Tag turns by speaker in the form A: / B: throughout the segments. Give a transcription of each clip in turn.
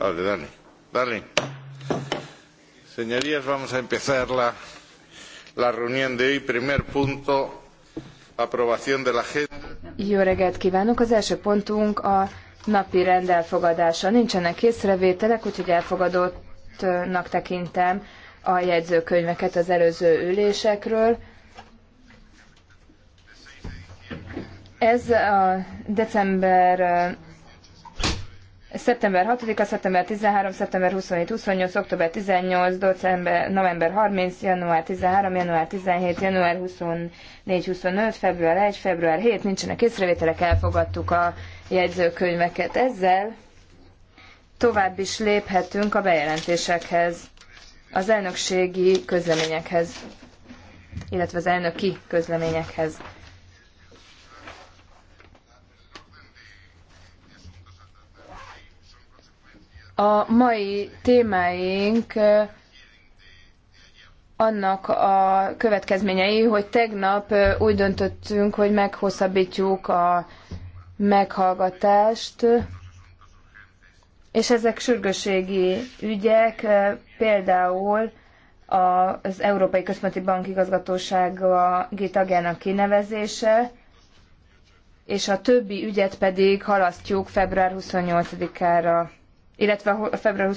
A: Vale, dale. Dale. Señorías, vamos a empezar la, la reunión de hoy. Primer punto, aprobación de la agenda.
B: Jó reggelt kívánok! Az első pontunk a napi rend elfogadása. Nincsenek észrevételek, úgyhogy elfogadottnak tekintem a jegyzőkönyveket az előző ülésekről. Ez a december szeptember 6-a, szeptember 13, szeptember 27, 28, október 18, december, november 30, január 13, január 17, január 24, 25, február 1, február 7, nincsenek észrevételek, elfogadtuk a jegyzőkönyveket. Ezzel tovább is léphetünk a bejelentésekhez, az elnökségi közleményekhez, illetve az elnöki közleményekhez. A mai témáink annak a következményei, hogy tegnap úgy döntöttünk, hogy meghosszabbítjuk a meghallgatást, és ezek sürgőségi ügyek, például az Európai Központi Bank igazgatósága gitagjának kinevezése, és a többi ügyet pedig halasztjuk február 28-ára illetve a február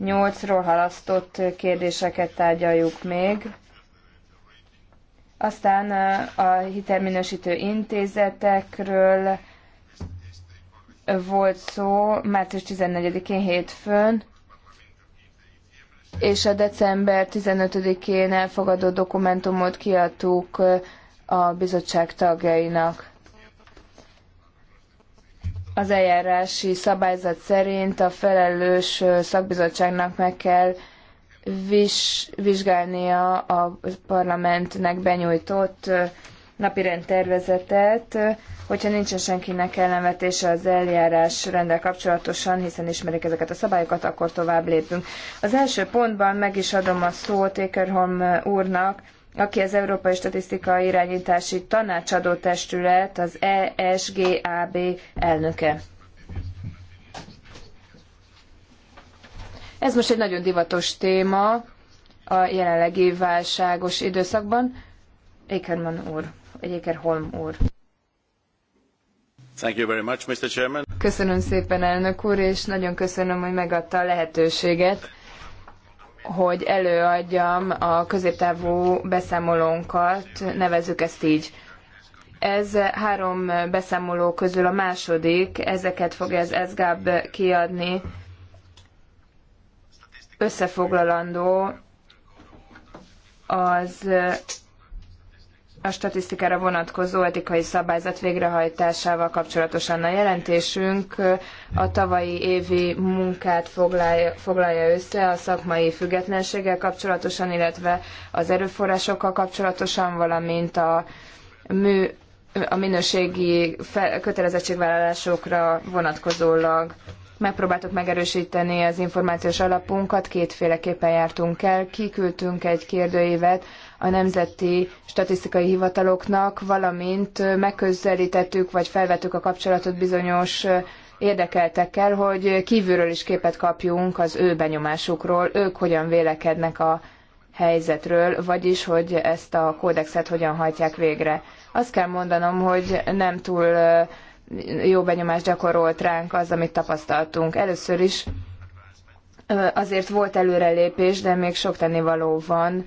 B: 28-ról halasztott kérdéseket tárgyaljuk még. Aztán eh, a hitelminősítő intézetekről volt szó március 14-én hétfőn, és a december 15-én elfogadott dokumentumot kiadtuk eh, a bizottság tagjainak. Az eljárási szabályzat szerint a felelős szakbizottságnak meg kell vis, vizsgálnia a parlamentnek benyújtott napirend tervezetet, hogyha nincsen senkinek ellenvetése az eljárásrendel kapcsolatosan, hiszen ismerik ezeket a szabályokat, akkor tovább lépünk. Az első pontban meg is adom a szót Ékerholm úrnak, aki az Európai Statisztikai Irányítási Tanácsadó Testület, az ESGAB elnöke. Ez most egy nagyon divatos téma a jelenlegi válságos időszakban. Ekerman úr, vagy Holm úr.
A: Thank you very much, Mr. Chairman.
B: Köszönöm szépen, elnök úr, és nagyon köszönöm, hogy megadta a lehetőséget hogy előadjam a középtávú beszámolónkat, nevezzük ezt így. Ez három beszámoló közül a második, ezeket fogja az ESGAB kiadni, összefoglalandó az a statisztikára vonatkozó etikai szabályzat végrehajtásával kapcsolatosan a jelentésünk a tavalyi évi munkát foglalja, foglalja össze a szakmai függetlenséggel kapcsolatosan, illetve az erőforrásokkal kapcsolatosan, valamint a mű a minőségi kötelezettségvállalásokra vonatkozólag megpróbáltuk megerősíteni az információs alapunkat, kétféleképpen jártunk el, kiküldtünk egy kérdőívet a nemzeti statisztikai hivataloknak, valamint megközelítettük vagy felvettük a kapcsolatot bizonyos érdekeltekkel, hogy kívülről is képet kapjunk az ő benyomásukról, ők hogyan vélekednek a helyzetről, vagyis hogy ezt a kódexet hogyan hajtják végre. Azt kell mondanom, hogy nem túl jó benyomást gyakorolt ránk az, amit tapasztaltunk. Először is azért volt előrelépés, de még sok tennivaló van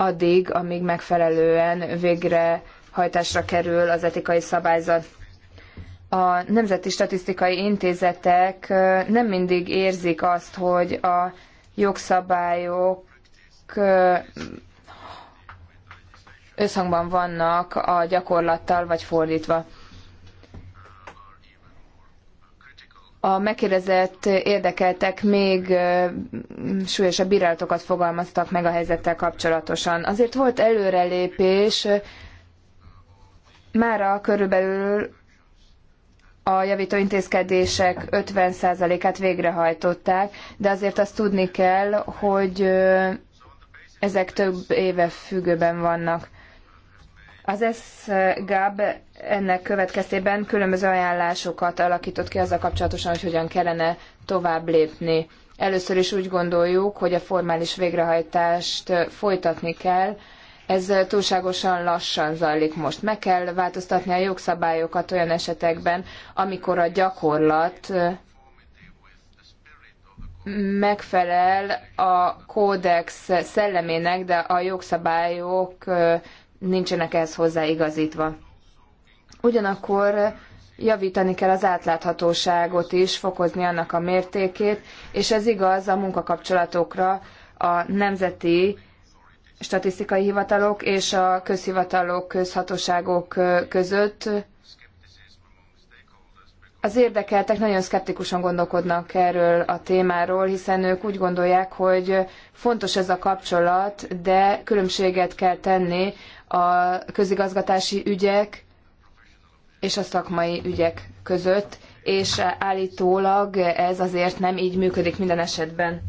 B: addig, amíg megfelelően végre hajtásra kerül az etikai szabályzat. A Nemzeti Statisztikai Intézetek nem mindig érzik azt, hogy a jogszabályok összhangban vannak a gyakorlattal, vagy fordítva. a megkérdezett érdekeltek még súlyosabb bírálatokat fogalmaztak meg a helyzettel kapcsolatosan. Azért volt előrelépés, mára körülbelül a javítóintézkedések intézkedések 50%-át végrehajtották, de azért azt tudni kell, hogy ezek több éve függőben vannak. Az SGAB ennek következtében különböző ajánlásokat alakított ki azzal kapcsolatosan, hogy hogyan kellene tovább lépni. Először is úgy gondoljuk, hogy a formális végrehajtást folytatni kell, ez túlságosan lassan zajlik most. Meg kell változtatni a jogszabályokat olyan esetekben, amikor a gyakorlat megfelel a kódex szellemének, de a jogszabályok nincsenek ehhez hozzáigazítva. Ugyanakkor javítani kell az átláthatóságot is, fokozni annak a mértékét, és ez igaz a munkakapcsolatokra a nemzeti statisztikai hivatalok és a közhivatalok, közhatóságok között, az érdekeltek nagyon szkeptikusan gondolkodnak erről a témáról, hiszen ők úgy gondolják, hogy fontos ez a kapcsolat, de különbséget kell tenni a közigazgatási ügyek és a szakmai ügyek között, és állítólag ez azért nem így működik minden esetben.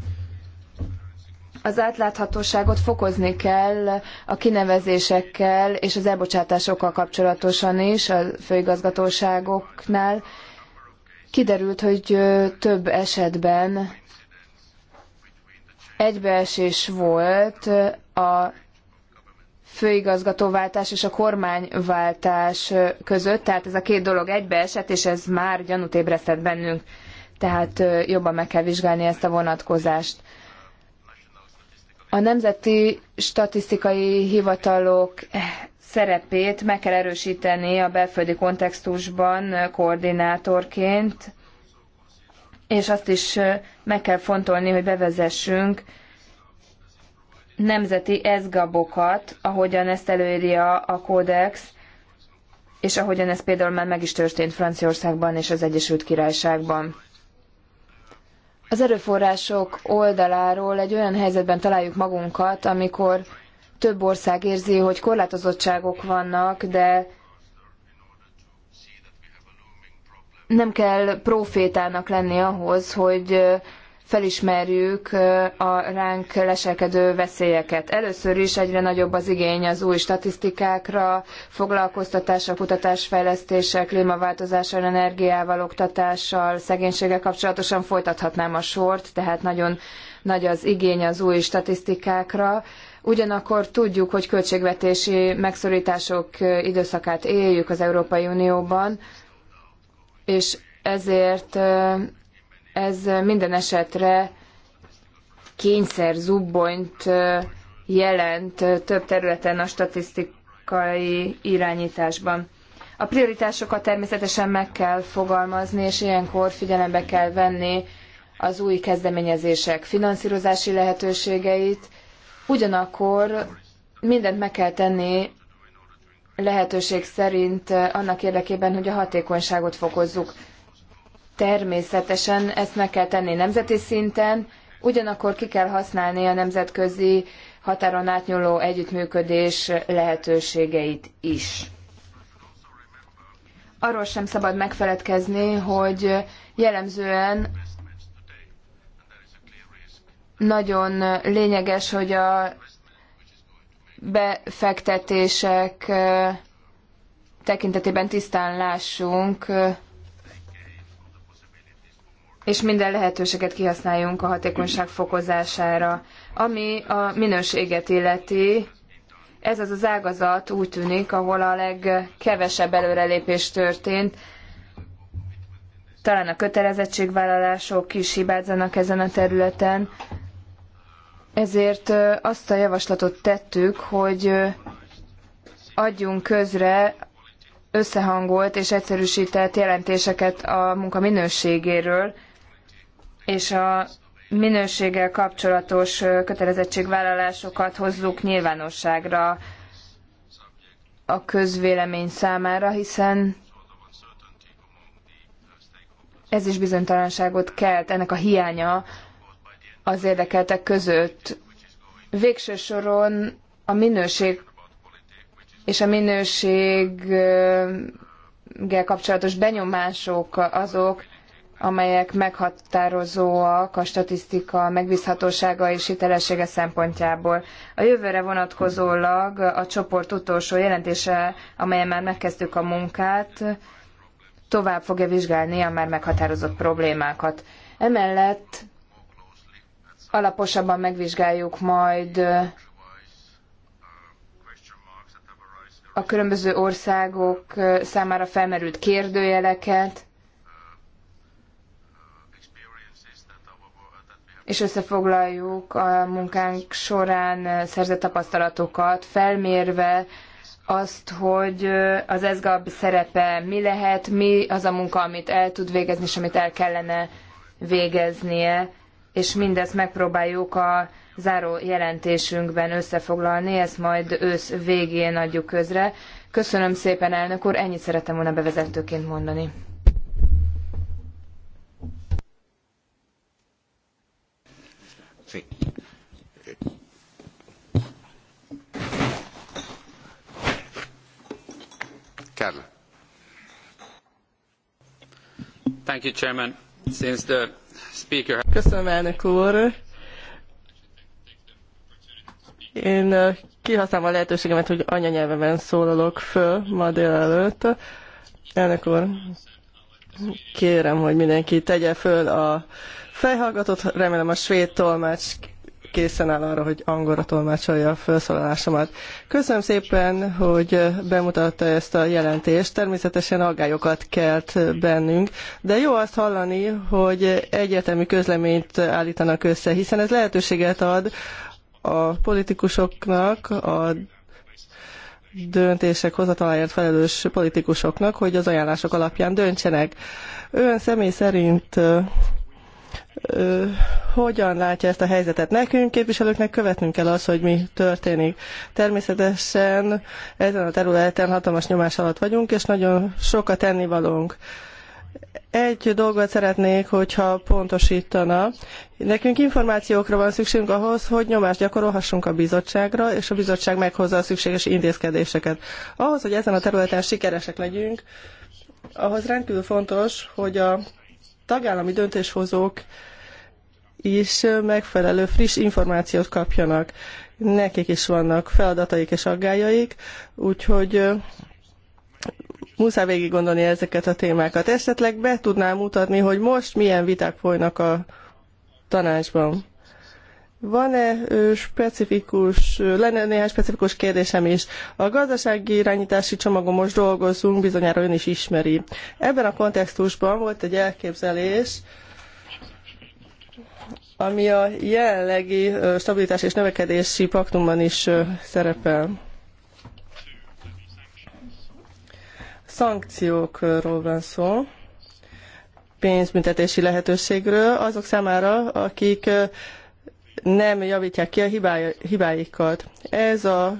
B: Az átláthatóságot fokozni kell a kinevezésekkel és az elbocsátásokkal kapcsolatosan is a főigazgatóságoknál, Kiderült, hogy több esetben egybeesés volt a főigazgatóváltás és a kormányváltás között, tehát ez a két dolog egybeesett, és ez már gyanút ébresztett bennünk, tehát jobban meg kell vizsgálni ezt a vonatkozást. A nemzeti statisztikai hivatalok szerepét meg kell erősíteni a belföldi kontextusban koordinátorként, és azt is meg kell fontolni, hogy bevezessünk nemzeti ezgabokat, ahogyan ezt előírja a kódex, és ahogyan ez például már meg is történt Franciaországban és az Egyesült Királyságban. Az erőforrások oldaláról egy olyan helyzetben találjuk magunkat, amikor több ország érzi, hogy korlátozottságok vannak, de nem kell profétának lenni ahhoz, hogy felismerjük a ránk leselkedő veszélyeket. Először is egyre nagyobb az igény az új statisztikákra, foglalkoztatásra, kutatásfejlesztésre, klímaváltozással, energiával, oktatással, szegénységgel kapcsolatosan folytathatnám a sort, tehát nagyon nagy az igény az új statisztikákra. Ugyanakkor tudjuk, hogy költségvetési megszorítások időszakát éljük az Európai Unióban, és ezért ez minden esetre kényszer zubbonyt jelent több területen a statisztikai irányításban. A prioritásokat természetesen meg kell fogalmazni, és ilyenkor figyelembe kell venni az új kezdeményezések finanszírozási lehetőségeit, Ugyanakkor mindent meg kell tenni lehetőség szerint annak érdekében, hogy a hatékonyságot fokozzuk. Természetesen ezt meg kell tenni nemzeti szinten, ugyanakkor ki kell használni a nemzetközi határon átnyúló együttműködés lehetőségeit is. Arról sem szabad megfeledkezni, hogy jellemzően nagyon lényeges, hogy a befektetések tekintetében tisztán lássunk, és minden lehetőséget kihasználjunk a hatékonyság fokozására. Ami a minőséget illeti, ez az az ágazat úgy tűnik, ahol a legkevesebb előrelépés történt. Talán a kötelezettségvállalások is hibázzanak ezen a területen. Ezért azt a javaslatot tettük, hogy adjunk közre összehangolt és egyszerűsített jelentéseket a munka minőségéről, és a minőséggel kapcsolatos kötelezettségvállalásokat hozzuk nyilvánosságra a közvélemény számára, hiszen ez is bizonytalanságot kelt, ennek a hiánya az érdekeltek között. Végső soron a minőség és a minőséggel kapcsolatos benyomások azok, amelyek meghatározóak a statisztika megbízhatósága és hitelessége szempontjából. A jövőre vonatkozólag a csoport utolsó jelentése, amelyen már megkezdtük a munkát, tovább fogja vizsgálni a már meghatározott problémákat. Emellett Alaposabban megvizsgáljuk majd a különböző országok számára felmerült kérdőjeleket, és összefoglaljuk a munkánk során szerzett tapasztalatokat, felmérve azt, hogy az ESGAB szerepe mi lehet, mi az a munka, amit el tud végezni, és amit el kellene végeznie és mindezt megpróbáljuk a záró jelentésünkben összefoglalni, ezt majd ősz végén adjuk közre. Köszönöm szépen, elnök úr, ennyit szerettem volna bevezetőként mondani.
A: Carla.
C: Thank you, Chairman. Since the Speaker. Köszönöm, elnök úr. Én kihasználom a lehetőségemet, hogy anyanyelvemen szólalok föl ma délelőtt. Elnök úr, kérem, hogy mindenki tegye föl a fejhallgatót, remélem a svéd tolmács készen áll arra, hogy angolra tolmácsolja a felszólalásomat. Köszönöm szépen, hogy bemutatta ezt a jelentést. Természetesen aggályokat kelt bennünk, de jó azt hallani, hogy egyetemi közleményt állítanak össze, hiszen ez lehetőséget ad a politikusoknak, a döntések hozataláért felelős politikusoknak, hogy az ajánlások alapján döntsenek. Ön személy szerint hogyan látja ezt a helyzetet nekünk, képviselőknek követnünk kell az, hogy mi történik. Természetesen ezen a területen hatalmas nyomás alatt vagyunk, és nagyon sokat tennivalónk. Egy dolgot szeretnék, hogyha pontosítana. Nekünk információkra van szükségünk ahhoz, hogy nyomást gyakorolhassunk a bizottságra, és a bizottság meghozza a szükséges intézkedéseket. Ahhoz, hogy ezen a területen sikeresek legyünk, ahhoz rendkívül fontos, hogy a tagállami döntéshozók is megfelelő friss információt kapjanak. Nekik is vannak feladataik és aggájaik, úgyhogy muszáj végig gondolni ezeket a témákat. Esetleg be tudnám mutatni, hogy most milyen viták folynak a tanácsban. Van-e specifikus, lenne néhány specifikus kérdésem is. A gazdasági irányítási csomagon most dolgozunk, bizonyára ön is ismeri. Ebben a kontextusban volt egy elképzelés, ami a jelenlegi stabilitás és növekedési paktumban is szerepel. Szankciókról van szó pénzbüntetési lehetőségről azok számára, akik nem javítják ki a hibáikat. Ez a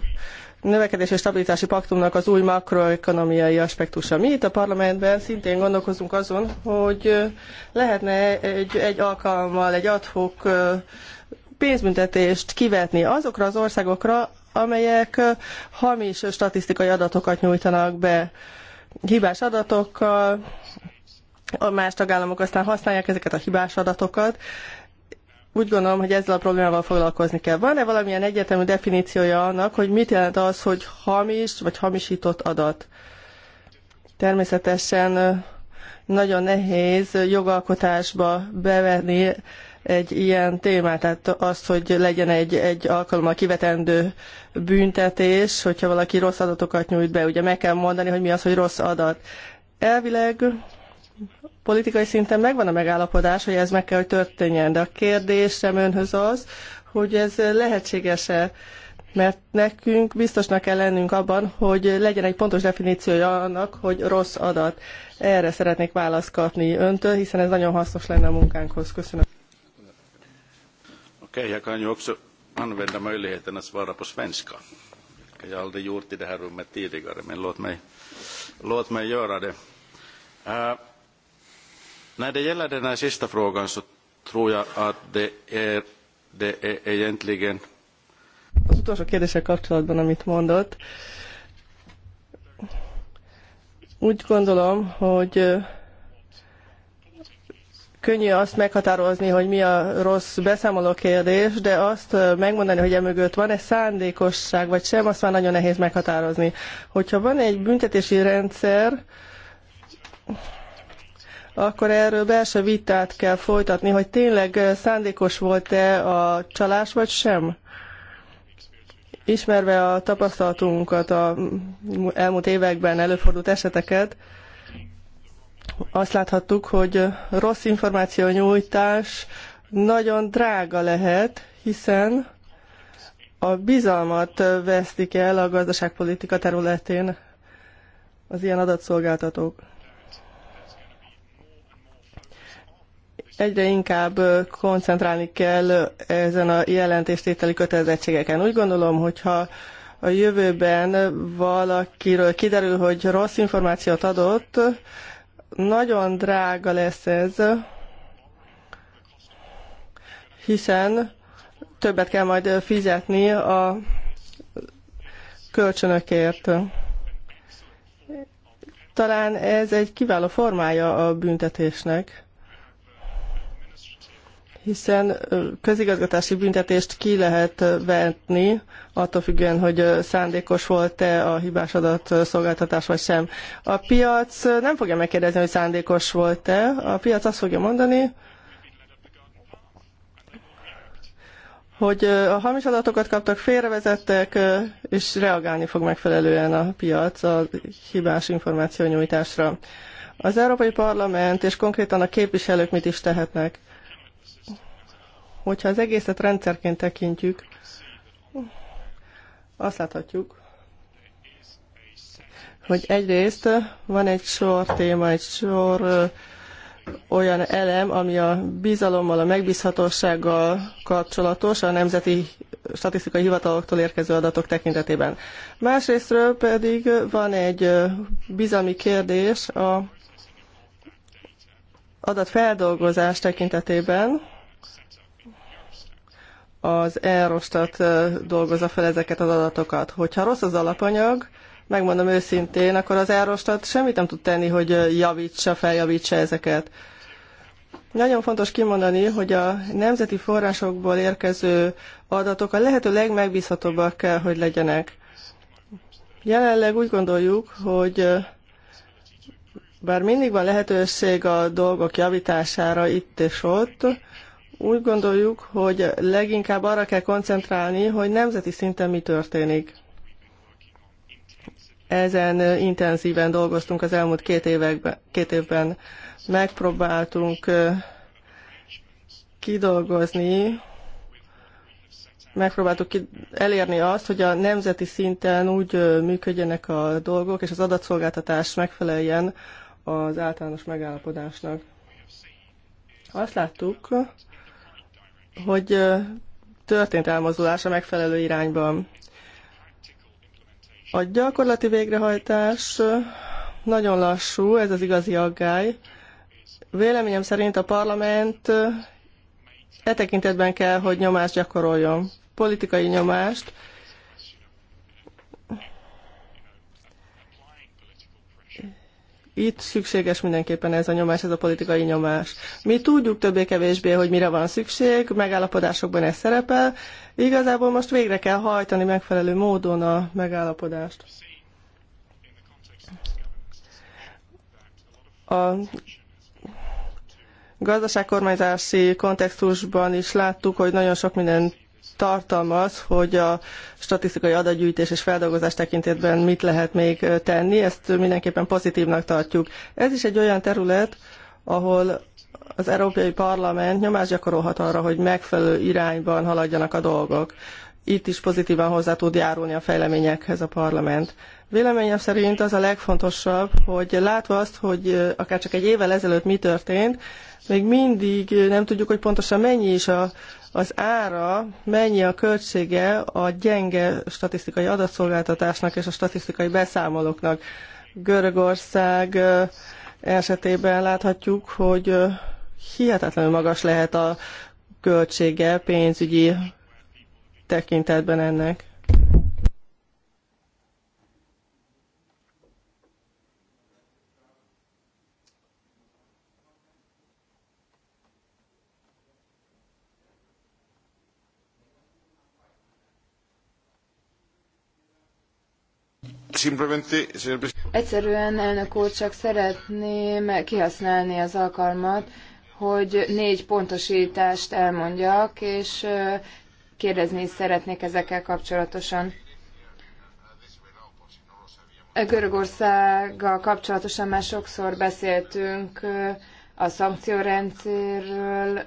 C: növekedés és stabilitási paktumnak az új makroekonomiai aspektusa. Mi itt a parlamentben szintén gondolkozunk azon, hogy lehetne egy, egy alkalommal, egy adhok pénzbüntetést kivetni azokra az országokra, amelyek hamis statisztikai adatokat nyújtanak be hibás adatokkal, a más tagállamok aztán használják ezeket a hibás adatokat, úgy gondolom, hogy ezzel a problémával foglalkozni kell. Van-e valamilyen egyetemű definíciója annak, hogy mit jelent az, hogy hamis vagy hamisított adat? Természetesen nagyon nehéz jogalkotásba bevenni egy ilyen témát, tehát azt, hogy legyen egy, egy alkalommal kivetendő büntetés, hogyha valaki rossz adatokat nyújt be, ugye meg kell mondani, hogy mi az, hogy rossz adat. Elvileg politikai szinten megvan a megállapodás, hogy ez meg kell, hogy történjen, de a kérdésem önhöz az, hogy ez lehetséges-e, mert nekünk biztosnak kell lennünk abban, hogy legyen egy pontos definíciója annak, hogy rossz adat. Erre szeretnék választ kapni öntől, hiszen ez nagyon hasznos lenne a munkánkhoz. Köszönöm.
A: Okej, okay, jag kan ju också använda möjligheten att svara på svenska. Jag har aldrig gjort i det här rummet tidigare, men låt mig, låt mig göra det. Uh, När det gäller den här sista frågan så tror jag att det är, det är egentligen...
C: Az utolsó kérdéssel kapcsolatban, amit mondott, úgy gondolom, hogy könnyű azt meghatározni, hogy mi a rossz beszámoló kérdés, de azt megmondani, hogy emögött van-e szándékosság vagy sem, azt már nagyon nehéz meghatározni. Hogyha van egy büntetési rendszer, akkor erről belső vitát kell folytatni, hogy tényleg szándékos volt-e a csalás, vagy sem? Ismerve a tapasztalatunkat a elmúlt években előfordult eseteket, azt láthattuk, hogy rossz információnyújtás nagyon drága lehet, hiszen a bizalmat vesztik el a gazdaságpolitika területén az ilyen adatszolgáltatók. egyre inkább koncentrálni kell ezen a jelentéstételi kötelezettségeken. Úgy gondolom, hogyha a jövőben valakiről kiderül, hogy rossz információt adott, nagyon drága lesz ez, hiszen többet kell majd fizetni a kölcsönökért. Talán ez egy kiváló formája a büntetésnek hiszen közigazgatási büntetést ki lehet vetni, attól függően, hogy szándékos volt-e a hibás adatszolgáltatás vagy sem. A piac nem fogja megkérdezni, hogy szándékos volt-e, a piac azt fogja mondani, hogy a hamis adatokat kaptak, félrevezettek, és reagálni fog megfelelően a piac a hibás információnyújtásra. Az Európai Parlament és konkrétan a képviselők mit is tehetnek? Hogyha az egészet rendszerként tekintjük, azt láthatjuk, hogy egyrészt van egy sor téma, egy sor olyan elem, ami a bizalommal, a megbízhatósággal kapcsolatos a nemzeti statisztikai hivataloktól érkező adatok tekintetében. Másrésztről pedig van egy bizalmi kérdés a adatfeldolgozás tekintetében az Eurostat dolgozza fel ezeket az adatokat. Hogyha rossz az alapanyag, megmondom őszintén, akkor az Eurostat semmit nem tud tenni, hogy javítsa, feljavítsa ezeket. Nagyon fontos kimondani, hogy a nemzeti forrásokból érkező adatok a lehető legmegbízhatóbbak kell, hogy legyenek. Jelenleg úgy gondoljuk, hogy bár mindig van lehetőség a dolgok javítására itt és ott, úgy gondoljuk, hogy leginkább arra kell koncentrálni, hogy nemzeti szinten mi történik. Ezen intenzíven dolgoztunk az elmúlt két, években, két évben. Megpróbáltunk kidolgozni, megpróbáltuk elérni azt, hogy a nemzeti szinten úgy működjenek a dolgok, és az adatszolgáltatás megfeleljen az általános megállapodásnak. Azt láttuk, hogy történt elmozdulás a megfelelő irányban. A gyakorlati végrehajtás nagyon lassú, ez az igazi aggály. Véleményem szerint a parlament e tekintetben kell, hogy nyomást gyakoroljon, politikai nyomást, itt szükséges mindenképpen ez a nyomás, ez a politikai nyomás. Mi tudjuk többé-kevésbé, hogy mire van szükség, megállapodásokban ez szerepel. Igazából most végre kell hajtani megfelelő módon a megállapodást. A gazdaságkormányzási kontextusban is láttuk, hogy nagyon sok minden tartalmaz, hogy a statisztikai adatgyűjtés és feldolgozás tekintetben mit lehet még tenni, ezt mindenképpen pozitívnak tartjuk. Ez is egy olyan terület, ahol az Európai Parlament nyomást gyakorolhat arra, hogy megfelelő irányban haladjanak a dolgok. Itt is pozitívan hozzá tud járulni a fejleményekhez a parlament. Véleményem szerint az a legfontosabb, hogy látva azt, hogy akár csak egy évvel ezelőtt mi történt, még mindig nem tudjuk, hogy pontosan mennyi is a, az ára, mennyi a költsége a gyenge statisztikai adatszolgáltatásnak és a statisztikai beszámolóknak. Görögország esetében láthatjuk, hogy hihetetlenül magas lehet a költsége pénzügyi tekintetben ennek.
B: Egyszerűen, elnök úr, csak szeretném kihasználni az alkalmat, hogy négy pontosítást elmondjak, és kérdezni is szeretnék ezekkel kapcsolatosan. E Görögországgal kapcsolatosan már sokszor beszéltünk a szankciórendszerről,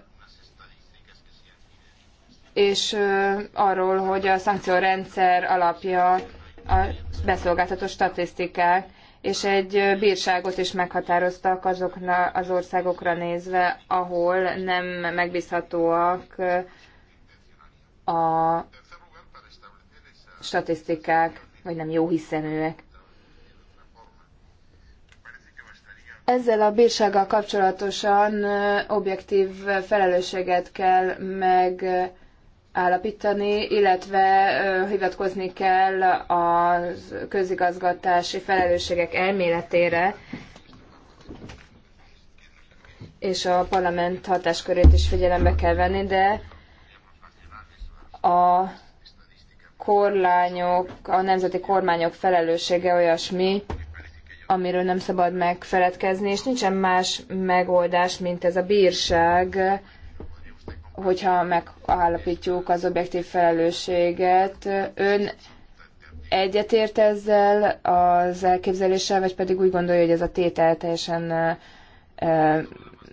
B: és arról, hogy a szankciórendszer alapja a beszolgáltató statisztikák, és egy bírságot is meghatároztak azokna az országokra nézve, ahol nem megbízhatóak a statisztikák, vagy nem jó hiszeműek. Ezzel a bírsággal kapcsolatosan objektív felelősséget kell meg állapítani, illetve hivatkozni kell a közigazgatási felelősségek elméletére, és a parlament hatáskörét is figyelembe kell venni, de a korlányok, a nemzeti kormányok felelőssége olyasmi, amiről nem szabad megfeledkezni, és nincsen más megoldás, mint ez a bírság, hogyha megállapítjuk az objektív felelősséget. Ön egyetért ezzel az elképzeléssel, vagy pedig úgy gondolja, hogy ez a tétel teljesen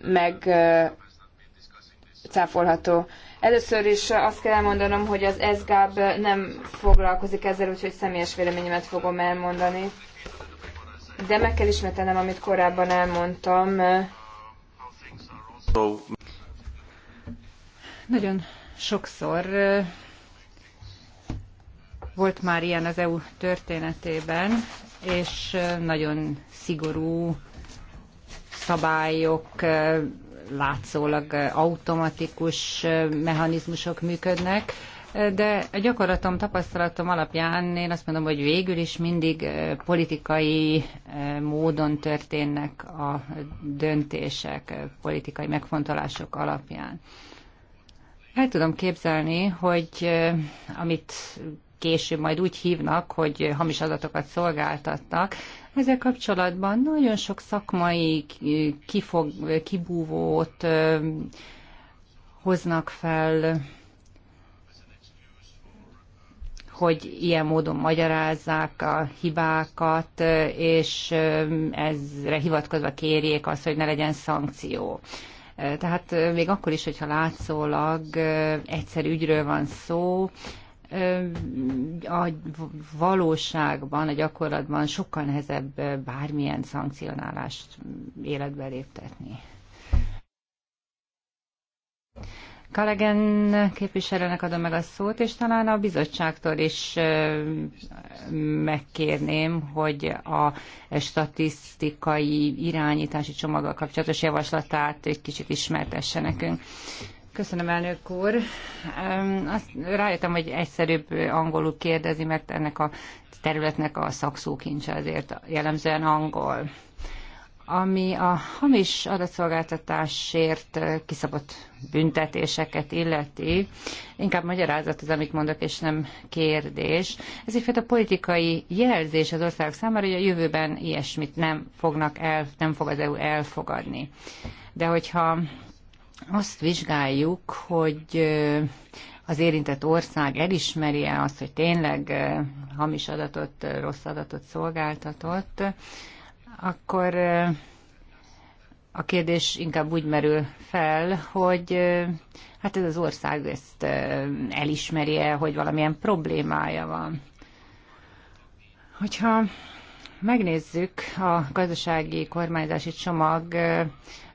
B: megcáfolható? Először is azt kell elmondanom, hogy az SGAB nem foglalkozik ezzel, úgyhogy személyes véleményemet fogom elmondani. De meg kell ismételnem, amit korábban elmondtam. Nagyon
D: sokszor volt már ilyen az EU történetében, és nagyon szigorú szabályok, látszólag automatikus mechanizmusok működnek, de a gyakorlatom, tapasztalatom alapján én azt mondom, hogy végül is mindig politikai módon történnek a döntések, politikai megfontolások alapján. El tudom képzelni, hogy amit később majd úgy hívnak, hogy hamis adatokat szolgáltatnak, ezzel kapcsolatban nagyon sok szakmai kifog, kibúvót hoznak fel, hogy ilyen módon magyarázzák a hibákat, és ezre hivatkozva kérjék azt, hogy ne legyen szankció. Tehát még akkor is, hogyha látszólag egyszerű ügyről van szó, a valóságban, a gyakorlatban sokkal nehezebb bármilyen szankcionálást életbe léptetni. Kalegen képviselőnek adom meg a szót, és talán a bizottságtól is megkérném, hogy a statisztikai irányítási csomaggal kapcsolatos javaslatát egy kicsit ismertesse nekünk. Köszönöm, elnök úr. Azt rájöttem, hogy egyszerűbb angolul kérdezi, mert ennek a területnek a szakszókincse azért jellemzően angol ami a hamis adatszolgáltatásért kiszabott büntetéseket illeti. Inkább magyarázat az, amit mondok, és nem kérdés. Ez egyfajta politikai jelzés az országok számára, hogy a jövőben ilyesmit nem fognak el, nem fog az EU elfogadni. De hogyha azt vizsgáljuk, hogy az érintett ország elismeri-e azt, hogy tényleg hamis adatot, rossz adatot szolgáltatott, akkor a kérdés inkább úgy merül fel, hogy hát ez az ország ezt elismeri-e, hogy valamilyen problémája van. Hogyha megnézzük a gazdasági kormányzási csomag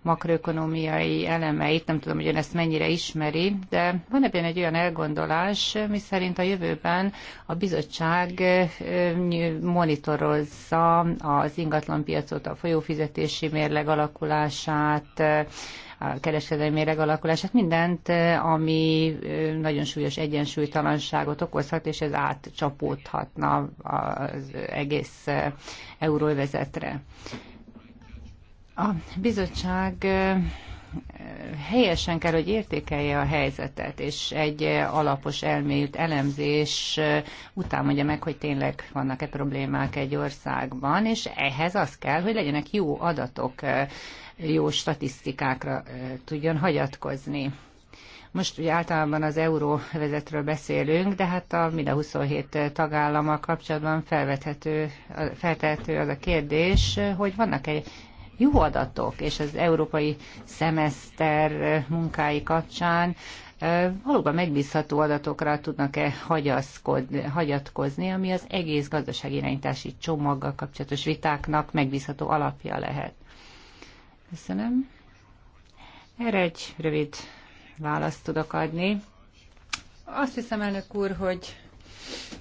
D: makroökonomiai elemeit, nem tudom, hogy ön ezt mennyire ismeri, de van ebben egy olyan elgondolás, miszerint a jövőben a bizottság monitorozza az ingatlanpiacot, a folyófizetési mérleg alakulását, a kereskedelmi méreg alakulását, mindent, ami nagyon súlyos egyensúlytalanságot okozhat, és ez átcsapódhatna az egész euróvezetre. A bizottság helyesen kell, hogy értékelje a helyzetet, és egy alapos elmélyült elemzés után mondja meg, hogy tényleg vannak-e problémák egy országban, és ehhez az kell, hogy legyenek jó adatok, jó statisztikákra tudjon hagyatkozni. Most ugye általában az euróvezetről beszélünk, de hát a mind a 27 tagállama kapcsolatban felvethető, feltehető az a kérdés, hogy vannak-e jó adatok, és az európai szemeszter munkái kapcsán valóban megbízható adatokra tudnak-e hagyatkozni, ami az egész gazdaságirányítási csomaggal kapcsolatos vitáknak megbízható alapja lehet. Köszönöm. Erre egy rövid választ tudok adni. Azt hiszem, elnök úr, hogy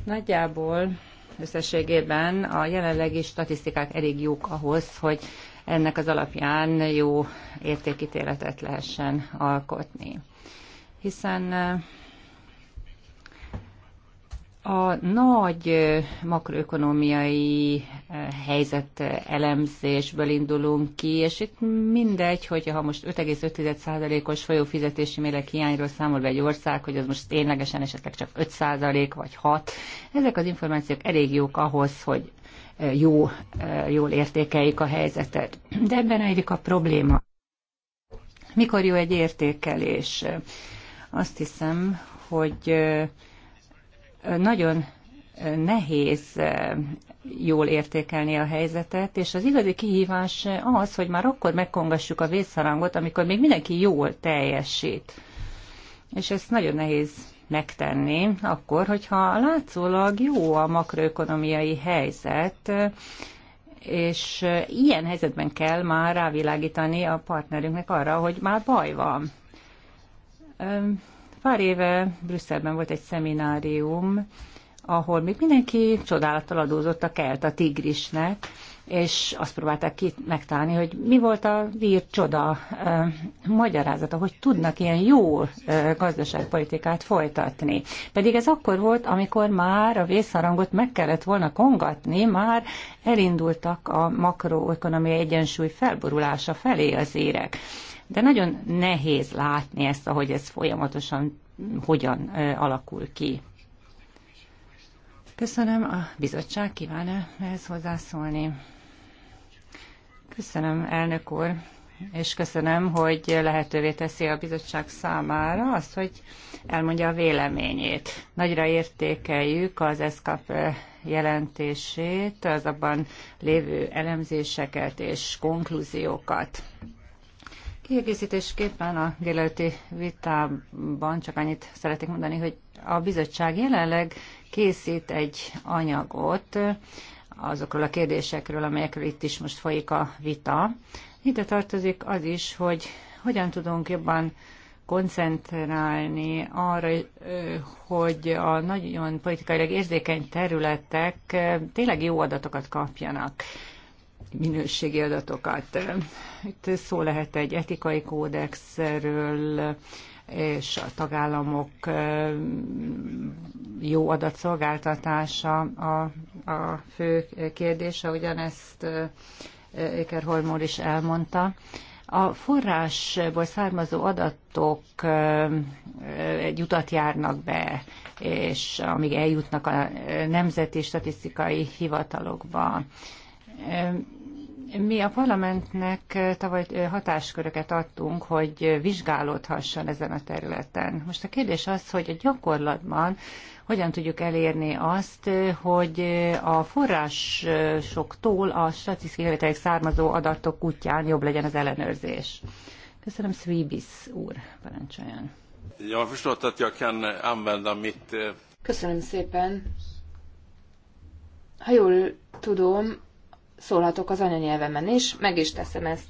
D: nagyjából összességében a jelenlegi statisztikák elég jók ahhoz, hogy ennek az alapján jó értékítéletet lehessen alkotni. Hiszen eh, a nagy eh, makroökonomiai eh, helyzet elemzésből indulunk ki, és itt mindegy, hogy ha most 5,5%-os folyófizetési mérleg hiányról számol be egy ország, hogy az most ténylegesen esetleg csak 5% vagy 6. Ezek az információk elég jók ahhoz, hogy jó, jól értékeljük a helyzetet. De ebben egyik a probléma. Mikor jó egy értékelés? Azt hiszem, hogy nagyon nehéz jól értékelni a helyzetet, és az igazi kihívás az, hogy már akkor megkongassuk a vészharangot, amikor még mindenki jól teljesít. És ezt nagyon nehéz megtenni, akkor, hogyha látszólag jó a makroökonomiai helyzet, és ilyen helyzetben kell már rávilágítani a partnerünknek arra, hogy már baj van. Pár éve Brüsszelben volt egy szeminárium, ahol még mindenki csodálattal adózott a kelt a tigrisnek, és azt próbálták ki megtalálni, hogy mi volt a vír csoda ö, magyarázata, hogy tudnak ilyen jó ö, gazdaságpolitikát folytatni. Pedig ez akkor volt, amikor már a vészharangot meg kellett volna kongatni, már elindultak a makroökonomiai egyensúly felborulása felé az érek. De nagyon nehéz látni ezt, ahogy ez folyamatosan hogyan ö, alakul ki. Köszönöm. A bizottság kíván ehhez hozzászólni. Köszönöm, elnök úr, és köszönöm, hogy lehetővé teszi a bizottság számára azt, hogy elmondja a véleményét. Nagyra értékeljük az ESCAP jelentését, az abban lévő elemzéseket és konklúziókat. Kiegészítésképpen a délelőtti vitában csak annyit szeretnék mondani, hogy a bizottság jelenleg készít egy anyagot, azokról a kérdésekről, amelyekről itt is most folyik a vita. Ide tartozik az is, hogy hogyan tudunk jobban koncentrálni arra, hogy a nagyon politikailag érzékeny területek tényleg jó adatokat kapjanak, minőségi adatokat. Itt szó lehet egy etikai kódexről, és a tagállamok jó adatszolgáltatása a, a fő kérdése, ugyanezt Ékerholm Holmór is elmondta. A forrásból származó adatok egy utat járnak be, és amíg eljutnak a nemzeti statisztikai hivatalokba. Mi a parlamentnek tavaly hatásköröket adtunk, hogy vizsgálódhasson ezen a területen. Most a kérdés az, hogy a gyakorlatban hogyan tudjuk elérni azt, hogy a forrásoktól a statisztikai betegek származó adatok útján jobb legyen az ellenőrzés. Köszönöm, Svíbis úr, parancsoljon.
A: Ja, förstår att jag
B: Köszönöm szépen. Ha jól tudom, szólhatok az anyanyelvemen is, meg is teszem ezt.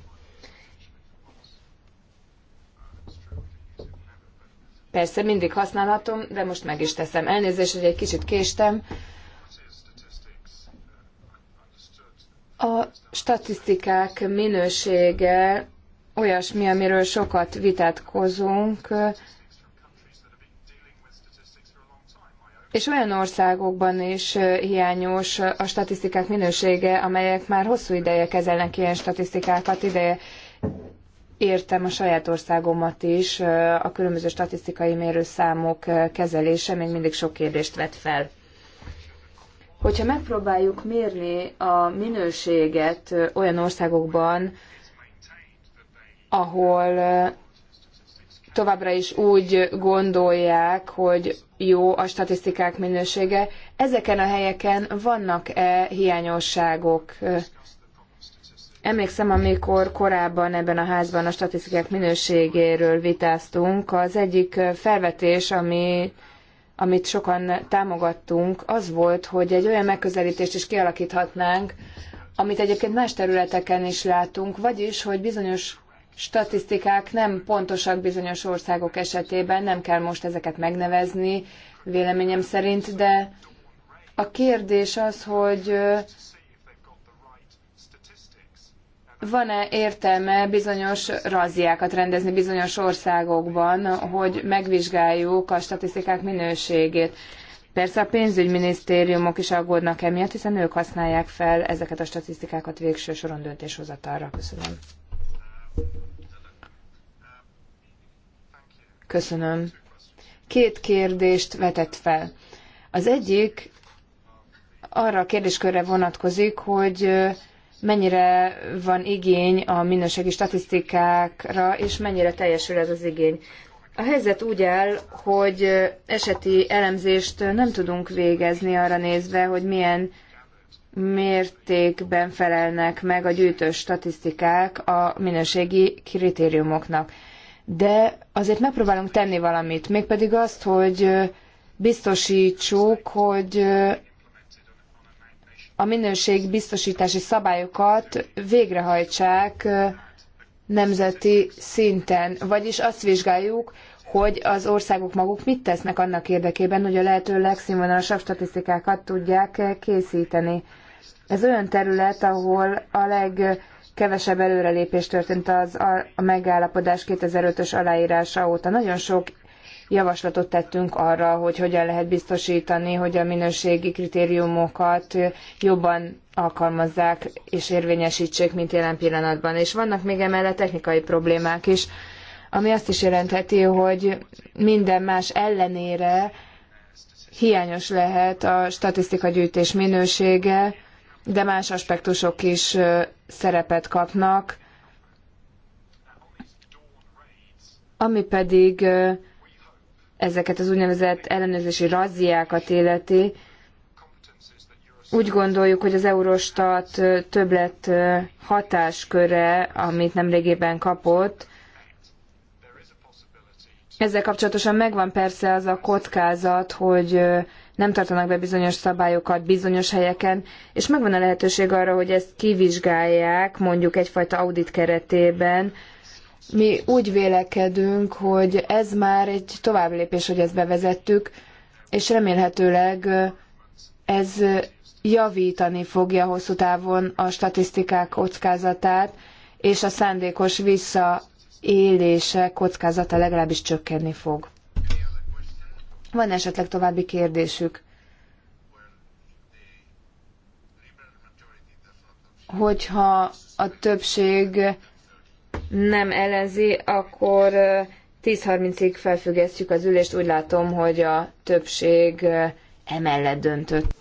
B: Persze mindig használhatom, de most meg is teszem. Elnézést, hogy egy kicsit késtem. A statisztikák minősége olyasmi, amiről sokat vitatkozunk, és olyan országokban is hiányos a statisztikák minősége, amelyek már hosszú ideje kezelnek ilyen statisztikákat. Ideje értem a saját országomat is, a különböző statisztikai mérőszámok kezelése még mindig sok kérdést vet fel. Hogyha megpróbáljuk mérni a minőséget olyan országokban, ahol továbbra is úgy gondolják, hogy jó a statisztikák minősége. Ezeken a helyeken vannak-e hiányosságok? Emlékszem, amikor korábban ebben a házban a statisztikák minőségéről vitáztunk, az egyik felvetés, ami, amit sokan támogattunk, az volt, hogy egy olyan megközelítést is kialakíthatnánk, amit egyébként más területeken is látunk, vagyis, hogy bizonyos statisztikák nem pontosak bizonyos országok esetében, nem kell most ezeket megnevezni véleményem szerint, de a kérdés az, hogy van-e értelme bizonyos raziákat rendezni bizonyos országokban, hogy megvizsgáljuk a statisztikák minőségét. Persze a pénzügyminisztériumok is aggódnak emiatt, hiszen ők használják fel ezeket a statisztikákat végső soron döntéshozatalra. Köszönöm. Köszönöm. Két kérdést vetett fel. Az egyik arra a kérdéskörre vonatkozik, hogy mennyire van igény a minőségi statisztikákra, és mennyire teljesül ez az igény. A helyzet úgy áll, hogy eseti elemzést nem tudunk végezni arra nézve, hogy milyen mértékben felelnek meg a gyűjtős statisztikák a minőségi kritériumoknak. De azért megpróbálunk tenni valamit, mégpedig azt, hogy biztosítsuk, hogy a biztosítási szabályokat végrehajtsák nemzeti szinten. Vagyis azt vizsgáljuk, hogy az országok maguk mit tesznek annak érdekében, hogy a lehető legszínvonalasabb statisztikákat tudják készíteni. Ez olyan terület, ahol a legkevesebb előrelépés történt az a megállapodás 2005-ös aláírása óta. Nagyon sok javaslatot tettünk arra, hogy hogyan lehet biztosítani, hogy a minőségi kritériumokat jobban alkalmazzák és érvényesítsék, mint jelen pillanatban. És vannak még emellett technikai problémák is, ami azt is jelentheti, hogy minden más ellenére hiányos lehet a statisztika gyűjtés minősége, de más aspektusok is szerepet kapnak, ami pedig ezeket az úgynevezett ellenőrzési razziákat életi. Úgy gondoljuk, hogy az Eurostat többlet hatásköre, amit nemrégében kapott, ezzel kapcsolatosan megvan persze az a kockázat, hogy nem tartanak be bizonyos szabályokat bizonyos helyeken, és megvan a lehetőség arra, hogy ezt kivizsgálják mondjuk egyfajta audit keretében. Mi úgy vélekedünk, hogy ez már egy továbblépés, hogy ezt bevezettük, és remélhetőleg ez javítani fogja hosszú távon a statisztikák kockázatát, és a szándékos visszaélések kockázata legalábbis csökkenni fog. Van esetleg további kérdésük? Hogyha a többség nem elezi, akkor 10.30-ig felfüggesztjük az ülést. Úgy látom, hogy a többség emellett döntött.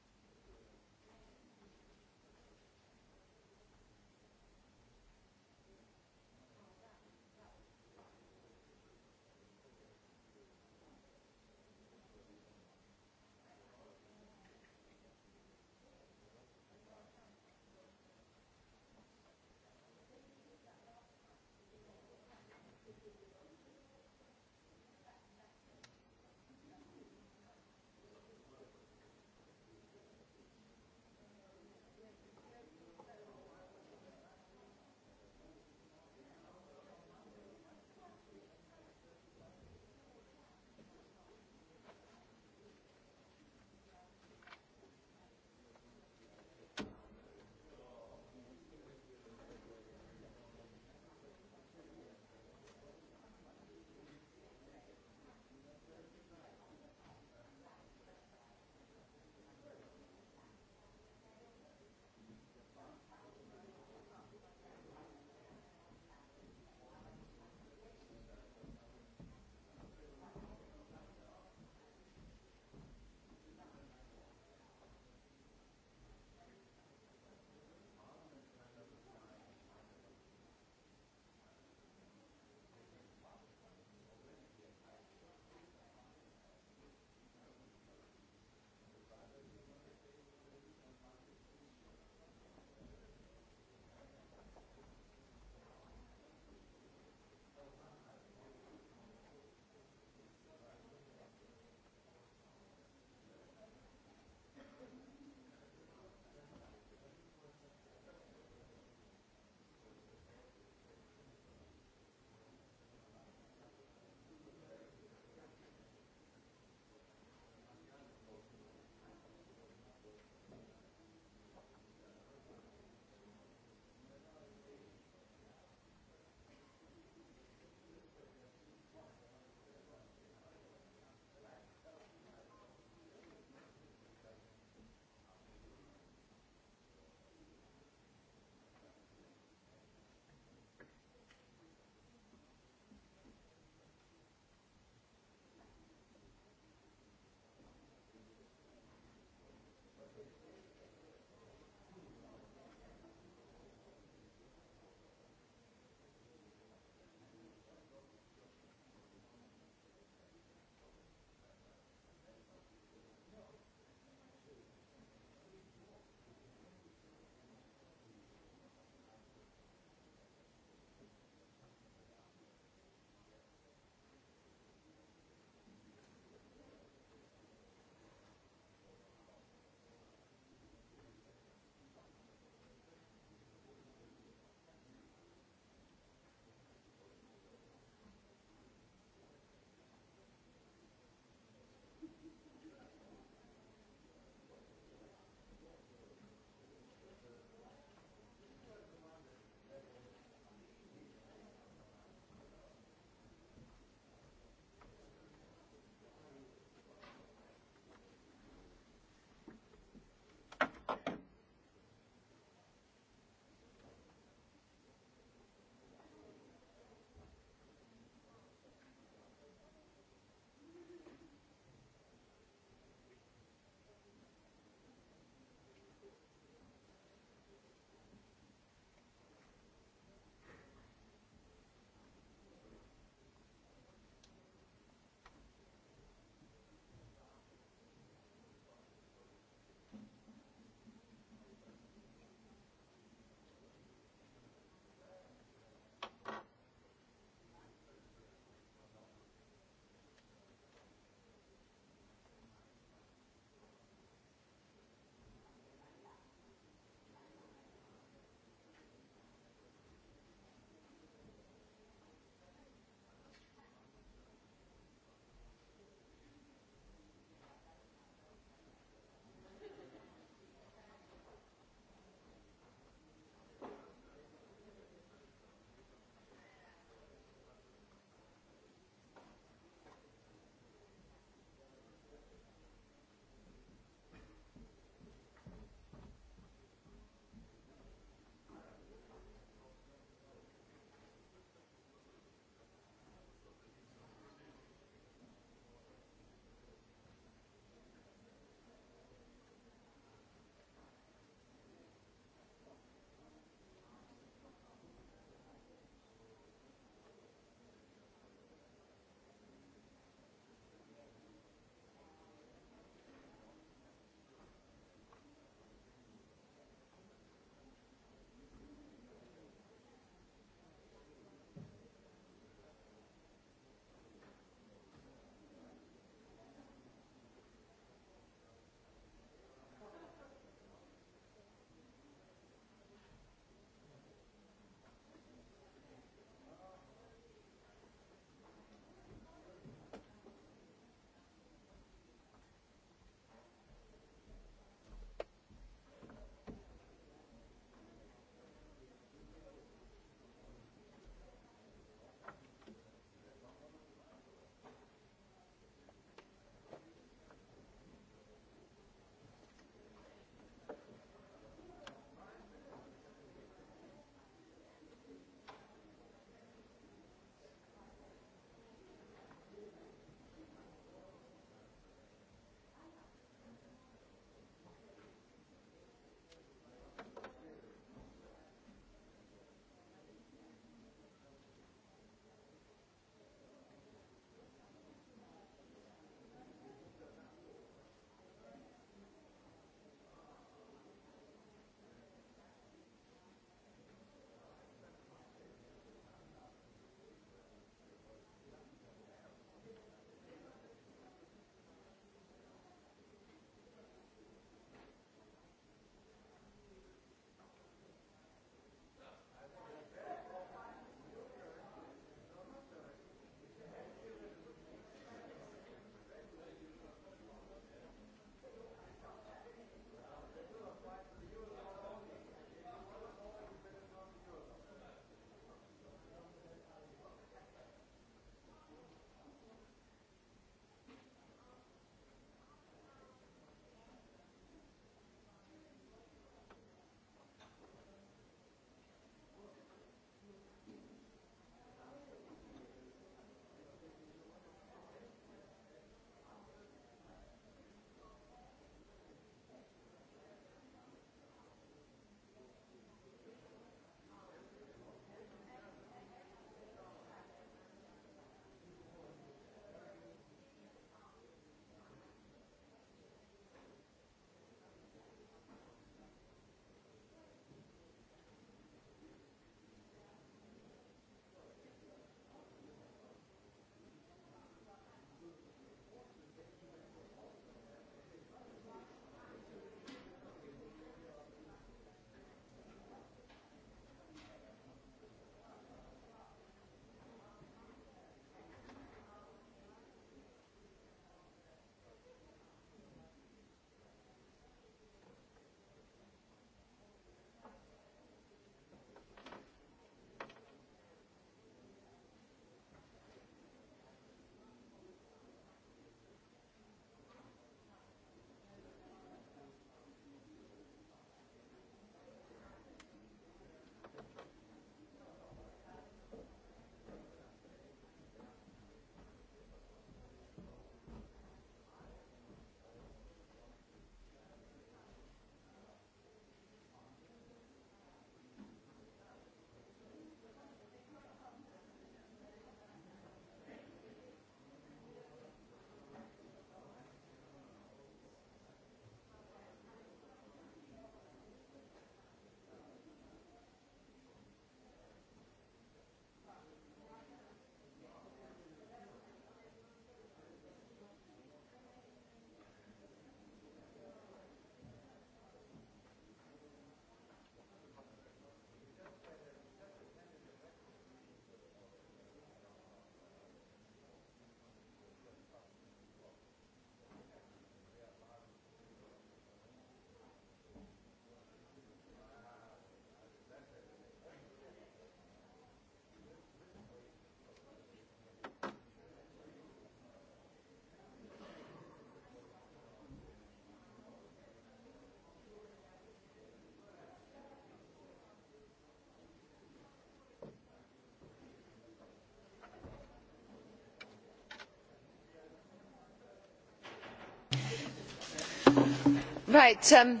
B: Um,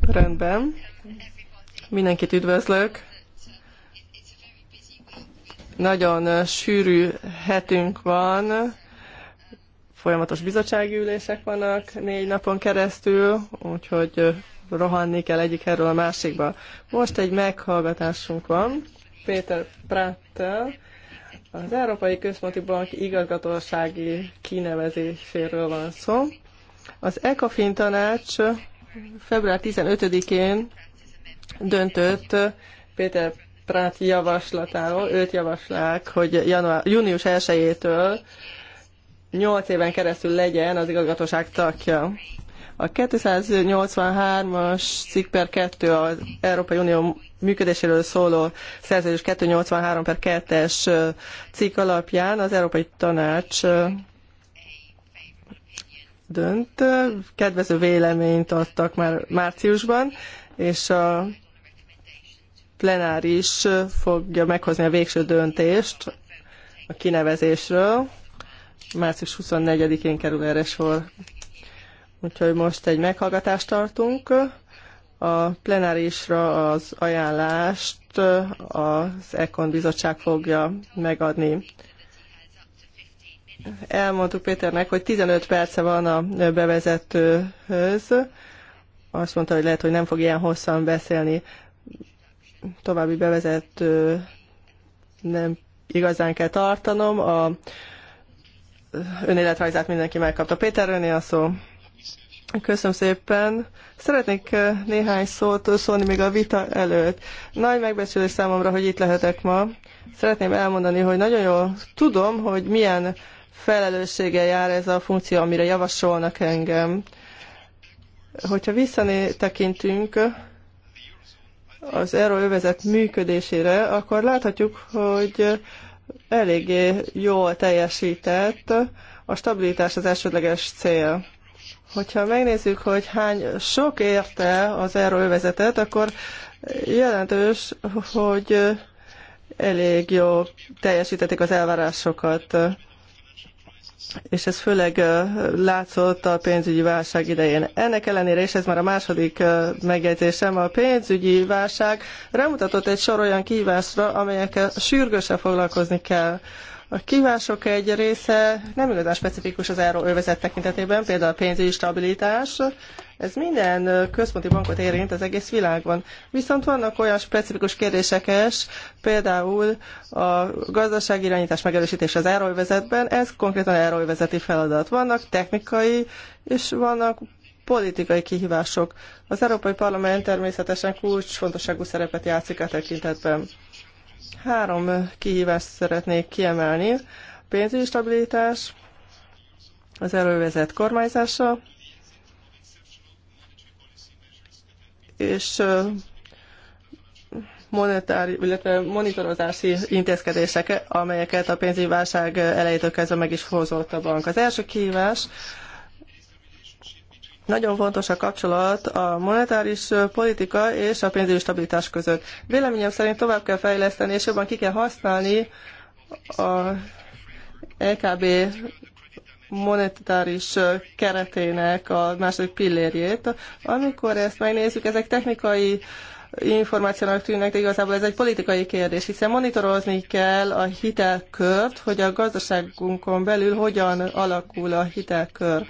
C: Rendben. Mindenkit üdvözlök. Nagyon sűrű hetünk van. Folyamatos bizottsági ülések vannak négy napon keresztül, úgyhogy rohanni kell egyik erről a másikba. Most egy meghallgatásunk van. Péter Prattel, az Európai Központi Bank igazgatósági kinevezéséről van szó. Az ECOFIN tanács február 15-én döntött Péter Prát javaslatáról, őt javaslák, hogy január, június 1-től 8 éven keresztül legyen az igazgatóság tagja. A 283-as cikk per 2 az Európai Unió működéséről szóló szerződés 283 per 2-es cikk alapján az Európai Tanács dönt. Kedvező véleményt adtak már márciusban, és a plenáris fogja meghozni a végső döntést a kinevezésről. Március 24-én kerül erre sor. Úgyhogy most egy meghallgatást tartunk. A plenárisra az ajánlást az Ekon bizottság fogja megadni. Elmondtuk Péternek, hogy 15 perce van a bevezetőhöz. Azt mondta, hogy lehet, hogy nem fog ilyen hosszan beszélni. További bevezető nem igazán kell tartanom. A önéletrajzát mindenki megkapta. Péter, öné a szó. Köszönöm szépen. Szeretnék eh, néhány szót szólni még a vita előtt. Nagy megbecsülés számomra, hogy itt lehetek ma. Szeretném elmondani, hogy nagyon jól tudom, hogy milyen felelősséggel jár ez a funkció, amire javasolnak engem. Hogyha visszatekintünk az erőövezet működésére, akkor láthatjuk, hogy eléggé jól teljesített a stabilitás az elsődleges cél. Hogyha megnézzük, hogy hány sok érte az erőövezetet, akkor jelentős, hogy elég jó teljesítették az elvárásokat és ez főleg látszott a pénzügyi válság idején. Ennek ellenére, és ez már a második megjegyzésem, a pénzügyi válság rámutatott egy sor olyan kihívásra, amelyekkel sürgősen foglalkozni kell. A kívások egy része nem igazán specifikus az övezet tekintetében, például a pénzügyi stabilitás, ez minden központi bankot érint az egész világon. Viszont vannak olyan specifikus kérdések is, például a irányítás megerősítése az övezetben ez konkrétan övezeti feladat. Vannak technikai, és vannak politikai kihívások. Az Európai Parlament természetesen kulcsfontosságú szerepet játszik a e tekintetben. Három kihívást szeretnék kiemelni. Pénzügyi stabilitás, az elővezet kormányzása, és monetári, illetve monitorozási intézkedések, amelyeket a pénzügyi válság elejétől kezdve meg is hozott a bank. Az első kihívás nagyon fontos a kapcsolat a monetáris politika és a pénzügyi stabilitás között. Véleményem szerint tovább kell fejleszteni, és jobban ki kell használni a EKB monetáris keretének a második pillérjét. Amikor ezt megnézzük, ezek technikai információnak tűnnek, de igazából ez egy politikai kérdés, hiszen monitorozni kell a hitelkört, hogy a gazdaságunkon belül hogyan alakul a hitelkör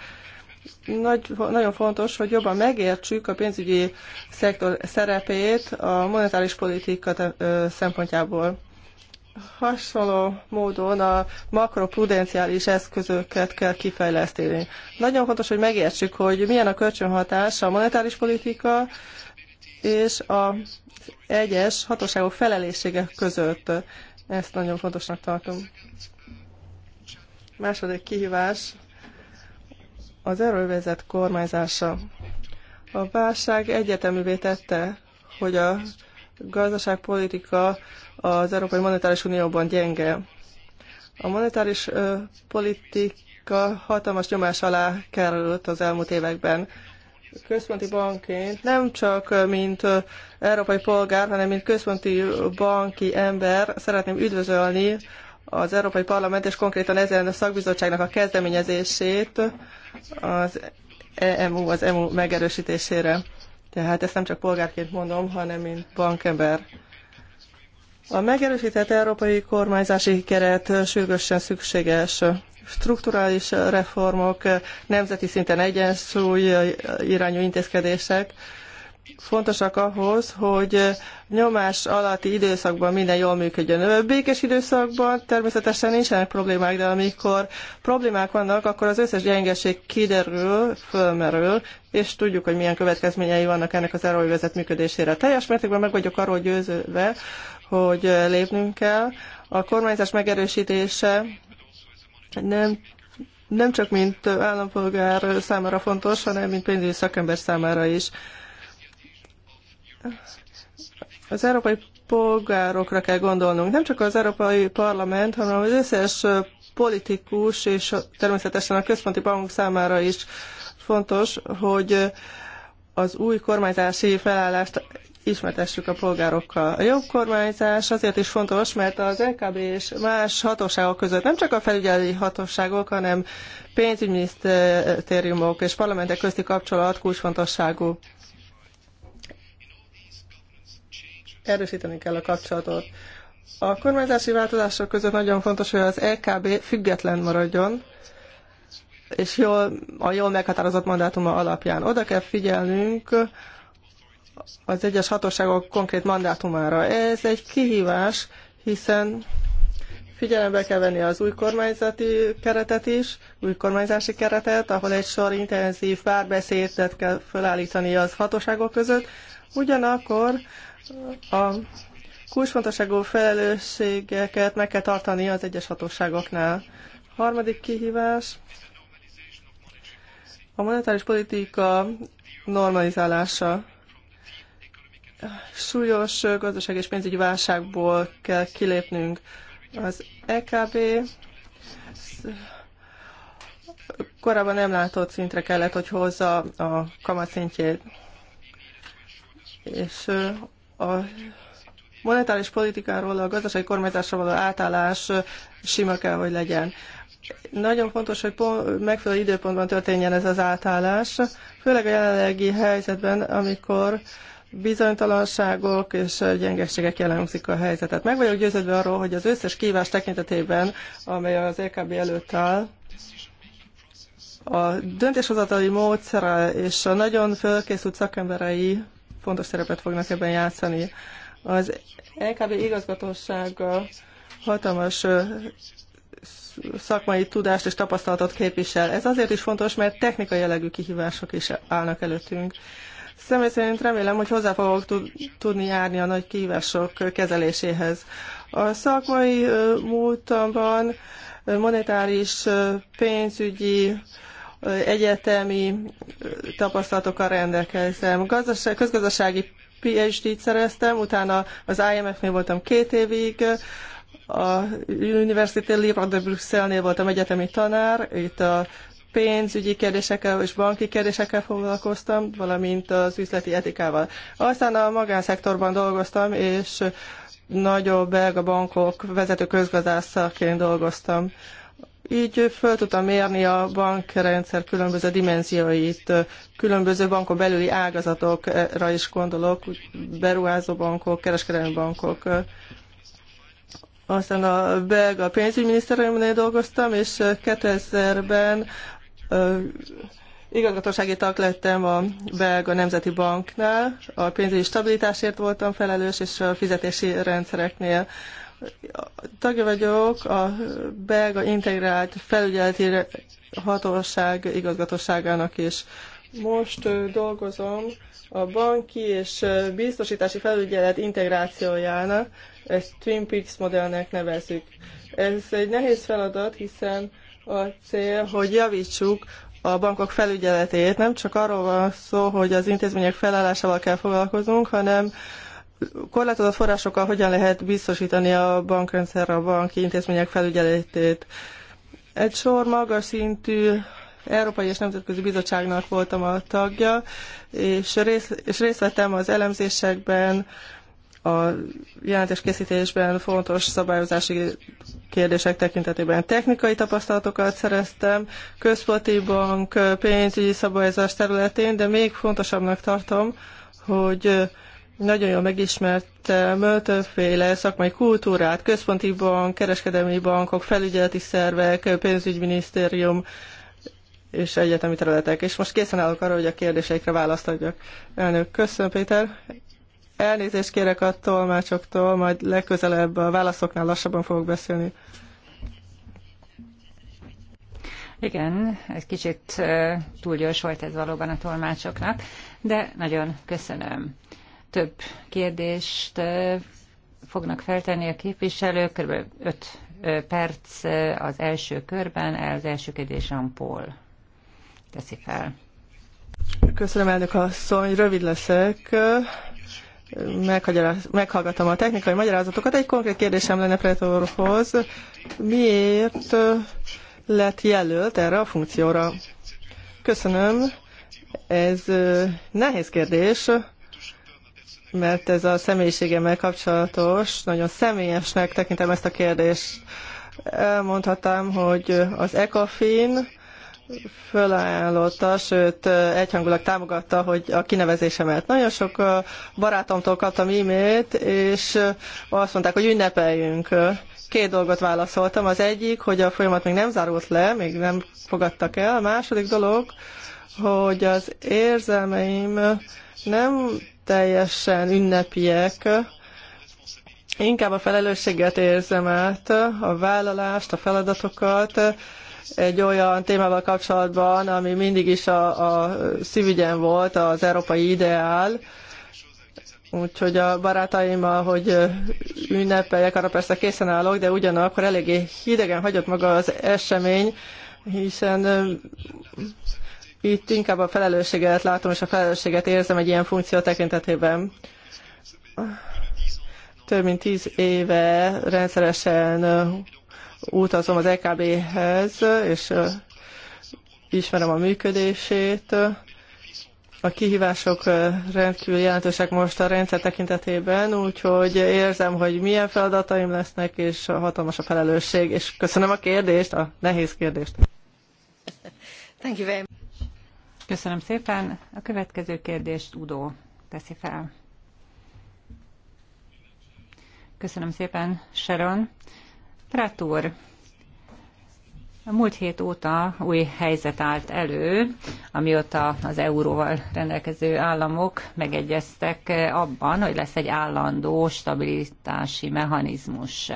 C: nagy, nagyon fontos, hogy jobban megértsük a pénzügyi szektor szerepét a monetáris politika szempontjából. Hasonló módon a makroprudenciális eszközöket kell kifejleszteni. Nagyon fontos, hogy megértsük, hogy milyen a kölcsönhatás a monetáris politika és a egyes hatóságok felelőssége között. Ezt nagyon fontosnak tartom. Második kihívás az erővezet kormányzása. A válság egyeteművé tette, hogy a gazdaságpolitika az Európai Monetáris Unióban gyenge. A monetáris ö, politika hatalmas nyomás alá került az elmúlt években. Központi bankként nem csak mint európai polgár, hanem mint központi banki ember szeretném üdvözölni az Európai Parlament, és konkrétan ezen a szakbizottságnak a kezdeményezését az EMU, az EMU megerősítésére. Tehát ezt nem csak polgárként mondom, hanem mint bankember. A megerősített európai kormányzási keret sürgősen szükséges strukturális reformok, nemzeti szinten egyensúly irányú intézkedések, fontosak ahhoz, hogy nyomás alatti időszakban minden jól működjön. Békés időszakban természetesen nincsenek problémák, de amikor problémák vannak, akkor az összes gyengeség kiderül, fölmerül, és tudjuk, hogy milyen következményei vannak ennek az erői vezet működésére. Teljes mértékben meg vagyok arról győződve, hogy lépnünk kell. A kormányzás megerősítése nem nem csak mint állampolgár számára fontos, hanem mint pénzügyi szakember számára is az európai polgárokra kell gondolnunk. Nem csak az Európai Parlament, hanem az összes politikus és természetesen a központi bankunk számára is fontos, hogy az új kormányzási felállást ismertessük a polgárokkal. A jobb kormányzás azért is fontos, mert az LKB és más hatóságok között nem csak a felügyelői hatóságok, hanem pénzügyminisztériumok és parlamentek közti kapcsolat kulcsfontosságú. erősíteni kell a kapcsolatot. A kormányzási változások között nagyon fontos, hogy az LKB e független maradjon, és jól, a jól meghatározott mandátuma alapján. Oda kell figyelnünk az egyes hatóságok konkrét mandátumára. Ez egy kihívás, hiszen figyelembe kell venni az új kormányzati keretet is, új kormányzási keretet, ahol egy sor intenzív párbeszédet kell felállítani az hatóságok között. Ugyanakkor a kulcsfontosságú felelősségeket meg kell tartani az egyes hatóságoknál. Harmadik kihívás a monetáris politika normalizálása. Súlyos gazdaság és pénzügyi válságból kell kilépnünk. Az EKB korábban nem látott szintre kellett, hogy hozza a szintjét. És a monetáris politikáról a gazdasági kormányzásra való átállás sima kell, hogy legyen. Nagyon fontos, hogy megfelelő időpontban történjen ez az átállás, főleg a jelenlegi helyzetben, amikor bizonytalanságok és gyengeségek jellemzik a helyzetet. Meg vagyok győződve arról, hogy az összes kívás tekintetében, amely az EKB előtt áll, a döntéshozatali módszere és a nagyon fölkészült szakemberei fontos szerepet fognak ebben játszani. Az LKB igazgatósága hatalmas szakmai tudást és tapasztalatot képvisel. Ez azért is fontos, mert technikai jellegű kihívások is állnak előttünk. Személy szerint remélem, hogy hozzá fogok tudni járni a nagy kihívások kezeléséhez. A szakmai múltamban monetáris, pénzügyi, egyetemi tapasztalatokkal rendelkezem. Gazdaság, közgazdasági PhD-t szereztem, utána az IMF-nél voltam két évig, a Université Libre de Bruxelles-nél voltam egyetemi tanár, itt a pénzügyi kérdésekkel és banki kérdésekkel foglalkoztam, valamint az üzleti etikával. Aztán a magánszektorban dolgoztam, és nagyobb belga bankok vezető közgazdászaként dolgoztam. Így föl tudtam mérni a bankrendszer különböző dimenzióit, különböző bankok belüli ágazatokra is gondolok, beruházó bankok, kereskedelmi bankok. Aztán a belga pénzügyminiszteremnél dolgoztam, és 2000-ben igazgatósági tag lettem a belga Nemzeti Banknál, a pénzügyi stabilitásért voltam felelős, és a fizetési rendszereknél Tagja vagyok a belga integrált felügyeleti hatóság igazgatóságának is. Most dolgozom a banki és biztosítási felügyelet integrációjának, ezt Twin Peaks modellnek nevezzük. Ez egy nehéz feladat, hiszen a cél, hogy javítsuk a bankok felügyeletét. Nem csak arról van szó, hogy az intézmények felállásával kell foglalkoznunk, hanem korlátozott forrásokkal hogyan lehet biztosítani a bankrendszer, a banki intézmények felügyeletét. Egy sor magas szintű Európai és Nemzetközi Bizottságnak voltam a tagja, és részt, és részt vettem az elemzésekben, a jelentéskészítésben fontos szabályozási kérdések tekintetében technikai tapasztalatokat szereztem, központi bank, pénzügyi szabályozás területén, de még fontosabbnak tartom, hogy nagyon jól megismertem többféle szakmai kultúrát, központi bank, kereskedelmi bankok, felügyeleti szervek, pénzügyminisztérium és egyetemi területek. És most készen állok arra, hogy a kérdéseikre választ adjak. Elnök, köszönöm Péter. Elnézést kérek a tolmácsoktól, majd legközelebb a válaszoknál lassabban fogok beszélni.
D: Igen, egy kicsit túl gyors volt ez valóban a tolmácsoknak, de nagyon köszönöm több kérdést fognak feltenni a képviselők, kb. 5 perc az első körben, az első kérdés Paul teszi fel.
C: Köszönöm, elnök asszony, rövid leszek. Meghallgatom a technikai magyarázatokat. Egy konkrét kérdésem lenne Pretorhoz. Miért lett jelölt erre a funkcióra? Köszönöm. Ez nehéz kérdés mert ez a személyiségemmel kapcsolatos, nagyon személyesnek tekintem ezt a kérdést. Elmondhatám, hogy az ECOFIN fölajánlotta, sőt egyhangulag támogatta, hogy a kinevezésemet. Nagyon sok barátomtól kaptam e-mailt, és azt mondták, hogy ünnepeljünk. Két dolgot válaszoltam. Az egyik, hogy a folyamat még nem zárult le, még nem fogadtak el. A második dolog, hogy az érzelmeim nem teljesen ünnepiek. Inkább a felelősséget érzem át, a vállalást, a feladatokat, egy olyan témával kapcsolatban, ami mindig is a, a szívügyen volt, az európai ideál, Úgyhogy a barátaimmal, hogy ünnepeljek, arra persze készen állok, de ugyanakkor eléggé hidegen hagyott maga az esemény, hiszen itt inkább a felelősséget látom, és a felelősséget érzem egy ilyen funkció tekintetében. Több mint tíz éve rendszeresen utazom az EKB-hez, és ismerem a működését. A kihívások rendkívül jelentősek most a rendszer tekintetében, úgyhogy érzem, hogy milyen feladataim lesznek, és hatalmas a felelősség. És köszönöm a kérdést, a nehéz kérdést. Thank you very much.
D: Köszönöm szépen. A következő kérdést Udó teszi fel. Köszönöm szépen, Sharon. Pratúr, a múlt hét óta új helyzet állt elő, amióta az euróval rendelkező államok megegyeztek abban, hogy lesz egy állandó stabilitási mechanizmus.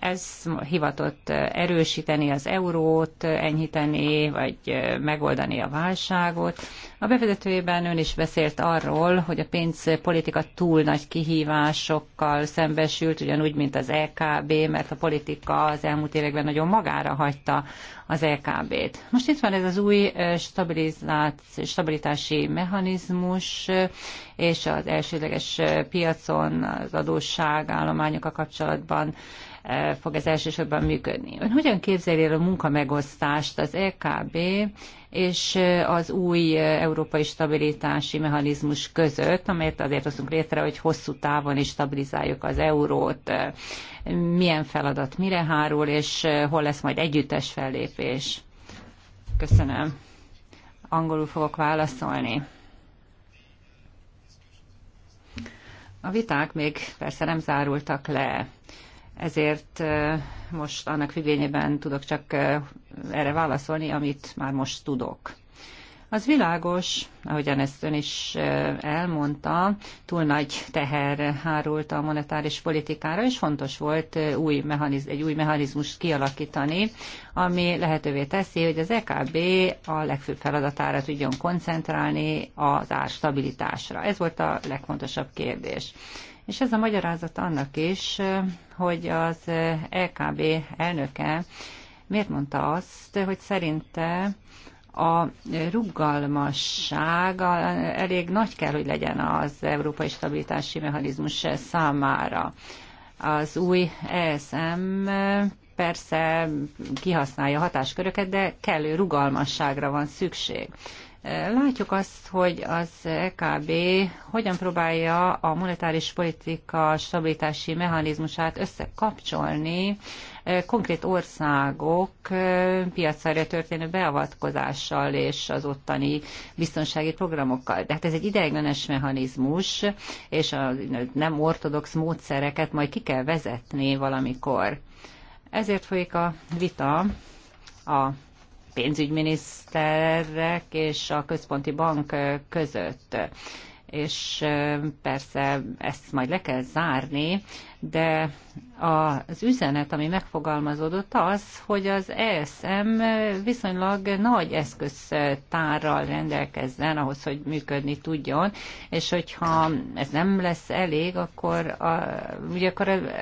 D: Ez hivatott erősíteni az eurót, enyhíteni, vagy megoldani a válságot. A bevezetőjében ön is beszélt arról, hogy a pénzpolitika túl nagy kihívásokkal szembesült, ugyanúgy, mint az EKB, mert a politika az elmúlt években nagyon magára hagyta az LKB-t. E Most itt van ez az új stabilitási mechanizmus, és az elsődleges piacon az adósságállományokkal kapcsolatban E, fog ez elsősorban működni. Ön hogyan képzeli el a munkamegosztást az EKB és e, az új e, európai stabilitási mechanizmus között, amelyet azért hozunk létre, hogy hosszú távon is stabilizáljuk az eurót, milyen feladat mire hárul, és hol lesz majd együttes fellépés? Köszönöm. Angolul fogok válaszolni. A viták még persze nem zárultak le ezért most annak függvényében tudok csak erre válaszolni, amit már most tudok. Az világos, ahogyan ezt ön is elmondta, túl nagy teher hárult a monetáris politikára, és fontos volt új mechaniz, egy új mechanizmust kialakítani, ami lehetővé teszi, hogy az EKB a legfőbb feladatára tudjon koncentrálni az árstabilitásra. Ez volt a legfontosabb kérdés. És ez a magyarázat annak is, hogy az LKB e elnöke miért mondta azt, hogy szerinte a rugalmasság elég nagy kell, hogy legyen az európai stabilitási mechanizmus számára. Az új ESM persze kihasználja hatásköröket, de kellő rugalmasságra van szükség. Látjuk azt, hogy az EKB hogyan próbálja a monetáris politika stabilitási mechanizmusát összekapcsolni eh, konkrét országok eh, piacára történő beavatkozással és az ottani biztonsági programokkal. De hát ez egy ideiglenes mechanizmus, és a nem ortodox módszereket majd ki kell vezetni valamikor. Ezért folyik a vita a pénzügyminiszterek és a központi bank között és persze ezt majd le kell zárni, de az üzenet, ami megfogalmazódott, az, hogy az ESM viszonylag nagy eszköztárral rendelkezzen ahhoz, hogy működni tudjon, és hogyha ez nem lesz elég, akkor, a, ugye akkor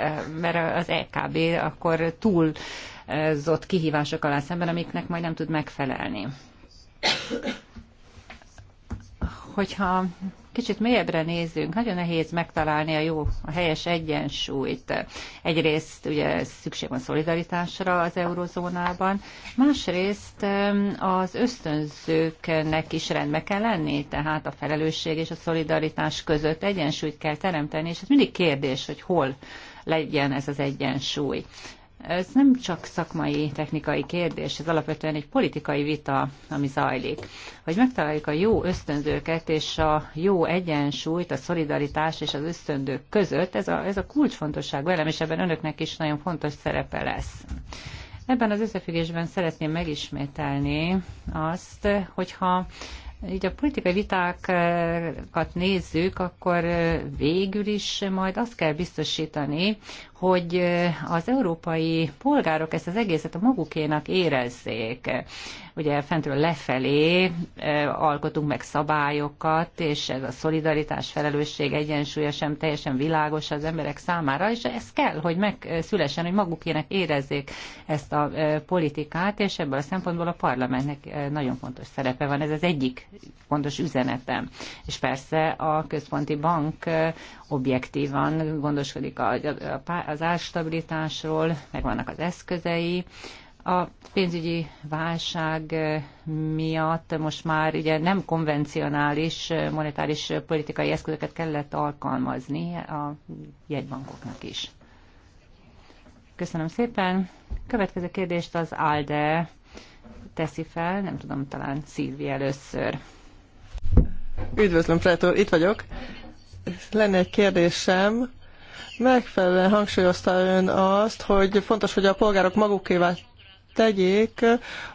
D: mert az EKB akkor túl zott kihívások alá szemben, amiknek majd nem tud megfelelni. Hogyha kicsit mélyebbre nézzünk, nagyon nehéz megtalálni a jó, a helyes egyensúlyt. Egyrészt ugye szükség van szolidaritásra az eurozónában, másrészt az ösztönzőknek is rendbe kell lenni, tehát a felelősség és a szolidaritás között egyensúlyt kell teremteni, és ez mindig kérdés, hogy hol legyen ez az egyensúly. Ez nem csak szakmai, technikai kérdés, ez alapvetően egy politikai vita, ami zajlik. Hogy megtaláljuk a jó ösztönzőket és a jó egyensúlyt, a szolidaritás és az ösztöndők között, ez a, ez a kulcsfontosság, velem és ebben önöknek is nagyon fontos szerepe lesz. Ebben az összefüggésben szeretném megismételni azt, hogyha így a politikai vitákat nézzük, akkor végül is majd azt kell biztosítani, hogy az európai polgárok ezt az egészet a magukénak érezzék ugye fentről lefelé alkotunk meg szabályokat, és ez a szolidaritás, felelősség egyensúlya sem teljesen világos az emberek számára, és ez kell, hogy megszülessen, hogy magukének érezzék ezt a politikát, és ebből a szempontból a parlamentnek nagyon fontos szerepe van. Ez az egyik fontos üzenetem. És persze a központi bank objektívan gondoskodik az árstabilitásról, meg vannak az eszközei, a pénzügyi válság eh, miatt most már ugye nem konvencionális eh, monetáris eh, politikai eszközöket kellett alkalmazni a jegybankoknak is. Köszönöm szépen. Következő kérdést az ALDE teszi fel, nem tudom, talán Szilvi
C: először. Üdvözlöm, Prátor, itt vagyok. Lenne egy kérdésem. Megfelelően hangsúlyozta ön azt, hogy fontos, hogy a polgárok magukévá tegyék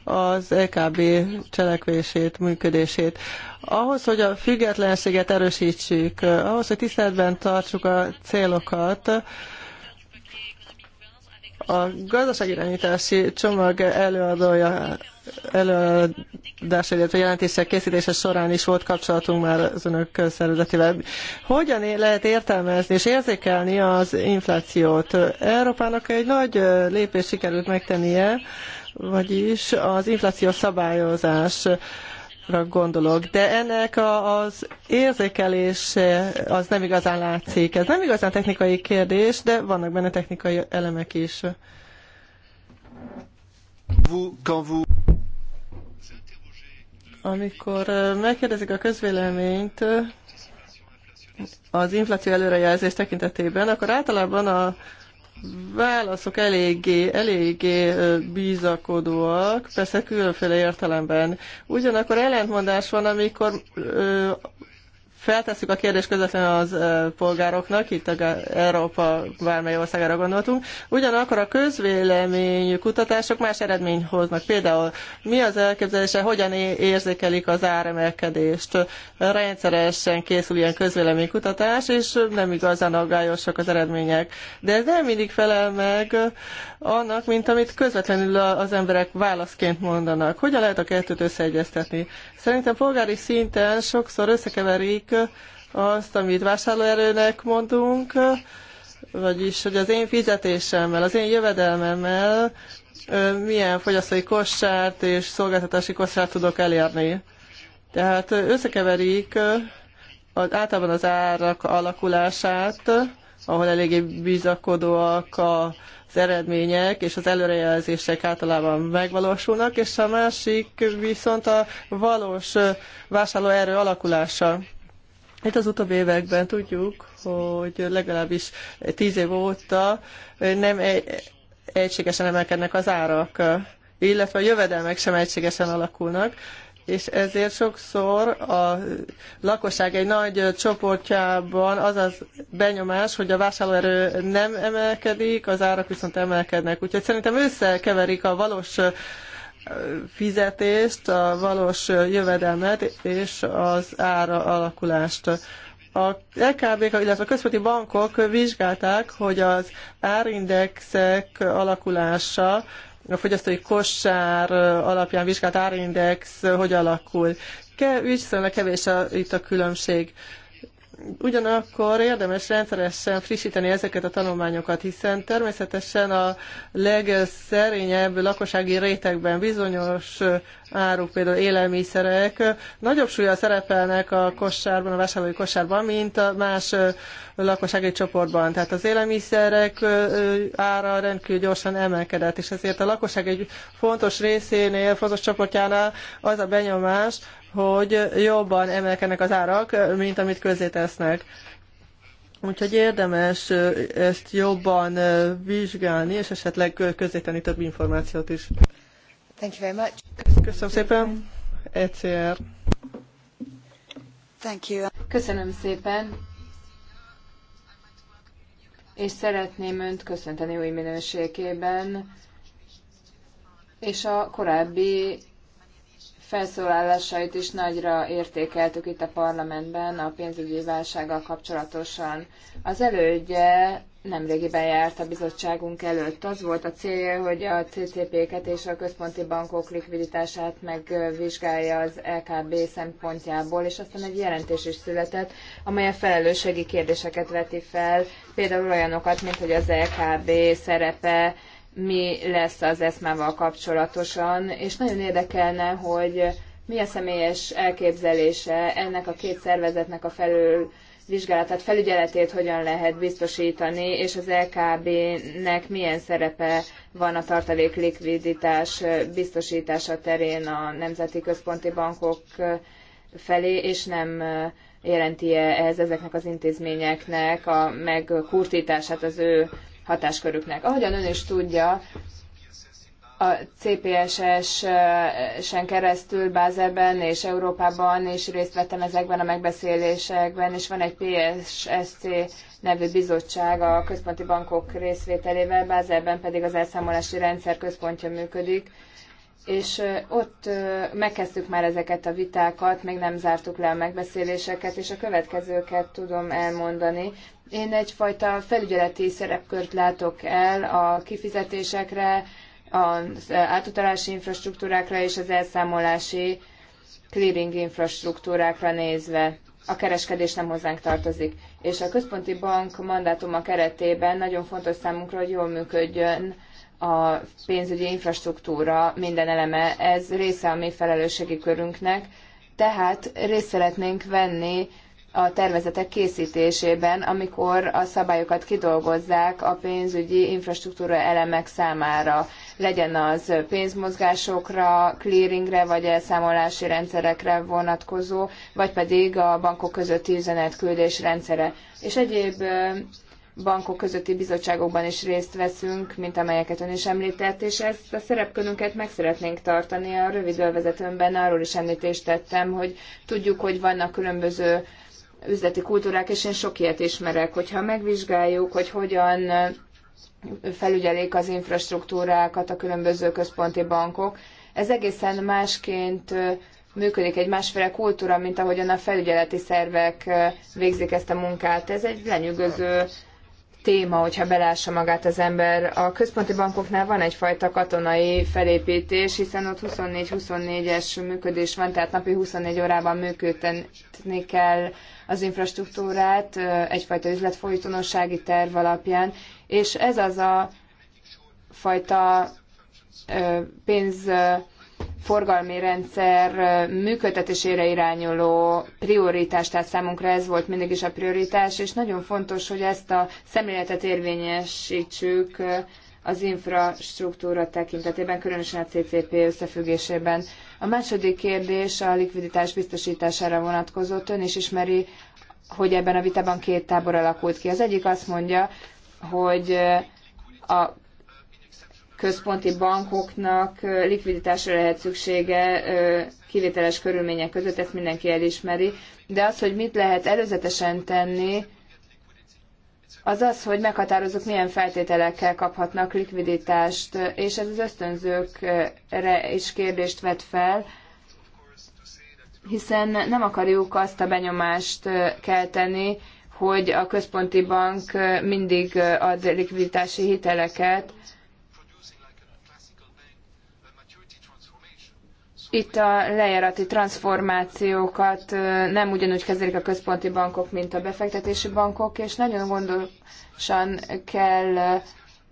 C: az EKB cselekvését, működését. Ahhoz, hogy a függetlenséget erősítsük, ahhoz, hogy tiszteletben tartsuk a célokat, a irányítási csomag előadója, előadása, illetve jelentése készítése során is volt kapcsolatunk már az önök szervezetével. Hogyan lehet értelmezni és érzékelni az inflációt? Európának egy nagy lépés sikerült megtennie, vagyis az infláció szabályozás gondolok, de ennek a, az érzékelése az nem igazán látszik. Ez nem igazán technikai kérdés, de vannak benne technikai elemek is. Amikor megkérdezik a közvéleményt az infláció előrejelzés tekintetében, akkor általában a válaszok eléggé, eléggé bízakodóak, persze különféle értelemben. Ugyanakkor ellentmondás van, amikor ö, feltesszük a kérdést közvetlenül az polgároknak, itt a Európa bármely országára gondoltunk, ugyanakkor a közvélemény kutatások más eredmény hoznak. Például mi az elképzelése, hogyan érzékelik az áremelkedést? Rendszeresen készül ilyen közvélemény kutatás, és nem igazán aggályosak az eredmények. De ez nem mindig felel meg annak, mint amit közvetlenül az emberek válaszként mondanak. Hogyan lehet a kettőt összeegyeztetni? Szerintem polgári szinten sokszor összekeverik azt, amit vásárlóerőnek mondunk, vagyis, hogy az én fizetésemmel, az én jövedelmemmel milyen fogyasztói kossárt és szolgáltatási kossárt tudok elérni. Tehát összekeverik az, általában az árak alakulását, ahol eléggé bizakodóak a az eredmények és az előrejelzések általában megvalósulnak, és a másik viszont a valós vásárlóerő alakulása. Itt az utóbbi években tudjuk, hogy legalábbis tíz év óta nem egységesen emelkednek az árak, illetve a jövedelmek sem egységesen alakulnak, és ezért sokszor a lakosság egy nagy csoportjában az az benyomás, hogy a vásárlóerő nem emelkedik, az árak viszont emelkednek. Úgyhogy szerintem összekeverik a valós fizetést, a valós jövedelmet és az ára alakulást. A LKB, illetve a központi bankok vizsgálták, hogy az árindexek alakulása a fogyasztói kosár alapján vizsgált árindex hogy alakul. Ke, viszonylag kevés a, itt a különbség. Ugyanakkor érdemes rendszeresen frissíteni ezeket a tanulmányokat, hiszen természetesen a legszerényebb lakossági rétegben bizonyos áruk, például élelmiszerek nagyobb súlya szerepelnek a kosárban, a vásárlói kosárban, mint a más lakossági csoportban. Tehát az élelmiszerek ára rendkívül gyorsan emelkedett, és ezért a lakosság egy fontos részénél, fontos csoportjánál az a benyomás, hogy jobban emelkednek az árak, mint amit közzétesznek. Úgyhogy érdemes ezt jobban vizsgálni, és esetleg közzétenni több információt is. Thank you very much. Köszönöm szépen. ECR.
B: Thank you. Köszönöm szépen. És szeretném Önt köszönteni új minőségében, és a korábbi felszólalásait is nagyra értékeltük itt a parlamentben a pénzügyi válsággal kapcsolatosan. Az elődje nemrégiben járt a bizottságunk előtt. Az volt a célja, hogy a CCP-ket és a központi bankok likviditását megvizsgálja az LKB szempontjából, és aztán egy jelentés is született, amely a felelősségi kérdéseket veti fel, például olyanokat, mint hogy az LKB szerepe mi lesz az eszmával kapcsolatosan, és nagyon érdekelne, hogy mi a személyes elképzelése ennek a két szervezetnek a felül vizsgálatát, felügyeletét hogyan lehet biztosítani, és az LKB-nek milyen szerepe van a tartalék likviditás biztosítása terén a nemzeti központi bankok felé, és nem jelenti -e ez ezeknek az intézményeknek a megkurtítását az ő hatáskörüknek. Ahogyan ön is tudja, a CPSS-en keresztül Bázelben és Európában is részt vettem ezekben a megbeszélésekben, és van egy PSSC nevű bizottság a központi bankok részvételével, Bázelben pedig az elszámolási rendszer központja működik, és ott megkezdtük már ezeket a vitákat, még nem zártuk le a megbeszéléseket, és a következőket tudom elmondani. Én egyfajta felügyeleti szerepkört látok el a kifizetésekre, az átutalási infrastruktúrákra és az elszámolási clearing infrastruktúrákra nézve. A kereskedés nem hozzánk tartozik. És a központi bank mandátuma keretében nagyon fontos számunkra, hogy jól működjön a pénzügyi infrastruktúra minden eleme. Ez része a mi felelősségi körünknek, tehát részt szeretnénk venni a tervezetek készítésében, amikor a szabályokat kidolgozzák a pénzügyi infrastruktúra elemek számára, legyen az pénzmozgásokra, clearingre vagy elszámolási rendszerekre vonatkozó, vagy pedig a bankok közötti üzenetküldés rendszere. És egyéb bankok közötti bizottságokban is részt veszünk, mint amelyeket ön is említett, és ezt a szerepkörünket meg szeretnénk tartani. A rövid arról is említést tettem, hogy tudjuk, hogy vannak különböző üzleti kultúrák, és én sok ilyet ismerek. Hogyha megvizsgáljuk, hogy hogyan felügyelik az infrastruktúrákat a különböző központi bankok, ez egészen másként működik egy másféle kultúra, mint ahogyan a felügyeleti szervek végzik ezt a munkát. Ez egy lenyűgöző téma, hogyha belássa magát az ember. A központi bankoknál van egyfajta katonai felépítés, hiszen ott 24-24-es működés van, tehát napi 24 órában működni kell az infrastruktúrát egyfajta üzletfolytonossági terv alapján, és ez az a fajta pénzforgalmi rendszer működtetésére irányuló prioritás, tehát számunkra ez volt mindig is a prioritás, és nagyon fontos, hogy ezt a szemléletet érvényesítsük az infrastruktúra tekintetében, különösen a CCP összefüggésében. A második kérdés a likviditás biztosítására vonatkozott. Ön is ismeri, hogy ebben a vitában két tábor alakult ki. Az egyik azt mondja, hogy a központi bankoknak likviditásra lehet szüksége kivételes körülmények között, ezt mindenki elismeri, de az, hogy mit lehet előzetesen tenni, az az, hogy meghatározzuk, milyen feltételekkel kaphatnak likviditást, és ez az ösztönzőkre is kérdést vet fel, hiszen nem akarjuk azt a benyomást kelteni, hogy a központi bank mindig ad likviditási hiteleket, itt a lejárati transformációkat nem ugyanúgy kezelik a központi bankok, mint a befektetési bankok, és nagyon gondosan kell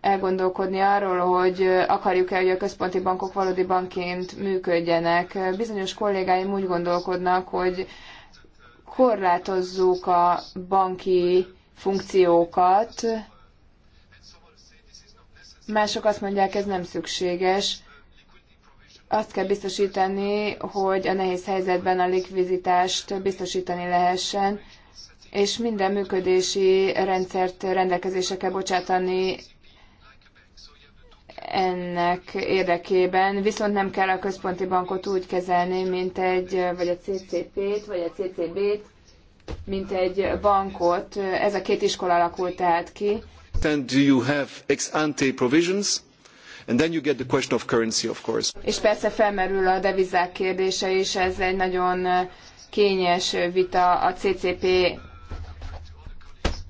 B: elgondolkodni arról, hogy akarjuk-e, hogy a központi bankok valódi bankként működjenek. Bizonyos kollégáim úgy gondolkodnak, hogy korlátozzuk a banki funkciókat, mások azt mondják, ez nem szükséges, azt kell biztosítani, hogy a nehéz helyzetben a likviditást biztosítani lehessen, és minden működési rendszert rendelkezésre kell bocsátani ennek érdekében, viszont nem kell a központi bankot úgy kezelni, mint egy, vagy a CCP-t, vagy a CCB-t, mint egy bankot. Ez a két iskola alakult tehát ki.
A: do you have ex ante provisions? And then you get the question of currency, of course.
B: És persze felmerül a devizák kérdése is, ez egy nagyon kényes vita a CCP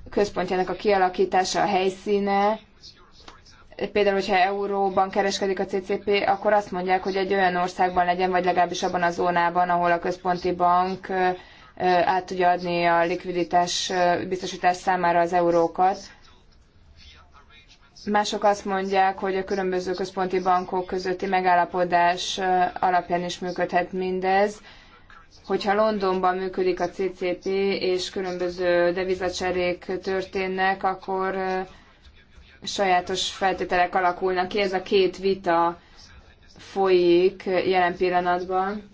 B: központjának a kialakítása, a helyszíne. Például, hogyha euróban kereskedik a CCP, akkor azt mondják, hogy egy olyan országban legyen, vagy legalábbis abban a zónában, ahol a központi bank át tudja adni a likviditás biztosítás számára az eurókat Mások azt mondják, hogy a különböző központi bankok közötti megállapodás alapján is működhet mindez. Hogyha Londonban működik a CCP, és különböző devizacserék történnek, akkor sajátos feltételek alakulnak ki. Ez a két vita folyik jelen pillanatban.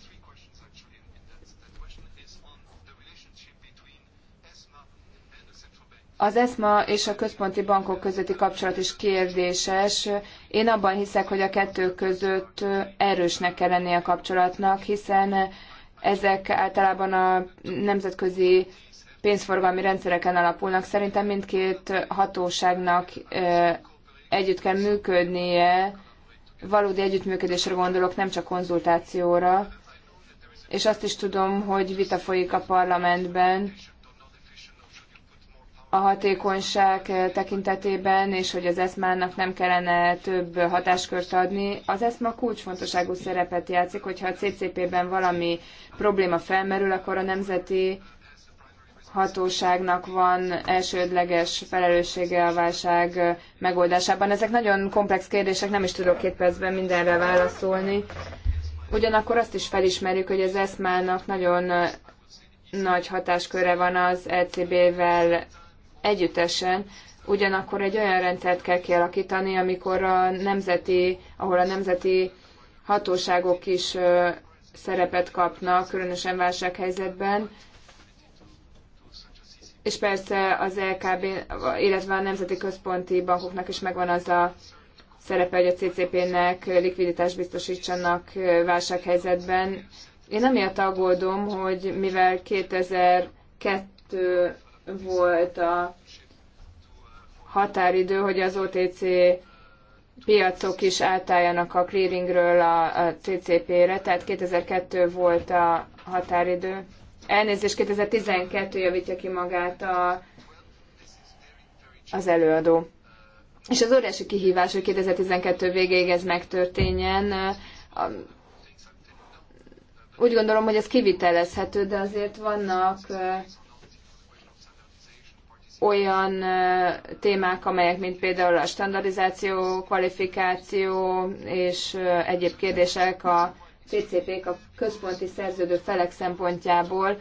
B: Az ESMA és a központi bankok közötti kapcsolat is kérdéses. Én abban hiszek, hogy a kettő között erősnek kell lennie a kapcsolatnak, hiszen ezek általában a nemzetközi pénzforgalmi rendszereken alapulnak. Szerintem mindkét hatóságnak együtt kell működnie, valódi együttműködésre gondolok, nem csak konzultációra. És azt is tudom, hogy vita folyik a parlamentben a hatékonyság tekintetében, és hogy az ESMA-nak nem kellene több hatáskört adni. Az ESMA kulcsfontosságú szerepet játszik, hogyha a CCP-ben valami probléma felmerül, akkor a nemzeti hatóságnak van elsődleges felelőssége a válság megoldásában. Ezek nagyon komplex kérdések, nem is tudok két percben mindenre válaszolni. Ugyanakkor azt is felismerjük, hogy az ESMA-nak nagyon nagy hatásköre van az ECB-vel együttesen, ugyanakkor egy olyan rendszert kell kialakítani, amikor a nemzeti, ahol a nemzeti hatóságok is szerepet kapnak, különösen válsághelyzetben, és persze az LKB, illetve a Nemzeti Központi Bankoknak is megvan az a szerepe, hogy a CCP-nek likviditást biztosítsanak válsághelyzetben. Én amiatt aggódom, hogy mivel 2002 volt a határidő, hogy az OTC piacok is átálljanak a clearingről a, CCP-re, tehát 2002 volt a határidő. Elnézést, 2012 javítja ki magát a, az előadó. És az óriási kihívás, hogy 2012 végéig ez megtörténjen. Úgy gondolom, hogy ez kivitelezhető, de azért vannak olyan témák, amelyek, mint például a standardizáció, kvalifikáció és egyéb kérdések a ccp k a központi szerződő felek szempontjából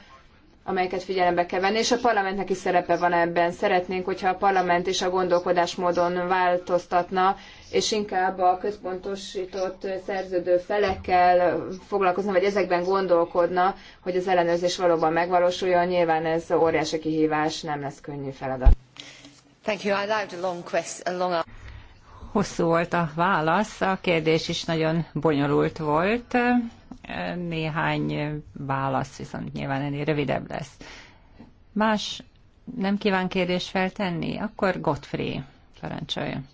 B: amelyeket figyelembe kell venni, és a parlamentnek is szerepe van ebben. Szeretnénk, hogyha a parlament is a gondolkodásmódon változtatna, és inkább a központosított szerződő felekkel foglalkozna, vagy ezekben gondolkodna, hogy az ellenőrzés valóban megvalósuljon. Nyilván ez óriási kihívás, nem lesz könnyű feladat. Thank you. I a long quest, a long...
D: Hosszú volt a válasz, a kérdés is nagyon bonyolult volt. Néhány válasz viszont nyilván ennél rövidebb lesz. Más nem kíván kérdést feltenni? Akkor Gottfried parancsoljon.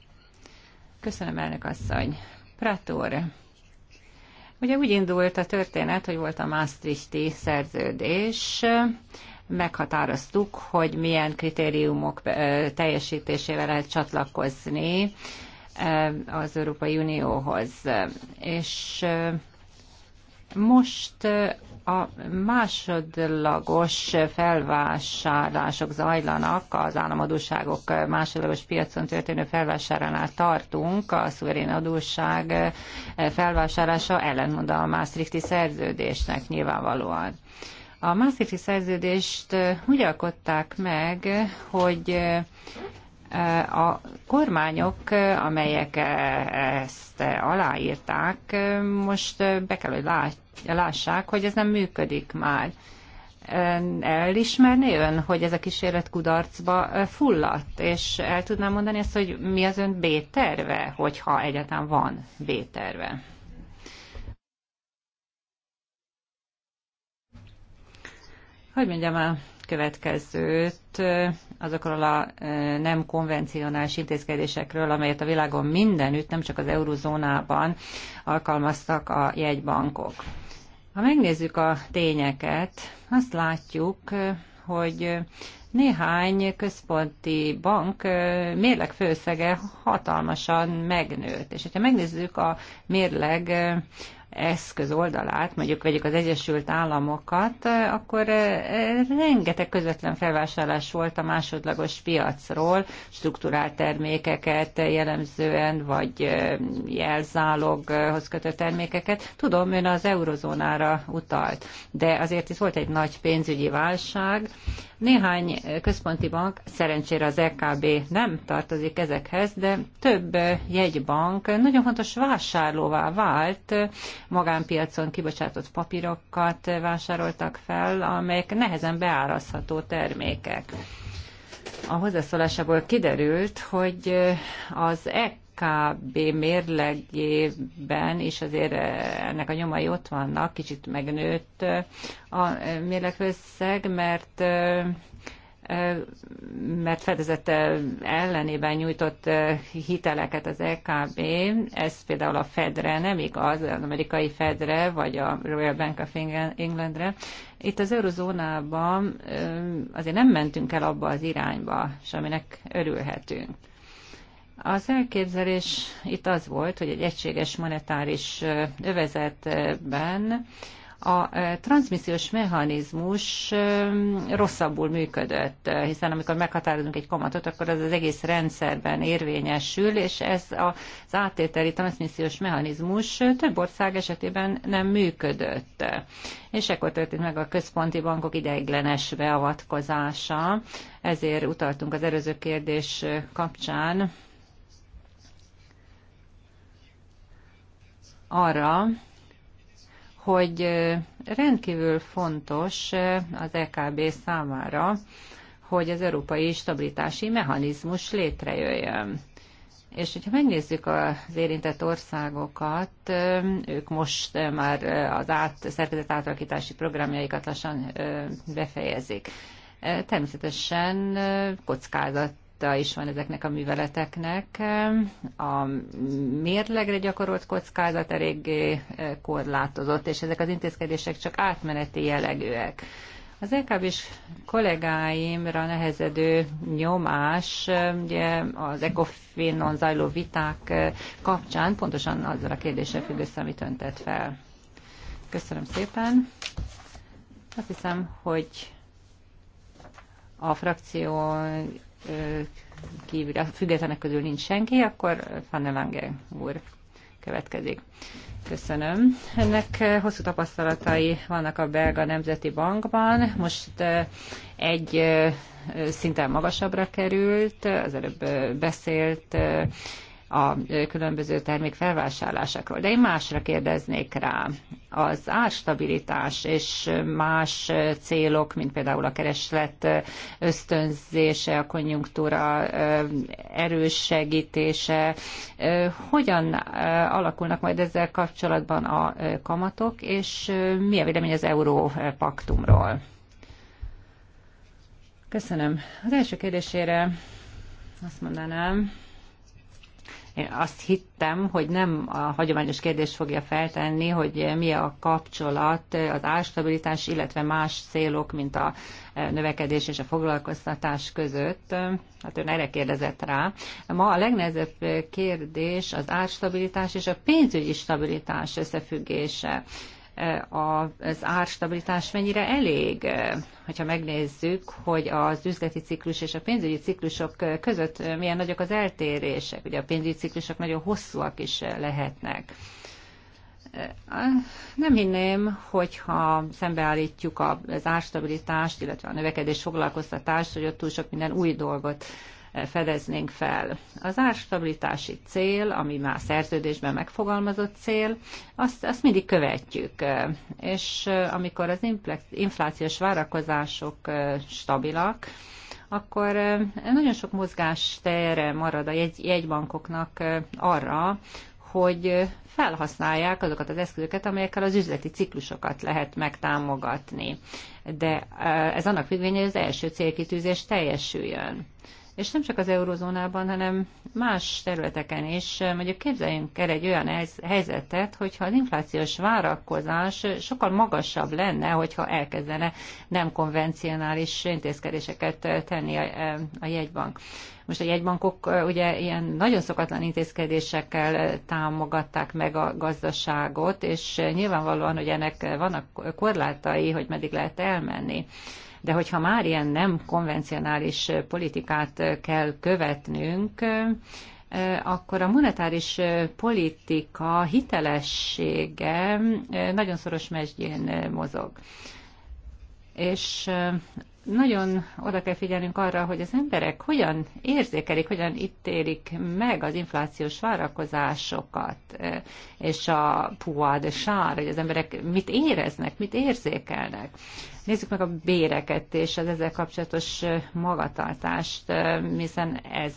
D: Köszönöm, elnök asszony. Prator. Ugye úgy indult a történet, hogy volt a Maastrichti szerződés, meghatároztuk, hogy milyen kritériumok teljesítésével lehet csatlakozni az Európai Unióhoz. És most a másodlagos felvásárlások zajlanak, az államadóságok másodlagos piacon történő felvásárlánál tartunk, a szuverén adósság felvásárlása ellentmond a Maastrichti szerződésnek nyilvánvalóan. A Maastrichti szerződést úgy alkották meg, hogy Eh, a kormányok, eh, amelyek eh, ezt aláírták, most be kell, hogy lássák, hogy ez nem működik már. Elismerné ön, hogy ez a kísérlet kudarcba fulladt, és el tudnám mondani ezt, hogy mi az ön B-terve, hogyha egyáltalán van B-terve? Hogy mondjam el? következőt azokról a nem konvencionális intézkedésekről, amelyet a világon mindenütt, nem csak az eurozónában alkalmaztak a jegybankok. Ha megnézzük a tényeket, azt látjuk, hogy néhány központi bank mérleg főszege hatalmasan megnőtt. És ha megnézzük a mérleg eszköz oldalát, mondjuk vegyük az Egyesült Államokat, akkor eh, eh, rengeteg közvetlen felvásárlás volt a másodlagos piacról, strukturált termékeket jellemzően, vagy eh, jelzáloghoz kötött termékeket. Tudom, ön az eurozónára utalt, de azért is volt egy nagy pénzügyi válság, néhány központi bank, szerencsére az EKB nem tartozik ezekhez, de több jegybank nagyon fontos vásárlóvá vált, magánpiacon kibocsátott papírokat vásároltak fel, amelyek nehezen beárazható termékek a hozzászólásából kiderült, hogy az KB mérlegében is azért eh, ennek a nyomai ott vannak, kicsit megnőtt eh, a eh, mérlegösszeg, mert mert fedezett ellenében nyújtott hiteleket az EKB, ez például a Fedre nem igaz, az amerikai Fedre, vagy a Royal Bank of Englandre. Itt az eurozónában azért nem mentünk el abba az irányba, és aminek örülhetünk. Az elképzelés itt az volt, hogy egy egységes monetáris övezetben a transmissziós mechanizmus rosszabbul működött, hiszen amikor meghatározunk egy kamatot, akkor az az egész rendszerben érvényesül, és ez az átételi transmissziós mechanizmus több ország esetében nem működött. És ekkor történt meg a központi bankok ideiglenes beavatkozása, ezért utaltunk az előző kérdés kapcsán arra, hogy rendkívül fontos az EKB számára, hogy az európai stabilitási mechanizmus létrejöjjön. És hogyha megnézzük az érintett országokat, ők most már az át, szerkezet átalakítási programjaikat lassan befejezik. Természetesen kockázat kockázata is van ezeknek a műveleteknek. A mérlegre gyakorolt kockázat eléggé eh, korlátozott, és ezek az intézkedések csak átmeneti jellegűek. Az LKB is kollégáimra nehezedő nyomás eh, ugye az ECOFIN-on zajló viták eh, kapcsán pontosan azzal a kérdéssel függ össze, amit öntett fel. Köszönöm szépen. Azt hiszem, hogy a frakció kívül, a függetlenek közül nincs senki, akkor Lange úr következik. Köszönöm. Ennek hosszú tapasztalatai vannak a Belga Nemzeti Bankban. Most egy szinten magasabbra került, az előbb beszélt a különböző termék felvásárlásakról. De én másra kérdeznék rá. Az árstabilitás és más célok, mint például a kereslet ösztönzése, a konjunktúra erős segítése, hogyan alakulnak majd ezzel kapcsolatban a kamatok, és mi a vélemény az Európaktumról? Köszönöm. Az első kérdésére azt mondanám, én azt hittem, hogy nem a hagyományos kérdés fogja feltenni, hogy mi a kapcsolat az árstabilitás, illetve más célok, mint a növekedés és a foglalkoztatás között. Hát ön erre kérdezett rá. Ma a legnehezebb kérdés az árstabilitás és a pénzügyi stabilitás összefüggése az árstabilitás mennyire elég hogyha megnézzük, hogy az üzleti ciklus és a pénzügyi ciklusok között milyen nagyok az eltérések. Ugye a pénzügyi ciklusok nagyon hosszúak is lehetnek. Nem hinném, hogyha szembeállítjuk az árstabilitást, illetve a növekedés foglalkoztatást, hogy ott túl sok minden új dolgot fedeznénk fel. Az árstabilitási cél, ami már szerződésben megfogalmazott cél, azt, azt mindig követjük. És amikor az inflációs várakozások stabilak, akkor nagyon sok tere marad a jegy, jegybankoknak arra, hogy felhasználják azokat az eszközöket, amelyekkel az üzleti ciklusokat lehet megtámogatni. De ez annak függvénye, hogy az első célkitűzés teljesüljön és nem csak az eurozónában, hanem más területeken is. Mondjuk képzeljünk el egy olyan helyzetet, hogyha az inflációs várakozás sokkal magasabb lenne, hogyha elkezdene nem konvencionális intézkedéseket tenni a jegybank. Most a jegybankok ugye ilyen nagyon szokatlan intézkedésekkel támogatták meg a gazdaságot, és nyilvánvalóan, hogy ennek vannak korlátai, hogy meddig lehet elmenni. De hogyha már ilyen nem konvencionális politikát kell követnünk, akkor a monetáris politika hitelessége nagyon szoros mesdjén mozog. És nagyon oda kell figyelnünk arra, hogy az emberek hogyan érzékelik, hogyan ítélik meg az inflációs várakozásokat, és a puad a char, hogy az emberek mit éreznek, mit érzékelnek. Nézzük meg a béreket és az ezzel kapcsolatos magatartást, hiszen ez,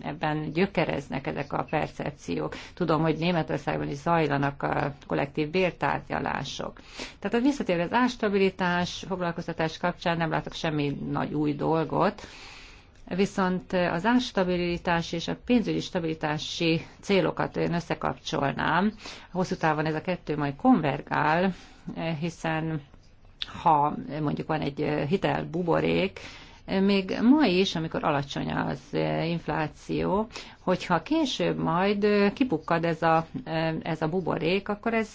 D: ebben gyökereznek ezek a percepciók. Tudom, hogy Németországban is zajlanak a kollektív bértárgyalások. Tehát a visszatérve az ástabilitás, foglalkoztatás kapcsán nem látok semmi nagy új dolgot, Viszont az ástabilitás és a pénzügyi stabilitási célokat én összekapcsolnám. Hosszú távon ez a kettő majd konvergál, hiszen ha mondjuk van egy hitel buborék, még ma is, amikor alacsony az infláció, hogyha később majd kipukkad ez a, ez a buborék, akkor ez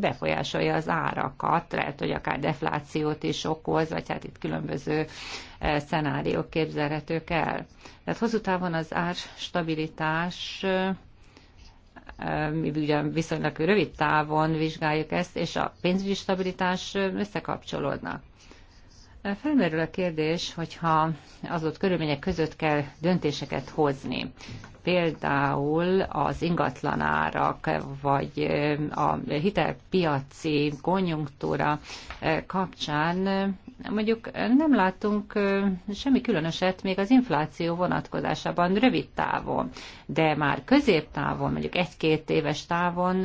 D: befolyásolja az árakat, lehet, hogy akár deflációt is okoz, vagy hát itt különböző e, szenáriók képzelhetők el. Tehát hosszú távon az árstabilitás stabilitás mi ugyan viszonylag rövid távon vizsgáljuk ezt, és a pénzügyi stabilitás összekapcsolódnak. Felmerül a kérdés, hogyha az ott körülmények között kell döntéseket hozni. Például az ingatlanárak, vagy a hitelpiaci konjunktúra kapcsán Mondjuk nem látunk semmi különöset még az infláció vonatkozásában rövid távon, de már középtávon, mondjuk egy-két éves távon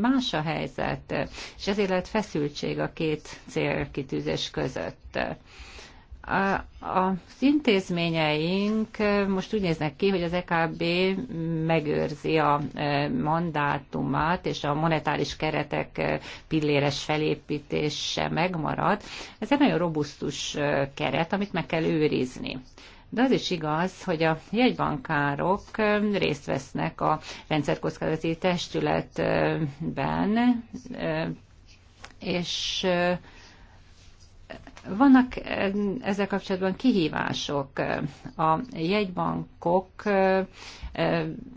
D: más a helyzet, és ezért lehet feszültség a két célkitűzés között a intézményeink most úgy néznek ki, hogy az EKB megőrzi a mandátumát, és a monetáris keretek pilléres felépítése megmarad. Ez egy nagyon robusztus keret, amit meg kell őrizni. De az is igaz, hogy a jegybankárok részt vesznek a rendszerkockázati testületben, és vannak eh, ezzel kapcsolatban kihívások. A jegybankok eh,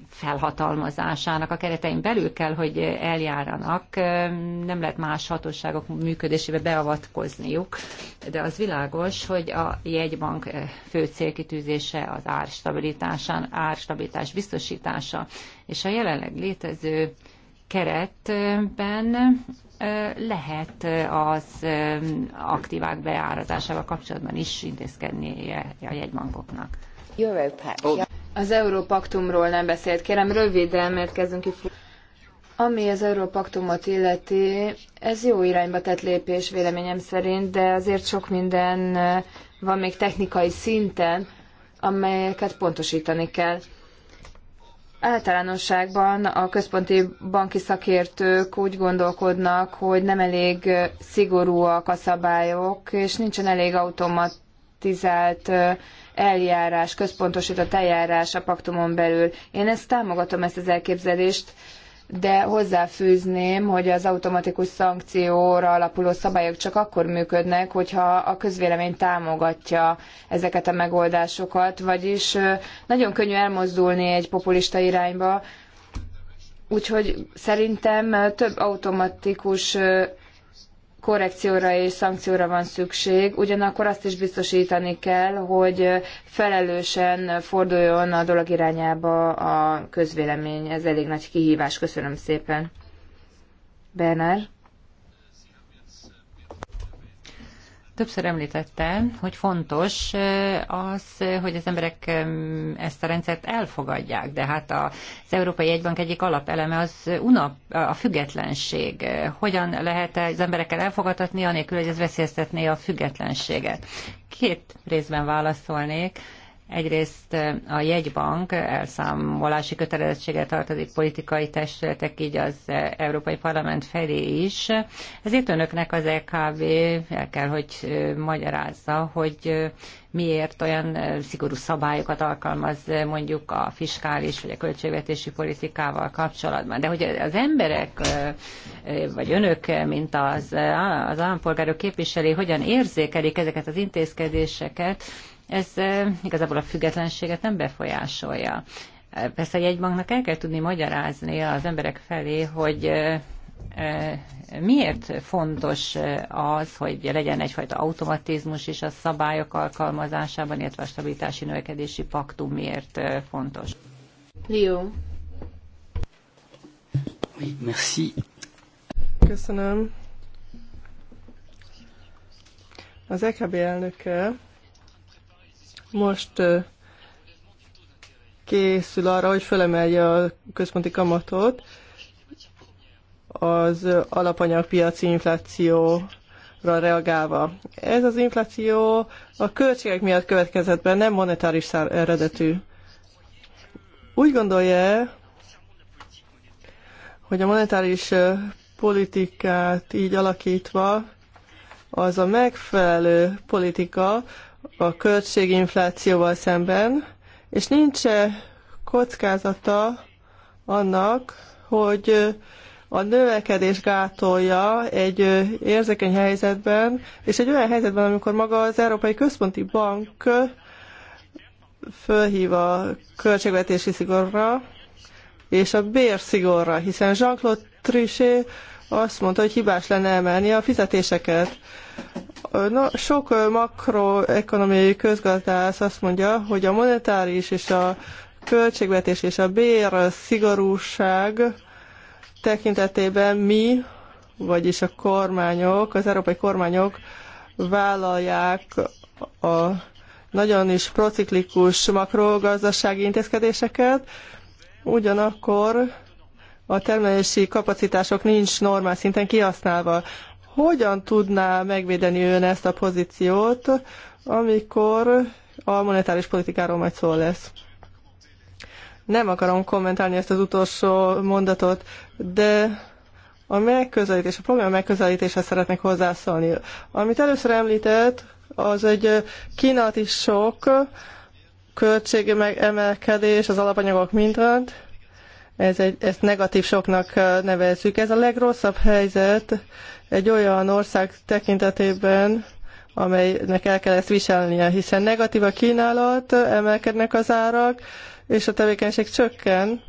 D: felhatalmazásának a keretein belül kell, hogy eljáranak. Eh, nem lehet más hatóságok működésébe beavatkozniuk, de az világos, hogy a jegybank fő célkitűzése az árstabilitás biztosítása, és a jelenleg létező keretben lehet az aktívák beárazásával kapcsolatban is intézkedni a jegybankoknak.
A: Oh.
B: Az Európaktumról nem beszélt, kérem röviden, mert kezdünk ki. Ami az Európaktumot illeti, ez jó irányba tett lépés véleményem szerint, de azért sok minden van még technikai szinten, amelyeket pontosítani kell. Általánosságban a központi banki szakértők úgy gondolkodnak, hogy nem elég szigorúak a szabályok, és nincsen elég automatizált eljárás, központosított eljárás a paktumon belül. Én ezt támogatom, ezt az elképzelést, de hozzáfűzném, hogy az automatikus szankcióra alapuló szabályok csak akkor működnek, hogyha a közvélemény támogatja ezeket a megoldásokat, vagyis nagyon könnyű elmozdulni egy populista irányba, úgyhogy szerintem több automatikus korrekcióra és szankcióra van szükség, ugyanakkor azt is biztosítani kell, hogy felelősen forduljon a dolog irányába a közvélemény. Ez elég nagy kihívás. Köszönöm szépen. Bernard.
D: Többször említette, hogy fontos eh, az, eh, hogy az emberek ezt a rendszert elfogadják, de hát az Európai Egybank egyik alapeleme az unap, a függetlenség. Hogyan lehet az emberekkel elfogadatni, anélkül, hogy ez veszélyeztetné a függetlenséget? Két részben válaszolnék. Egyrészt a jegybank elszámolási kötelezettsége tartozik politikai testületek, így az Európai Parlament felé is. Ezért önöknek az EKB el kell, hogy magyarázza, hogy miért olyan szigorú szabályokat alkalmaz mondjuk a fiskális vagy a költségvetési politikával kapcsolatban. De hogy az emberek, vagy önök, mint az, az állampolgárok képviselői hogyan érzékelik ezeket az intézkedéseket, ez igazából a függetlenséget nem befolyásolja. Persze egy banknak el kell tudni magyarázni az emberek felé, hogy miért fontos az, hogy legyen egyfajta automatizmus is a szabályok alkalmazásában, illetve a stabilitási növekedési paktum miért fontos?
C: Leo. merci. Köszönöm. Az EKB elnöke most készül arra, hogy felemelje a központi kamatot az alapanyagpiaci inflációra reagálva. Ez az infláció a költségek miatt következett be, nem monetáris eredetű. Úgy gondolja, hogy a monetáris politikát így alakítva az a megfelelő politika, a költséginflációval szemben, és nincs -e kockázata annak, hogy a növekedés gátolja egy érzékeny helyzetben, és egy olyan helyzetben, amikor maga az Európai Központi Bank fölhív a költségvetési szigorra és a bérszigorra, hiszen Jean-Claude Trichet azt mondta, hogy hibás lenne emelni a fizetéseket. Na, sok makroekonomiai közgazdász azt mondja, hogy a monetáris és a költségvetés és a bér szigorúság tekintetében mi, vagyis a kormányok, az európai kormányok vállalják a nagyon is prociklikus makrogazdasági intézkedéseket, ugyanakkor a termelési kapacitások nincs normál szinten kihasználva. Hogyan tudná megvédeni ön ezt a pozíciót, amikor a monetáris politikáról majd szó lesz? Nem akarom kommentálni ezt az utolsó mondatot, de a megközelítés, a probléma megközelítése szeretnék hozzászólni. Amit először említett, az egy kínálati sok, költségi emelkedés, az alapanyagok mindent, ez egy, ezt negatív soknak nevezzük. Ez a legrosszabb helyzet, egy olyan ország tekintetében, amelynek el kell ezt viselnie, hiszen negatív a kínálat, emelkednek az árak, és a tevékenység csökken.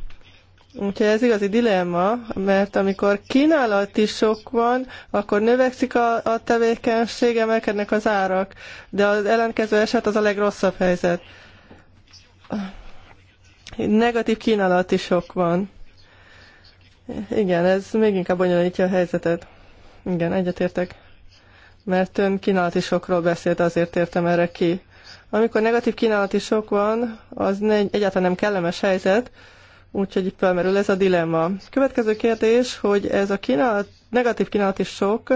C: Úgyhogy ez igazi dilemma, mert amikor kínálat is sok van, akkor növekszik a, a tevékenység, emelkednek az árak, de az ellenkező eset az a legrosszabb helyzet. Negatív kínálat is sok van. Igen, ez még inkább bonyolítja a helyzetet. Igen, egyetértek. Mert ön kínálati sokról beszélt, azért értem erre ki. Amikor negatív kínálati sok van, az ne, egyáltalán nem kellemes helyzet, úgyhogy itt felmerül ez a dilemma. Következő kérdés, hogy ez a kínálat, negatív kínálati sok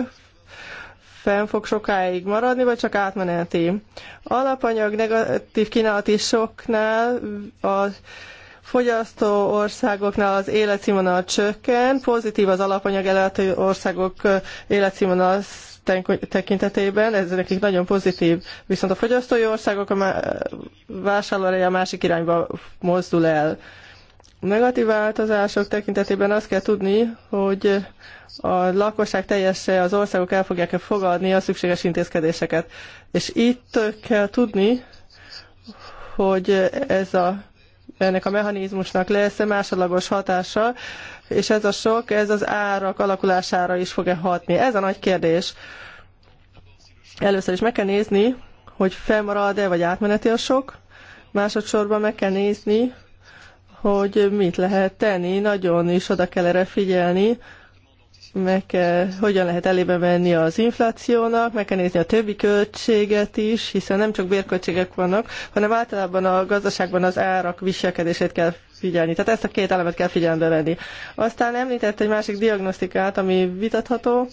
C: fenn fog sokáig maradni, vagy csak átmeneti. Alapanyag negatív kínálati soknál a fogyasztó országoknál az életszínvonal csökken, pozitív az alapanyag ellátó országok életszínvonal tekintetében, ez nekik nagyon pozitív, viszont a fogyasztói országok a vásárlóereje a másik irányba mozdul el. Negatív változások tekintetében azt kell tudni, hogy a lakosság teljesen az országok el fogják-e fogadni a szükséges intézkedéseket. És itt kell tudni, hogy ez a ennek a mechanizmusnak lesz-e másodlagos hatása, és ez a sok, ez az árak alakulására is fog-e hatni. Ez a nagy kérdés. Először is meg kell nézni, hogy felmarad-e, vagy átmeneti a sok. Másodszorban meg kell nézni, hogy mit lehet tenni, nagyon is oda kell erre figyelni, meg kell, hogyan lehet elébe menni az inflációnak, meg kell nézni a többi költséget is, hiszen nem csak bérköltségek vannak, hanem általában a gazdaságban az árak viselkedését kell figyelni. Tehát ezt a két elemet kell figyelembe venni. Aztán említett egy másik diagnosztikát, ami vitatható.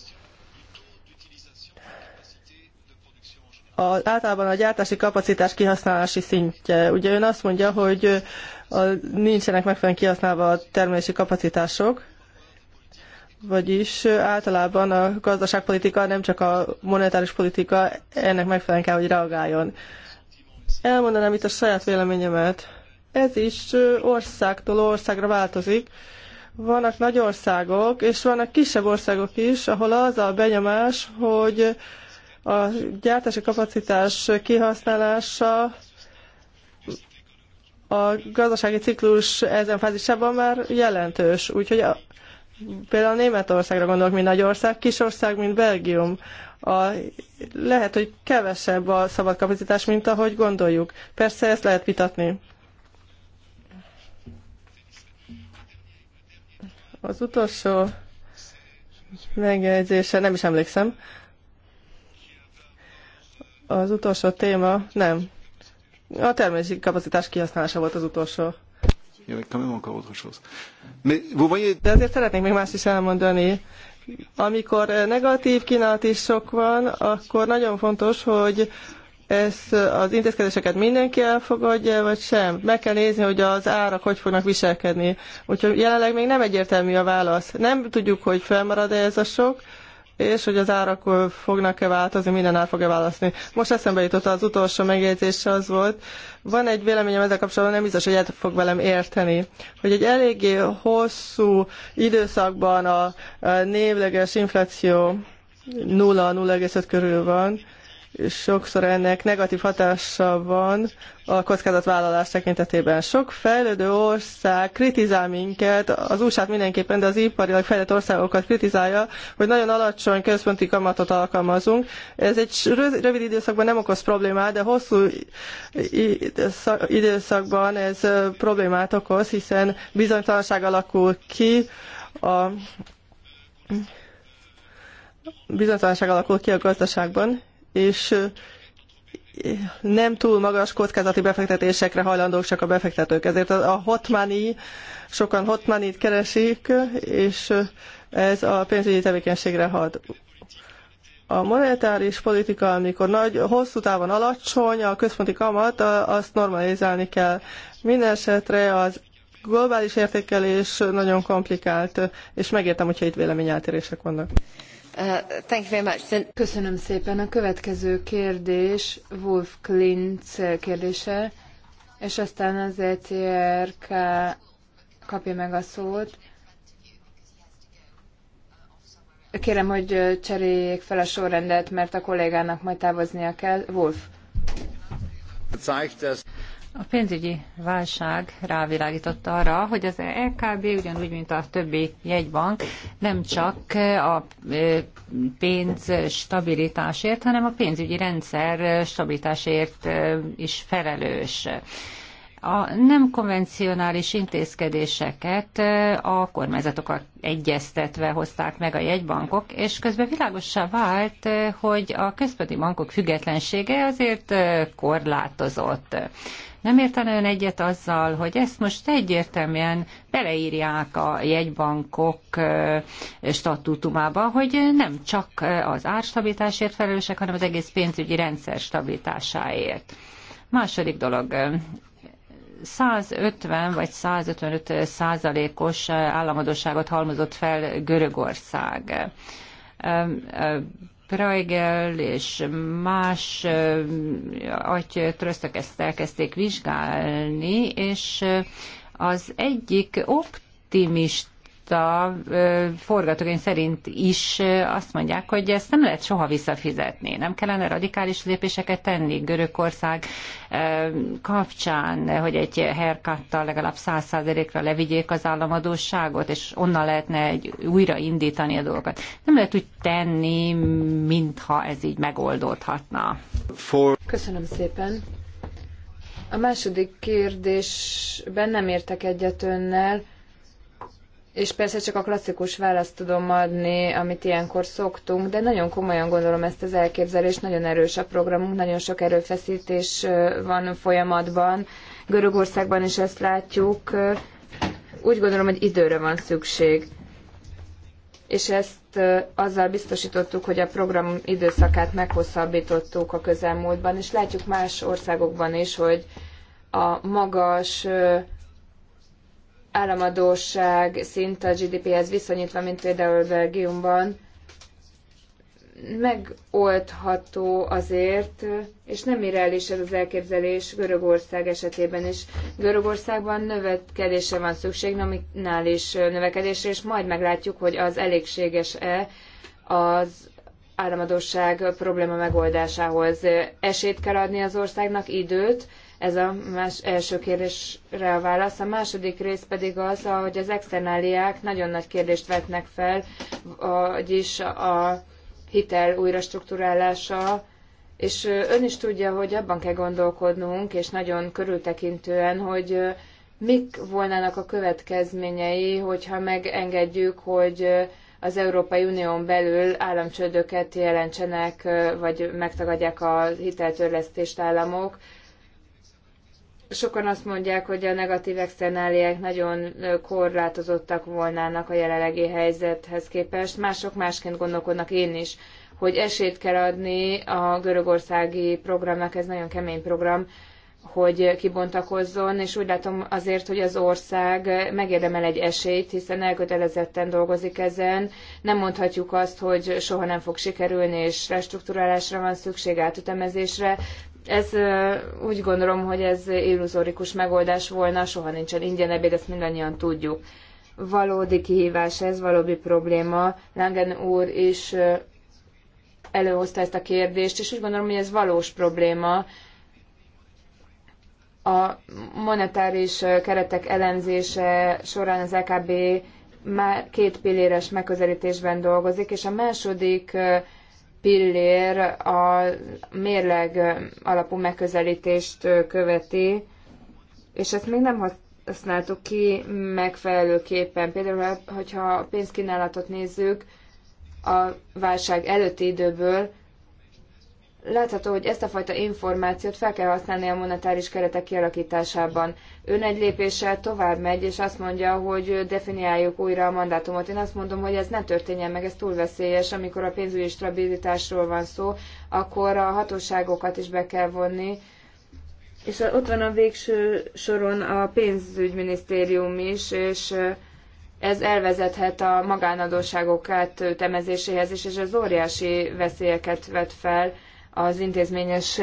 C: A, általában a gyártási kapacitás kihasználási szintje. Ugye ön azt mondja, hogy a, nincsenek megfelelően kihasználva a termelési kapacitások, vagyis általában a gazdaságpolitika, nem csak a monetáris politika ennek megfelelően kell, hogy reagáljon. Elmondanám itt a saját véleményemet. Ez is országtól országra változik. Vannak nagy országok, és vannak kisebb országok is, ahol az a benyomás, hogy a gyártási kapacitás kihasználása a gazdasági ciklus ezen fázisában már jelentős. Úgyhogy a Például Németországra gondolok, mint nagy ország, kis ország, mint Belgium. A, lehet, hogy kevesebb a szabad kapacitás, mint ahogy gondoljuk. Persze ezt lehet vitatni. Az utolsó megjegyzése, nem is emlékszem. Az utolsó téma, nem. A természeti kapacitás kihasználása volt az utolsó il y avait quand même encore autre chose. Mais vous voyez... De azért szeretnék még más is elmondani. Amikor eh, negatív kínálat is sok van, akkor nagyon fontos, hogy ezt eh, az intézkedéseket mindenki elfogadja, vagy sem. Meg kell nézni, hogy az árak hogy fognak viselkedni. Úgyhogy jelenleg még nem egyértelmű a válasz. Nem tudjuk, hogy felmarad-e ez a sok, és hogy az árak fognak-e változni, minden ár fog-e válaszni. Most eszembe jutott az utolsó megjegyzés az volt, van egy véleményem ezzel kapcsolatban, nem biztos, hogy egyet fog velem érteni, hogy egy eléggé hosszú időszakban a névleges infláció 0-0,5 körül van, sokszor ennek negatív hatása van a kockázatvállalás tekintetében. Sok fejlődő ország kritizál minket, az usa mindenképpen, de az iparilag fejlett országokat kritizálja, hogy nagyon alacsony központi kamatot alkalmazunk. Ez egy rövid időszakban nem okoz problémát, de hosszú időszakban ez problémát okoz, hiszen bizonytalanság alakul ki, a bizonytalanság alakul ki a gazdaságban, és nem túl magas kockázati befektetésekre hajlandók csak a befektetők. Ezért a hot money, sokan hot money-t keresik, és ez a pénzügyi tevékenységre hat. A monetáris politika, amikor nagy, hosszú távon alacsony a központi kamat, azt normalizálni kell. Mindenesetre az globális értékelés nagyon komplikált, és megértem, hogyha itt véleményeltérések vannak.
B: Köszönöm szépen. A következő kérdés Wolf Klintz kérdése, és aztán az ETRK kapja meg a szót. Kérem, hogy cseréljék fel a sorrendet, mert a kollégának majd távoznia kell. Wolf. A pénzügyi válság
D: rávilágította arra, hogy az LKB e ugyanúgy, mint a többi jegybank, nem csak a pénz stabilitásért, hanem a pénzügyi rendszer stabilitásért is felelős a nem konvencionális intézkedéseket a kormányzatokkal egyeztetve hozták meg a jegybankok, és közben világosá vált, hogy a központi bankok függetlensége azért korlátozott. Nem értene ön egyet azzal, hogy ezt most egyértelműen beleírják a jegybankok statútumába, hogy nem csak az árstabilitásért felelősek, hanem az egész pénzügyi rendszer stabilitásáért. Második dolog, 150 vagy 155 százalékos államadóságot halmozott fel Görögország. Preugel és más agytröztök ezt elkezdték vizsgálni, és az egyik optimist a forgatókönyv szerint is azt mondják, hogy ezt nem lehet soha visszafizetni. Nem kellene radikális lépéseket tenni Görögország kapcsán, hogy egy herkattal legalább száz százalékra levigyék az államadóságot, és onnan lehetne egy újra indítani a dolgokat. Nem lehet úgy tenni, mintha ez így megoldódhatna.
A: For...
B: Köszönöm szépen. A második kérdésben nem értek egyet önnel és persze csak a klasszikus választ tudom adni, amit ilyenkor szoktunk, de nagyon komolyan gondolom ezt az elképzelést, nagyon erős a programunk, nagyon sok erőfeszítés van folyamatban. Görögországban is ezt látjuk. Úgy gondolom, hogy időre van szükség. És ezt azzal biztosítottuk, hogy a program időszakát meghosszabbítottuk a közelmúltban, és látjuk más országokban is, hogy a magas államadóság szint a GDP-hez viszonyítva, mint például Belgiumban, megoldható azért, és nem irreális ez az elképzelés Görögország esetében is. Görögországban növekedésre van szükség, nominális növekedésre, és majd meglátjuk, hogy az elégséges-e az államadóság probléma megoldásához. Esét kell adni az országnak, időt, ez a más első kérdésre a válasz. A második rész pedig az, hogy az externáliák nagyon nagy kérdést vetnek fel, vagyis a hitel újrastruktúrálása, és ön is tudja, hogy abban kell gondolkodnunk, és nagyon körültekintően, hogy mik volnának a következményei, hogyha megengedjük, hogy az Európai Unión belül államcsődöket jelentsenek, vagy megtagadják a hiteltörlesztést államok, Sokan azt mondják, hogy a negatív externáliák nagyon korlátozottak volnának a jelenlegi helyzethez képest. Mások másként gondolkodnak én is, hogy esélyt kell adni a görögországi programnak, ez nagyon kemény program, hogy kibontakozzon, és úgy látom azért, hogy az ország megérdemel egy esélyt, hiszen elkötelezetten dolgozik ezen. Nem mondhatjuk azt, hogy soha nem fog sikerülni, és restruktúrálásra van szükség, átütemezésre. Ez úgy gondolom, hogy ez illuzórikus megoldás volna, soha nincsen ingyen ebéd, ezt mindannyian tudjuk. Valódi kihívás ez, valódi probléma. Langen úr is előhozta ezt a kérdést, és úgy gondolom, hogy ez valós probléma. A monetáris keretek elemzése során az EKB már két pilléres megközelítésben dolgozik, és a második pillér a mérleg alapú megközelítést követi, és ezt még nem használtuk ki megfelelőképpen. Például, hogyha a pénzkínálatot nézzük a válság előtti időből, látható, hogy ezt a fajta információt fel kell használni a monetáris keretek kialakításában. Ön egy lépéssel tovább megy, és azt mondja, hogy definiáljuk újra a mandátumot. Én azt mondom, hogy ez ne történjen meg, ez túl veszélyes. Amikor a pénzügyi stabilitásról van szó, akkor a hatóságokat is be kell vonni. És ott van a végső soron a pénzügyminisztérium is, és eh, ez elvezethet a magánadóságokat, ütemezéséhez is, és ez óriási veszélyeket vet fel az intézményes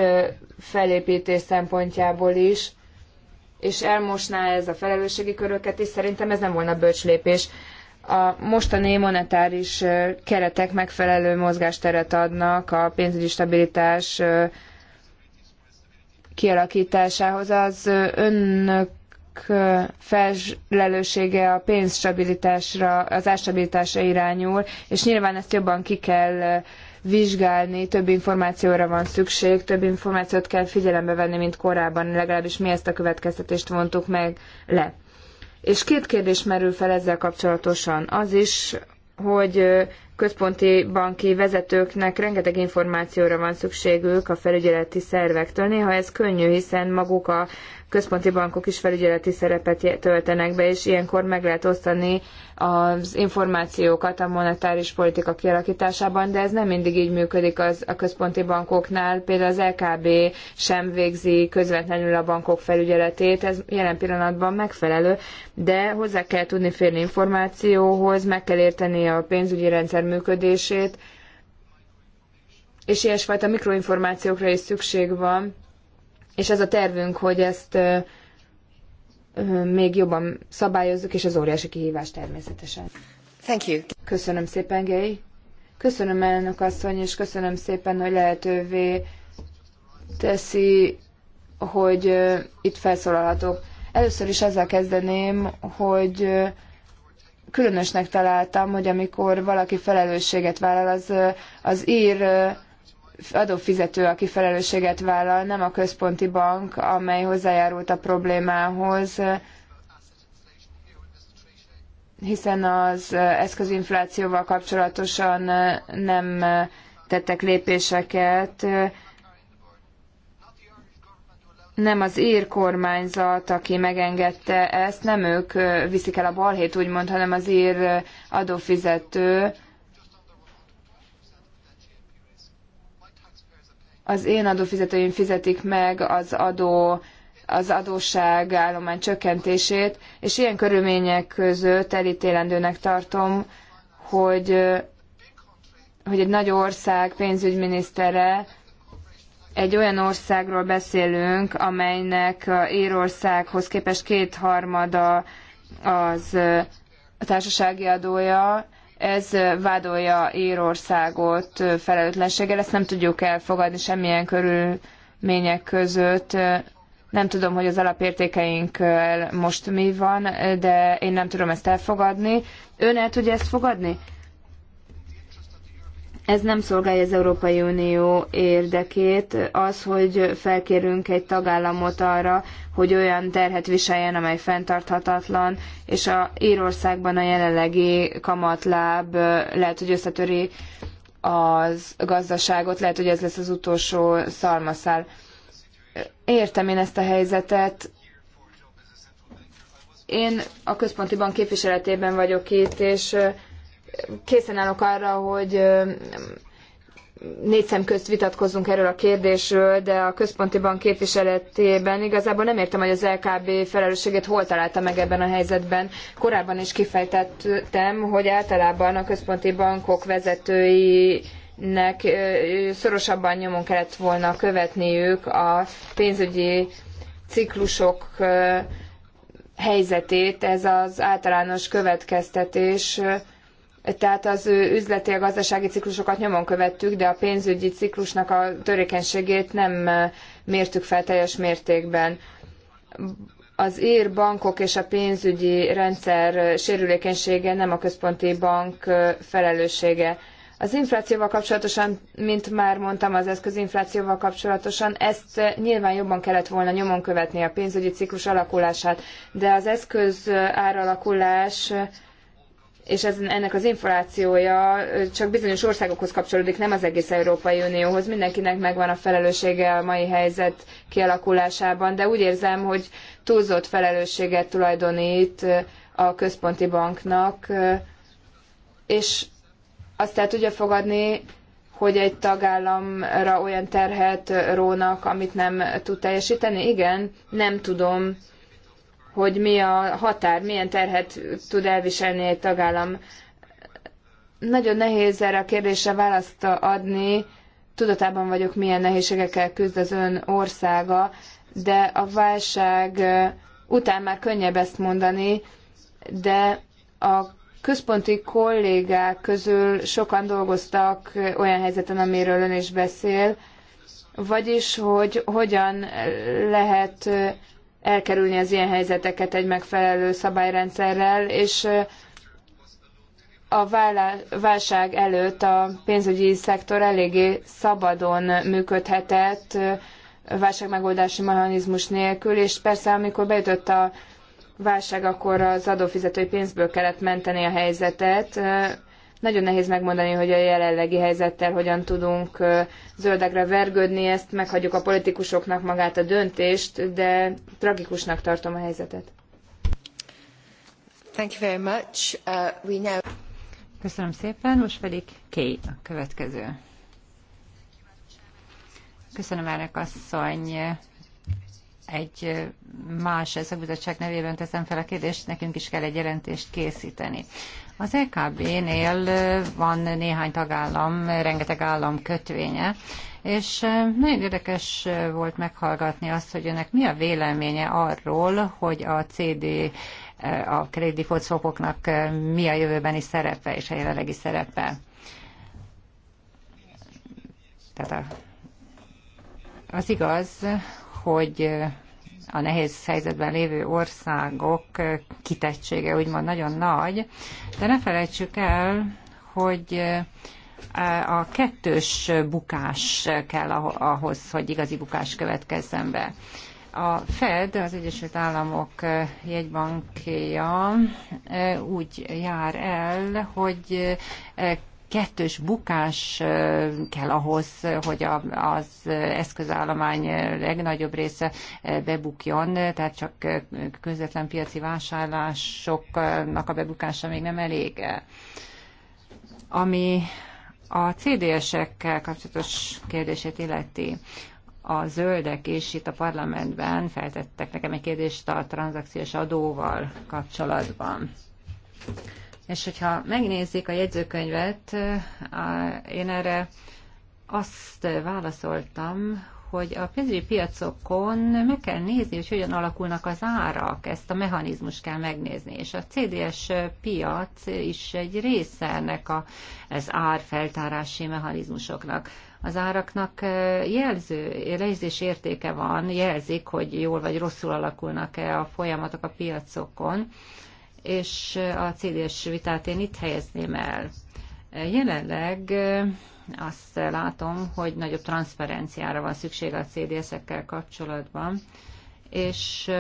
B: felépítés szempontjából is, és elmosná ez a felelősségi köröket, és szerintem ez nem volna bölcs lépés. A mostani monetáris keretek megfelelő mozgásteret adnak a pénzügyi stabilitás kialakításához. Az önök felelőssége a pénzstabilitásra, az árstabilitásra irányul, és nyilván ezt jobban ki kell vizsgálni, több információra van szükség, több információt kell figyelembe venni, mint korábban, legalábbis mi ezt a következtetést vontuk meg le. És két kérdés merül fel ezzel kapcsolatosan. Az is, hogy központi banki vezetőknek rengeteg információra van szükségük a felügyeleti szervektől. Néha ez könnyű, hiszen maguk a központi bankok is felügyeleti szerepet töltenek be, és ilyenkor meg lehet osztani az információkat a monetáris politika kialakításában, de ez nem mindig így működik az, a központi bankoknál. Például az LKB sem végzi közvetlenül a bankok felügyeletét, ez jelen pillanatban megfelelő, de hozzá kell tudni férni információhoz, meg kell érteni a pénzügyi rendszer működését, és ilyesfajta mikroinformációkra is szükség van, és ez a tervünk, hogy ezt még jobban szabályozzuk, és ez óriási kihívás természetesen. Thank you. Köszönöm szépen, Gay. Köszönöm, elnök asszony, és köszönöm szépen, hogy lehetővé teszi, hogy itt felszólalhatok. Először is ezzel kezdeném, hogy különösnek találtam, hogy amikor valaki felelősséget vállal, az, az ír adófizető, aki felelősséget vállal, nem a központi bank, amely hozzájárult a problémához, hiszen az eszközinflációval kapcsolatosan nem tettek lépéseket. Nem az ír kormányzat, aki megengedte ezt, nem ők viszik el a balhét, úgymond, hanem az ír adófizető az én adófizetőim fizetik meg az adó az adósság állomány csökkentését, és ilyen körülmények között elítélendőnek tartom, hogy, hogy egy nagy ország pénzügyminisztere egy olyan országról beszélünk, amelynek Írországhoz képest kétharmada az a társasági adója, ez vádolja Írországot felelőtlenséggel, ezt nem tudjuk elfogadni semmilyen körülmények között. Nem tudom, hogy az alapértékeinkkel most mi van, de én nem tudom ezt elfogadni. Ön el tudja ezt fogadni? ez nem szolgálja az Európai Unió érdekét, az, hogy felkérünk egy tagállamot arra, hogy olyan terhet viseljen, amely fenntarthatatlan, és a Írországban a jelenlegi kamatláb lehet, hogy összetöri az gazdaságot, lehet, hogy ez lesz az utolsó szalmaszál. Értem én ezt a helyzetet. Én a központi bank képviseletében vagyok itt, és készen állok arra, hogy négy szem közt vitatkozzunk erről a kérdésről, de a központi bank képviseletében igazából nem értem, hogy az LKB felelősségét hol találta meg ebben a helyzetben. Korábban is kifejtettem, hogy általában a központi bankok vezetői nek szorosabban nyomon kellett volna követniük a pénzügyi ciklusok helyzetét. Ez az általános következtetés tehát az üzleti a gazdasági ciklusokat nyomon követtük, de a pénzügyi ciklusnak a törékenységét nem mértük fel teljes mértékben. Az ír bankok és a pénzügyi rendszer sérülékenysége nem a központi bank felelőssége. Az inflációval kapcsolatosan, mint már mondtam, az eszközinflációval kapcsolatosan, ezt nyilván jobban kellett volna nyomon követni a pénzügyi ciklus alakulását, de az eszköz áralakulás alakulás és ez, ennek az információja csak bizonyos országokhoz kapcsolódik, nem az egész Európai Unióhoz. Mindenkinek megvan a felelőssége a mai helyzet kialakulásában, de úgy érzem, hogy túlzott felelősséget tulajdonít a központi banknak, és azt el tudja fogadni, hogy egy tagállamra olyan terhet rónak, amit nem tud teljesíteni? Igen, nem tudom hogy mi a határ, milyen terhet tud elviselni egy tagállam. Nagyon nehéz erre a kérdésre választ adni, tudatában vagyok, milyen nehézségekkel küzd az ön országa, de a válság után már könnyebb ezt mondani, de a központi kollégák közül sokan dolgoztak olyan helyzeten, amiről ön is beszél, vagyis hogy hogyan lehet elkerülni az ilyen helyzeteket egy megfelelő szabályrendszerrel, és a válság előtt a pénzügyi szektor eléggé szabadon működhetett válságmegoldási mechanizmus nélkül, és persze amikor beütött a válság, akkor az adófizetői pénzből kellett menteni a helyzetet. Nagyon nehéz megmondani, hogy a jelenlegi helyzettel hogyan tudunk zöldekre vergődni, ezt meghagyjuk a politikusoknak magát a döntést, de tragikusnak tartom a helyzetet.
D: Thank you very much. Uh, we now... Köszönöm szépen, most pedig Kay a következő. Köszönöm, ennek asszony. Egy más szakbizottság nevében teszem fel a kérdést, nekünk is kell egy jelentést készíteni. Az EKB-nél van néhány tagállam, rengeteg állam kötvénye, és nagyon érdekes volt meghallgatni azt, hogy önnek mi a véleménye arról, hogy a CD a kredi swapoknak mi a jövőbeni szerepe és a jelenlegi szerepe. Tehát az igaz, hogy a nehéz helyzetben lévő országok kitettsége úgymond nagyon nagy, de ne felejtsük el, hogy eh, a kettős bukás kell ahhoz, hogy igazi bukás következzen be. A Fed, az Egyesült Államok eh, jegybankja eh, úgy jár el, hogy kettős bukás kell ahhoz, hogy az eszközállomány legnagyobb része bebukjon, tehát csak közvetlen piaci vásárlásoknak a bebukása még nem elég. Ami a CDS-ekkel kapcsolatos kérdését illeti, a zöldek is itt a parlamentben feltettek nekem egy kérdést a tranzakciós adóval kapcsolatban. És hogyha megnézik a jegyzőkönyvet, én erre azt válaszoltam, hogy a pénzügyi piacokon meg kell nézni, hogy hogyan alakulnak az árak, ezt a mechanizmus kell megnézni, és a CDS piac is egy része ennek a, az árfeltárási mechanizmusoknak. Az áraknak jelző, lejzés értéke van, jelzik, hogy jól vagy rosszul alakulnak-e a folyamatok a piacokon, és a CDS vitát én itt helyezném el. Jelenleg azt látom, hogy nagyobb transzferenciára van szükség a CDS-ekkel kapcsolatban, és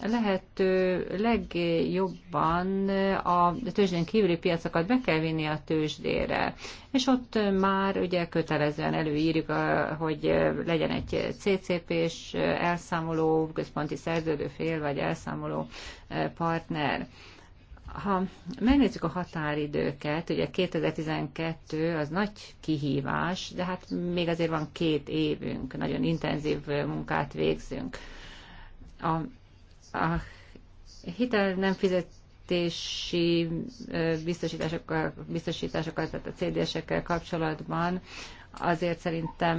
D: lehető legjobban a tőzsdén kívüli piacokat be kell vinni a tőzsdére. És ott már ugye kötelezően előírjuk, hogy legyen egy CCP-s elszámoló, központi szerződő fél vagy elszámoló partner. Ha megnézzük a határidőket, ugye 2012 az nagy kihívás, de hát még azért van két évünk, nagyon intenzív munkát végzünk. A, a hitel nem fizetési biztosításokkal, biztosításokkal, tehát a CDS-ekkel kapcsolatban azért szerintem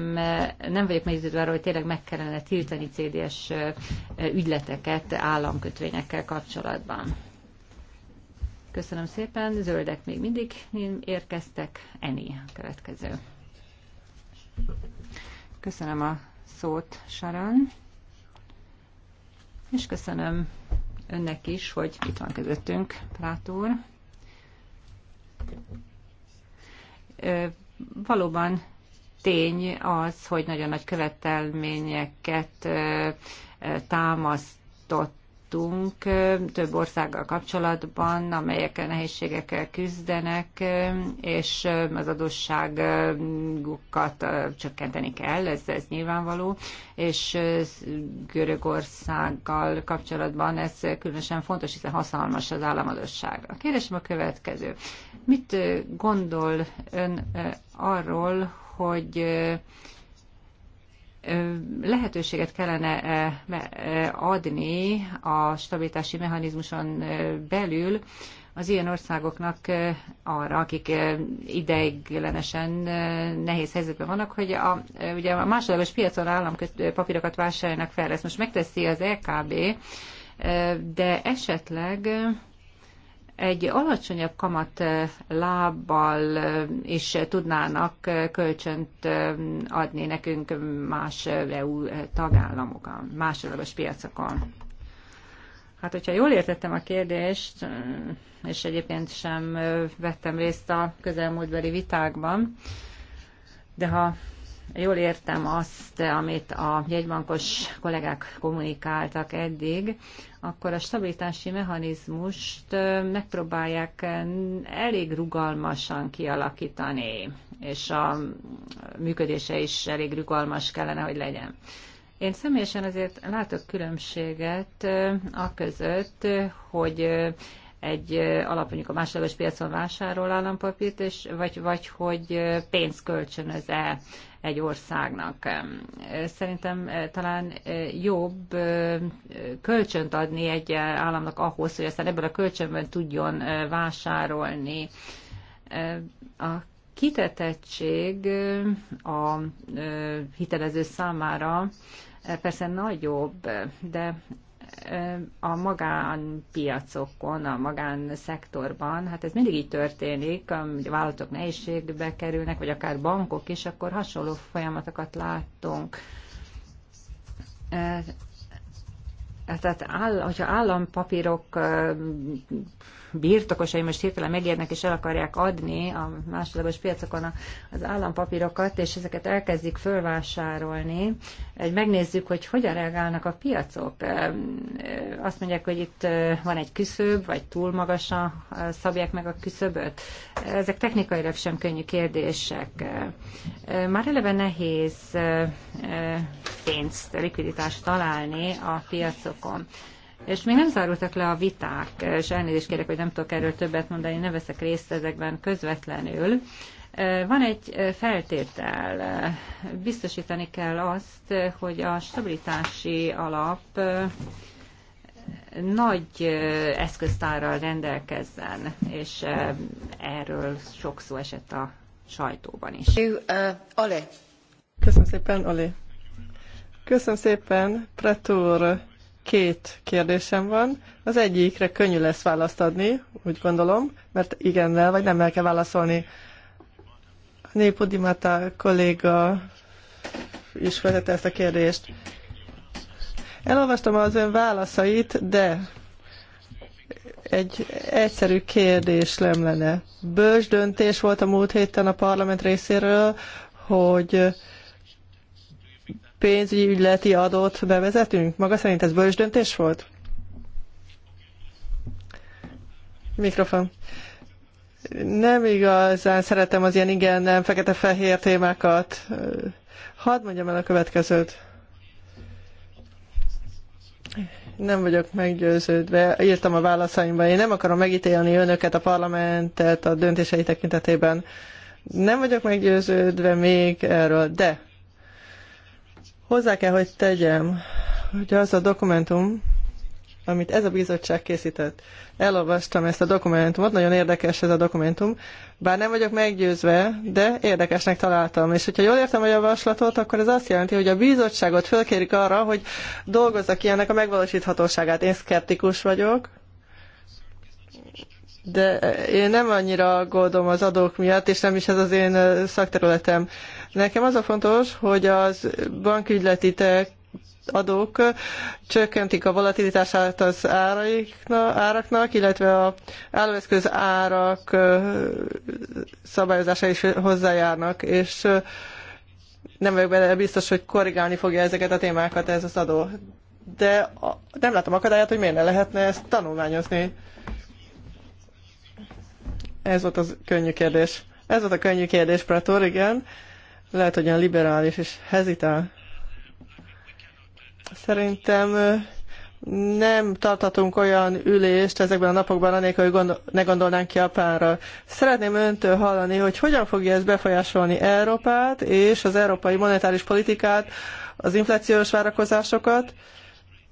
D: nem vagyok meggyőződve arról, hogy tényleg meg kellene tiltani CDS ügyleteket államkötvényekkel kapcsolatban. Köszönöm szépen. Zöldek még mindig érkeztek. Eni a következő. Köszönöm a szót, Saran. És köszönöm önnek is, hogy itt van közöttünk, Prátor. Valóban tény az, hogy nagyon nagy követelményeket támasztott láttunk több országgal kapcsolatban, amelyek nehézségekkel küzdenek, és az adósságukat csökkenteni kell, ez, ez nyilvánvaló, és Görögországgal kapcsolatban ez különösen fontos, hiszen hatalmas az államadosság. A kérdésem a következő. Mit gondol ön arról, hogy lehetőséget kellene adni a stabilitási mechanizmuson belül az ilyen országoknak arra, akik ideiglenesen nehéz helyzetben vannak, hogy a, ugye a másodlagos piacon állampapírokat vásárolnak fel. Ezt most megteszi az EKB, de esetleg egy alacsonyabb kamat eh, lábbal eh, is tudnának eh, kölcsönt adni nekünk más EU tagállamokon, másodlagos piacokon. Hát, hogyha jól értettem a kérdést, és egyébként sem vettem részt a közelmúltbeli vitákban, de ha jól értem azt, amit a jegybankos kollégák kommunikáltak eddig, akkor a stabilitási mechanizmust megpróbálják elég rugalmasan kialakítani, és a működése is elég rugalmas kellene, hogy legyen. Én személyesen azért látok különbséget a között, hogy egy alap a másodlagos piacon vásárol állampapírt, és, vagy, vagy hogy pénzt kölcsönöz-e egy országnak. Szerintem eh, talán eh, jobb eh, kölcsönt adni egy államnak ahhoz, hogy aztán ebből a kölcsönben tudjon vásárolni. A kitettség a hitelező számára persze nagyobb, de a magánpiacokon, a magánszektorban, hát ez mindig így történik, a vállalatok nehézségbe kerülnek, vagy akár bankok is, akkor hasonló folyamatokat látunk. Tehát áll, hogyha állampapírok birtokosai most hirtelen megérnek és el akarják adni a másodlagos piacokon az állampapírokat, és ezeket elkezdik fölvásárolni. Megnézzük, hogy hogyan reagálnak a piacok. Azt mondják, hogy itt van egy küszöb, vagy túl magasan szabják meg a küszöböt. Ezek technikailag sem könnyű kérdések. Már eleve nehéz pénzt, likviditást találni a piacokon és még nem zárultak le a viták, és elnézést kérek, hogy nem tudok erről többet mondani, ne veszek részt ezekben közvetlenül. Van egy feltétel, biztosítani kell azt, hogy a stabilitási alap nagy eszköztárral rendelkezzen, és erről sok szó esett a sajtóban is.
C: Köszönöm szépen, Ale. Köszönöm szépen, Pretor. Két kérdésem van. Az egyikre könnyű lesz választ adni, úgy gondolom, mert igennel vagy nemmel kell válaszolni. Népudimata kolléga is vezette ezt a kérdést. Elolvastam az ön válaszait, de egy egyszerű kérdés lenne. Bős döntés volt a múlt héten a parlament részéről, hogy pénzügyi ügyleti adót bevezetünk? Maga szerint ez bölcs döntés volt? Mikrofon. Nem igazán szeretem az ilyen igen, nem fekete-fehér témákat. Hadd mondjam el a következőt. Nem vagyok meggyőződve, írtam a válaszaimban, én nem akarom megítélni önöket, a parlamentet, a döntései tekintetében. Nem vagyok meggyőződve még erről, de Hozzá kell, hogy tegyem, hogy az a dokumentum, amit ez a bizottság készített. Elolvastam ezt a dokumentumot, nagyon érdekes ez a dokumentum, bár nem vagyok meggyőzve, de érdekesnek találtam. És hogyha jól értem a javaslatot, akkor ez azt jelenti, hogy a bizottságot fölkérik arra, hogy dolgozzak ki ennek a megvalósíthatóságát. Én szkeptikus vagyok, de én nem annyira aggódom az adók miatt, és nem is ez az én szakterületem. Nekem az a fontos, hogy az bankügyleti adók csökkentik a volatilitását az áraknak, illetve a állóeszköz árak szabályozása is hozzájárnak, és nem vagyok benne biztos, hogy korrigálni fogja ezeket a témákat ez az adó. De nem látom akadályát, hogy miért ne lehetne ezt tanulmányozni. Ez volt az könnyű kérdés. Ez volt a könnyű kérdés, Prator, igen lehet, hogy olyan liberális és hezitál. Szerintem nem tartatunk olyan ülést ezekben a napokban, anélkül, hogy gondol, ne gondolnánk Japánra. Szeretném öntől hallani, hogy hogyan fogja ez befolyásolni Európát és az európai monetáris politikát, az inflációs várakozásokat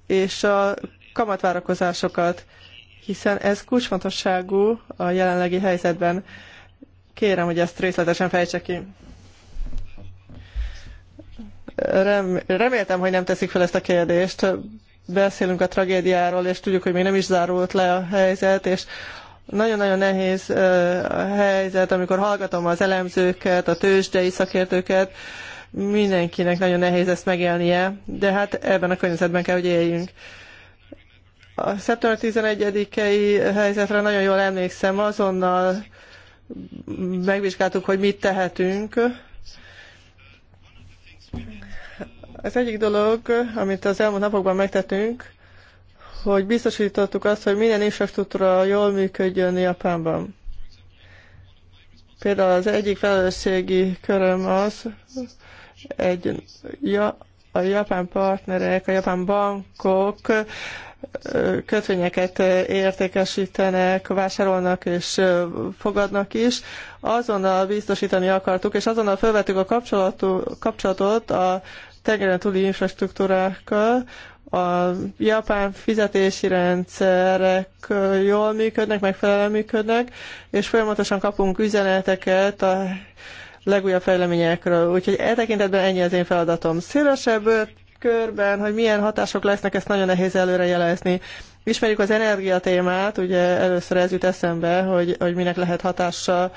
C: és a kamatvárakozásokat, hiszen ez kulcsfontosságú a jelenlegi helyzetben. Kérem, hogy ezt részletesen fejtse ki. Rem, reméltem, hogy nem teszik fel ezt a kérdést. Beszélünk a tragédiáról, és tudjuk, hogy még nem is zárult le a helyzet, és nagyon-nagyon nehéz a helyzet, amikor hallgatom az elemzőket, a tőzsdei szakértőket, mindenkinek nagyon nehéz ezt megélnie, de hát ebben a környezetben kell, hogy éljünk. A szeptember 11-i helyzetre nagyon jól emlékszem, azonnal megvizsgáltuk, hogy mit tehetünk, Az egyik dolog, amit az elmúlt napokban megtettünk, hogy biztosítottuk azt, hogy minden infrastruktúra jól működjön Japánban. Például az egyik felelősségi köröm az, egy, ja, a japán partnerek, a japán bankok kötvényeket értékesítenek, vásárolnak és fogadnak is. Azonnal biztosítani akartuk, és azonnal felvettük a kapcsolatot a tengeren túli infrastruktúrákkal, a japán fizetési rendszerek jól működnek, megfelelően működnek, és folyamatosan kapunk üzeneteket a legújabb fejleményekről. Úgyhogy e tekintetben ennyi az én feladatom. Szélesebb körben, hogy milyen hatások lesznek, ezt nagyon nehéz előre jelezni. Ismerjük az energiatémát, ugye először ez jut eszembe, hogy, hogy minek lehet hatása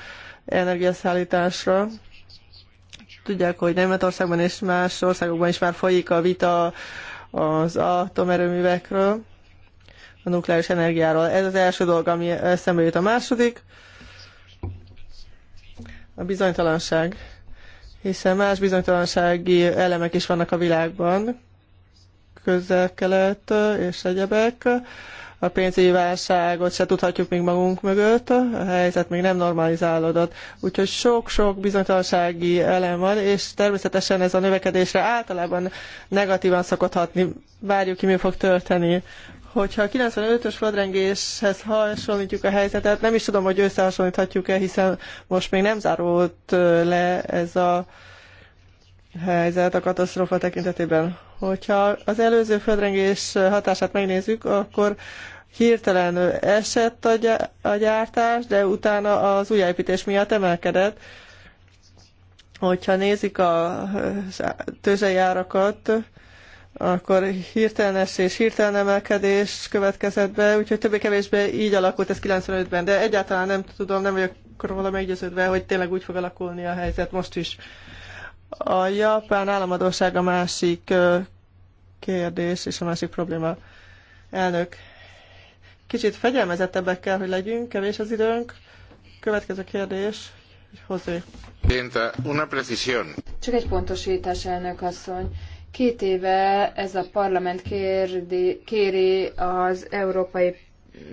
C: energiaszállításra. Tudják, hogy Németországban és más országokban is már folyik a vita az atomerőművekről, a nukleáris energiáról. Ez az első dolog, ami eszembe jut. A második, a bizonytalanság. Hiszen más bizonytalansági elemek is vannak a világban, közel-kelet és egyebek a pénzügyi válságot se tudhatjuk még magunk mögött, a helyzet még nem normalizálódott. Úgyhogy sok-sok bizonytalansági elem van, és természetesen ez a növekedésre általában negatívan szokott hatni. Várjuk ki, mi fog történni hogyha a 95-ös földrengéshez hasonlítjuk a helyzetet, nem is tudom, hogy összehasonlíthatjuk-e, hiszen most még nem zárult le ez a helyzet a katasztrófa tekintetében. Hogyha az előző földrengés hatását megnézzük, akkor hirtelen esett a gyártás, de utána az újjáépítés miatt emelkedett. Hogyha nézik a tőzsei árakat, akkor hirtelen esés, hirtelen emelkedés következett be, úgyhogy többé-kevésbé így alakult ez 95-ben, de egyáltalán nem tudom, nem vagyok róla meggyőződve, hogy tényleg úgy fog alakulni a helyzet most is. A japán államadóság a másik kérdés és a másik probléma. Elnök, Kicsit fegyelmezettebbek kell, hogy legyünk, kevés az időnk. Következő kérdés, José.
A: Una precisión.
C: Csak egy pontosítás, elnök asszony. Két
B: éve ez a parlament kérdi, kéri az Európai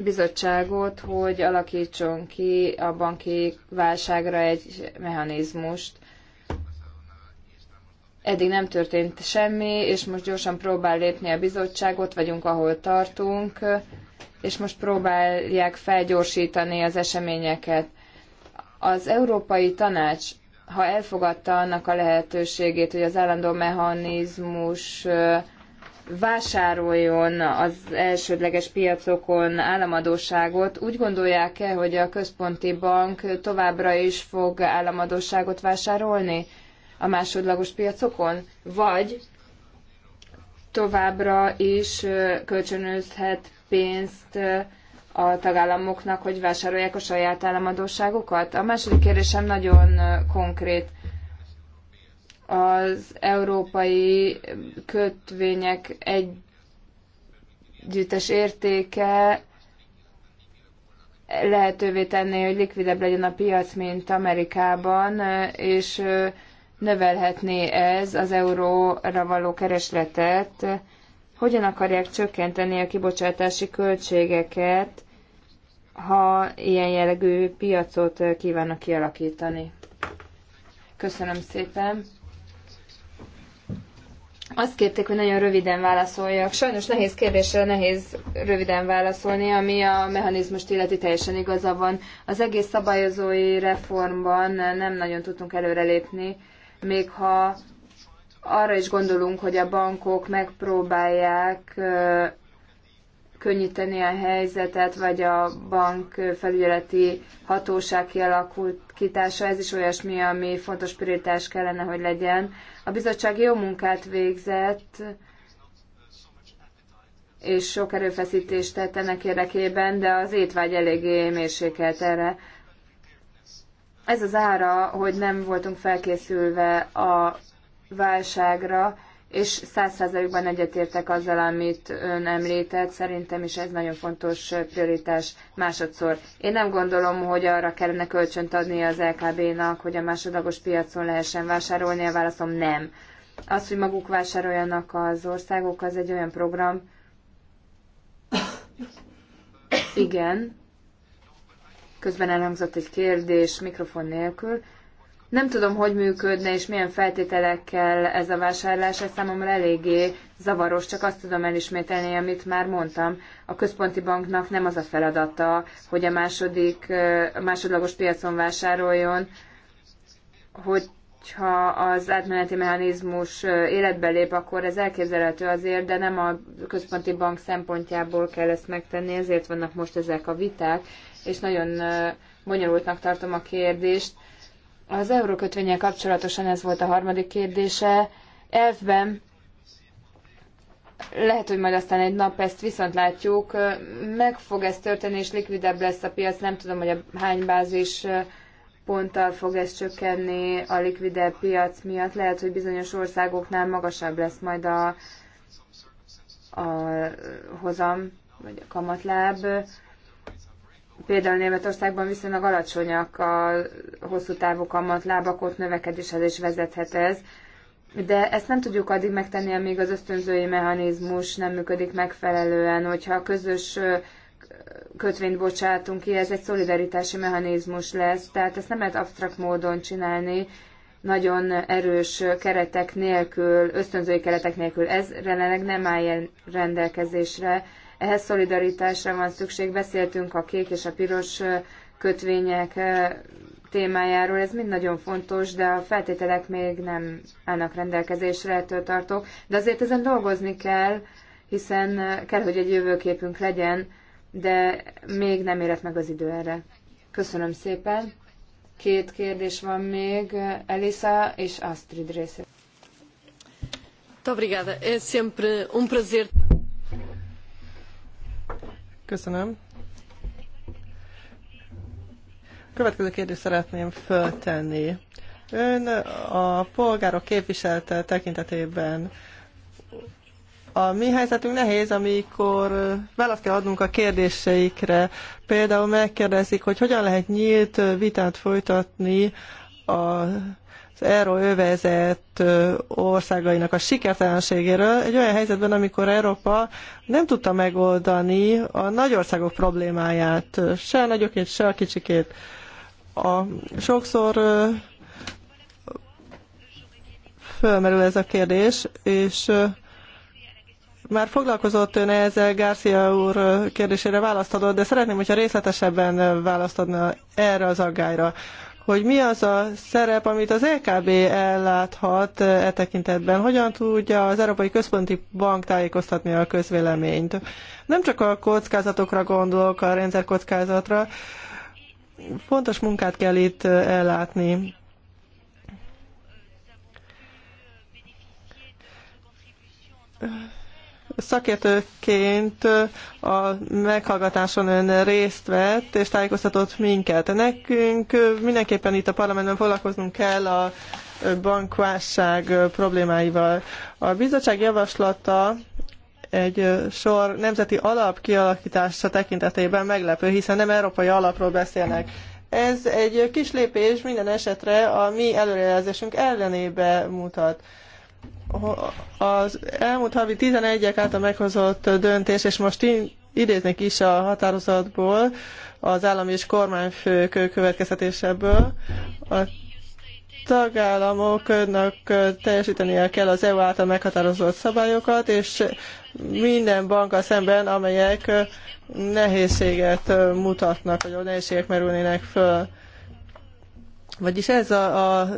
B: Bizottságot, hogy alakítson ki a banki válságra egy mechanizmust. Eddig nem történt semmi, és most gyorsan próbál lépni a bizottságot, vagyunk, ahol tartunk és most próbálják felgyorsítani az eseményeket. Az Európai Tanács, ha elfogadta annak a lehetőségét, hogy az állandó mechanizmus vásároljon az elsődleges piacokon államadóságot, úgy gondolják-e, hogy a központi bank továbbra is fog államadóságot vásárolni a másodlagos piacokon? Vagy továbbra is kölcsönözhet pénzt a tagállamoknak, hogy vásárolják a saját államadóságokat? A második kérdésem nagyon konkrét. Az európai kötvények együttes értéke lehetővé tenné, hogy likvidebb legyen a piac, mint Amerikában, és növelhetné ez az euróra való keresletet? Hogyan akarják csökkenteni a kibocsátási költségeket, ha ilyen jellegű piacot kívánnak kialakítani? Köszönöm szépen. Azt kérték, hogy nagyon röviden válaszoljak. Sajnos nehéz kérdésre nehéz röviden válaszolni, ami a mechanizmust illeti teljesen igaza van. Az egész szabályozói reformban nem nagyon tudtunk előrelépni, még ha arra is gondolunk, hogy a bankok megpróbálják könnyíteni a helyzetet, vagy a bank felügyeleti hatóság kialakítása, ez is olyasmi, ami fontos prioritás kellene, hogy legyen. A bizottság jó munkát végzett, és sok erőfeszítést tett ennek érdekében, de az étvágy eléggé mérsékelt erre. Ez az ára, hogy nem voltunk felkészülve a válságra, és száz százalékban egyetértek azzal, amit ön említett. Szerintem is ez nagyon fontos prioritás másodszor. Én nem gondolom, hogy arra kellene kölcsönt adni az LKB-nak, hogy a másodlagos piacon lehessen vásárolni. A válaszom nem. Az, hogy maguk vásároljanak az országok, az egy olyan program. Igen, Közben elhangzott egy kérdés mikrofon nélkül. Nem tudom, hogy működne és milyen feltételekkel ez a vásárlás, ez számomra eléggé zavaros, csak azt tudom elismételni, amit már mondtam. A központi banknak nem az a feladata, hogy a második, a másodlagos piacon vásároljon, hogyha az átmeneti mechanizmus életbe lép, akkor ez elképzelhető azért, de nem a központi bank szempontjából kell ezt megtenni, ezért vannak most ezek a viták, és nagyon bonyolultnak tartom a kérdést. Az eurókötvényel kapcsolatosan ez volt a harmadik kérdése. Elfben lehet, hogy majd aztán egy nap ezt viszont látjuk, meg fog ez történni, és likvidebb lesz a piac, nem tudom, hogy a hány bázis ponttal fog ez csökkenni a likvidebb piac miatt. Lehet, hogy bizonyos országoknál magasabb lesz majd a, a hozam, vagy a kamatláb. Például Németországban viszonylag alacsonyak a hosszú távú kamatlábak, ott növekedéshez is vezethet ez. De ezt nem tudjuk addig megtenni, amíg az ösztönzői mechanizmus nem működik megfelelően, hogyha a közös kötvényt bocsátunk ki, ez egy szolidaritási mechanizmus lesz, tehát ezt nem lehet absztrakt módon csinálni, nagyon erős keretek nélkül, ösztönzői keretek nélkül, ez jelenleg nem áll rendelkezésre, ehhez szolidaritásra van szükség. Beszéltünk a kék és a piros kötvények témájáról, ez mind nagyon fontos, de a feltételek még nem állnak rendelkezésre, ettől tartok. De azért ezen dolgozni kell, hiszen kell, hogy egy jövőképünk legyen, de még nem érett meg az idő erre. Köszönöm szépen. Két kérdés van még, Elisa és Astrid része.
C: Obrigada. É sempre um prazer Köszönöm. Következő kérdést szeretném föltenni. Ön a polgárok képviselte tekintetében a mi helyzetünk nehéz, amikor választ kell adnunk a kérdéseikre. Például megkérdezik, hogy hogyan lehet nyílt vitát folytatni a euróövezet országainak a sikertelenségéről egy olyan helyzetben, amikor Európa nem tudta megoldani a nagy országok problémáját, se a nagyokét, se a kicsikét. A, sokszor fölmerül ez a kérdés, és már foglalkozott ön ezzel Garcia úr kérdésére választ adott, de szeretném, hogyha részletesebben választ adna erre az aggályra hogy mi az a szerep, amit az EKB elláthat e tekintetben, hogyan tudja az Európai Központi Bank tájékoztatni a közvéleményt. Nem csak a kockázatokra gondolok, a rendszerkockázatra, fontos munkát kell itt e, ellátni. Uh Szakértőként a meghallgatáson ön részt vett és tájékoztatott minket. Nekünk mindenképpen itt a parlamentben foglalkoznunk kell a bankválság problémáival. A bizottság javaslata egy sor nemzeti alap kialakítása tekintetében meglepő, hiszen nem európai alapról beszélnek. Ez egy kis lépés minden esetre a mi előrejelzésünk ellenébe mutat az elmúlt havi 11-ek által meghozott döntés, és most idéznék is a határozatból, az állami és kormányfők következtetéseből, a tagállamoknak teljesítenie kell az EU által meghatározott szabályokat, és minden banka szemben, amelyek nehézséget mutatnak, vagy nehézségek merülnének föl vagyis ez a, a,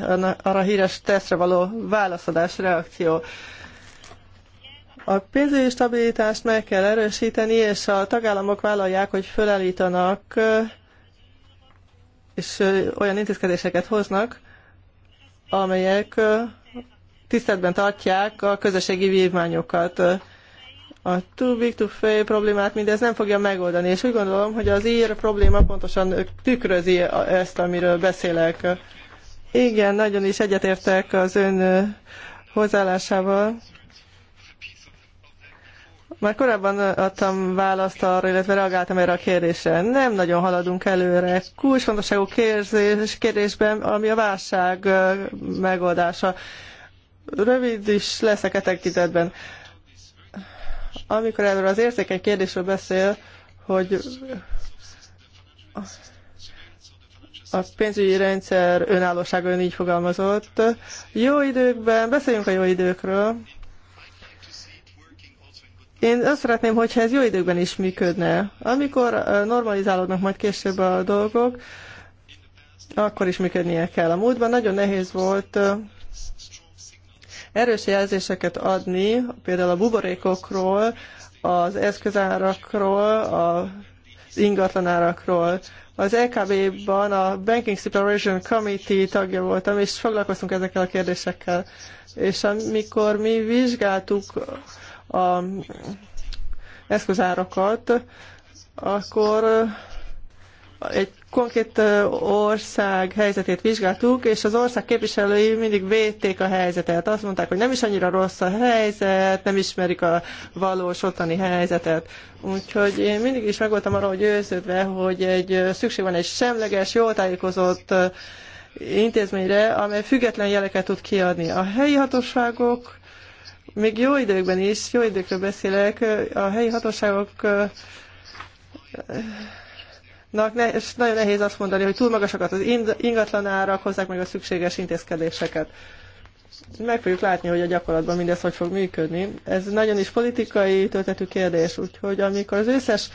C: a, a híres tesztre való válaszadás reakció. A pénzügyi stabilitást meg kell erősíteni, és a tagállamok vállalják, hogy fölállítanak és olyan intézkedéseket hoznak, amelyek tiszteletben tartják a közösségi vívmányokat. A too big to fail problémát mindez nem fogja megoldani, és úgy gondolom, hogy az ír probléma pontosan tükrözi ezt, amiről beszélek. Igen, nagyon is egyetértek az ön hozzáállásával. Már korábban adtam választ arra, illetve reagáltam erre a kérdésre. Nem nagyon haladunk előre. Kulcsfontosságú kérdés, kérdésben, ami a válság megoldása. Rövid is leszek e tekintetben amikor erről az érzékeny kérdésről beszél, hogy a pénzügyi rendszer önállósága ön így fogalmazott. Jó időkben, beszéljünk a jó időkről. Én azt szeretném, hogyha ez jó időkben is működne. Amikor normalizálódnak majd később a dolgok, akkor is működnie kell. A múltban nagyon nehéz volt erős jelzéseket adni, például a buborékokról, az eszközárakról, az ingatlanárakról. Az LKB-ban a Banking Supervision Committee tagja voltam, és foglalkoztunk ezekkel a kérdésekkel. És amikor mi vizsgáltuk az eszközárakat, akkor egy konkrét ország helyzetét vizsgáltuk, és az ország képviselői mindig védték a helyzetet. Azt mondták, hogy nem is annyira rossz a helyzet, nem ismerik a valós ottani helyzetet. Úgyhogy én mindig is meg voltam arra, hogy ősződve, hogy egy szükség van egy semleges, jól tájékozott intézményre, amely független jeleket tud kiadni. A helyi hatóságok még jó időkben is, jó időkről beszélek, a helyi hatóságok ne, és nagyon nehéz azt mondani, hogy túl magasakat az ingatlan árak, hozzák meg a szükséges intézkedéseket. Meg fogjuk látni, hogy a gyakorlatban mindez hogy fog működni. Ez nagyon is politikai töltetű kérdés, úgyhogy amikor az összes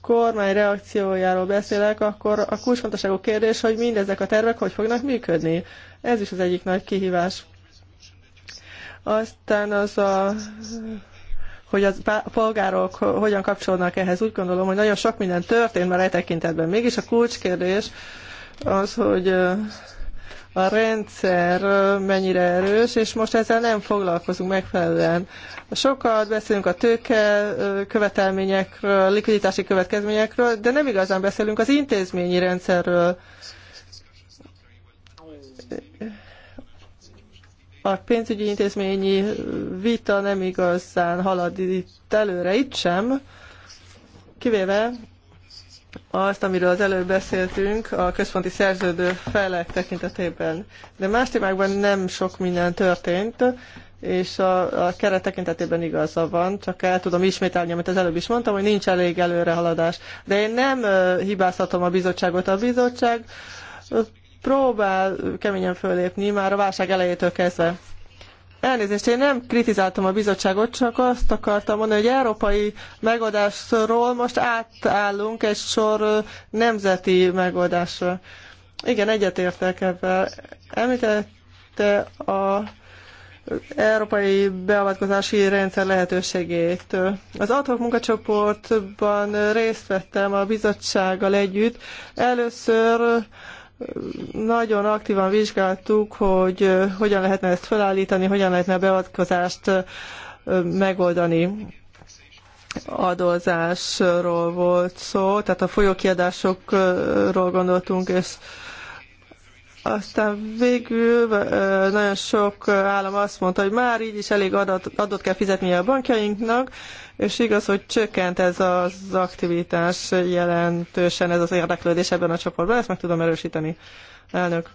C: kormány reakciójáról beszélek, akkor a kulcsfontosságú kérdés, hogy mindezek a tervek hogy fognak működni. Ez is az egyik nagy kihívás. Aztán az a hogy a polgárok hogyan kapcsolnak ehhez. Úgy gondolom, hogy nagyon sok minden történt már e tekintetben. Mégis a kulcskérdés az, hogy a rendszer mennyire erős, és most ezzel nem foglalkozunk megfelelően. Sokat beszélünk a tőke követelményekről, likviditási következményekről, de nem igazán beszélünk az intézményi rendszerről. a pénzügyi intézményi vita nem igazán halad itt előre, itt sem, kivéve azt, amiről az előbb beszéltünk, a központi szerződő felek tekintetében. De más témákban nem sok minden történt, és a, a keret tekintetében igaza van, csak el tudom ismételni, amit az előbb is mondtam, hogy nincs elég előrehaladás. De én nem hibázhatom a bizottságot. A bizottság próbál keményen fölépni már a válság elejétől kezdve. Elnézést, én nem kritizáltam a bizottságot, csak azt akartam mondani, hogy európai megoldásról most átállunk egy sor nemzeti megoldásra. Igen, egyetértek ebben. Említette a európai beavatkozási rendszer lehetőségét. Az adhok munkacsoportban részt vettem a bizottsággal együtt. Először nagyon aktívan vizsgáltuk, hogy hogyan lehetne ezt felállítani, hogyan lehetne a beavatkozást megoldani adózásról volt szó, tehát a folyókiadásokról gondoltunk, és aztán végül nagyon sok állam azt mondta, hogy már így is elég adott, adott kell fizetnie a bankjainknak, és igaz, hogy csökkent ez az aktivitás jelentősen, ez az érdeklődés ebben a csoportban, ezt meg tudom erősíteni. Elnök,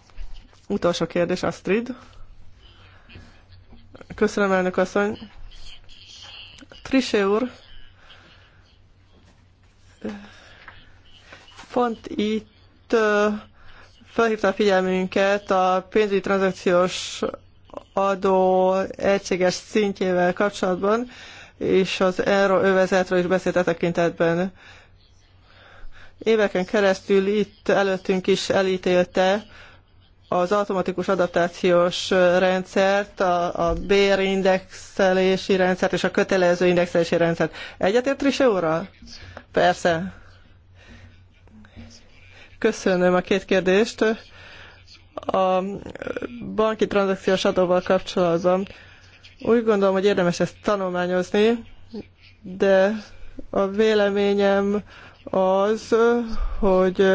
C: utolsó kérdés, Astrid. Köszönöm, elnök asszony. Trisé úr, font itt felhívta a figyelmünket a pénzügyi tranzakciós adó egységes szintjével kapcsolatban, és az euró övezetről is beszélt a e tekintetben. Éveken keresztül itt előttünk is elítélte az automatikus adaptációs rendszert, a, a bérindexelési rendszert és a kötelező indexelési rendszert. Egyetért Trise úrral? Persze. Köszönöm a két kérdést. A banki tranzakciós adóval kapcsolatban úgy gondolom, hogy érdemes ezt tanulmányozni, de a véleményem az, hogy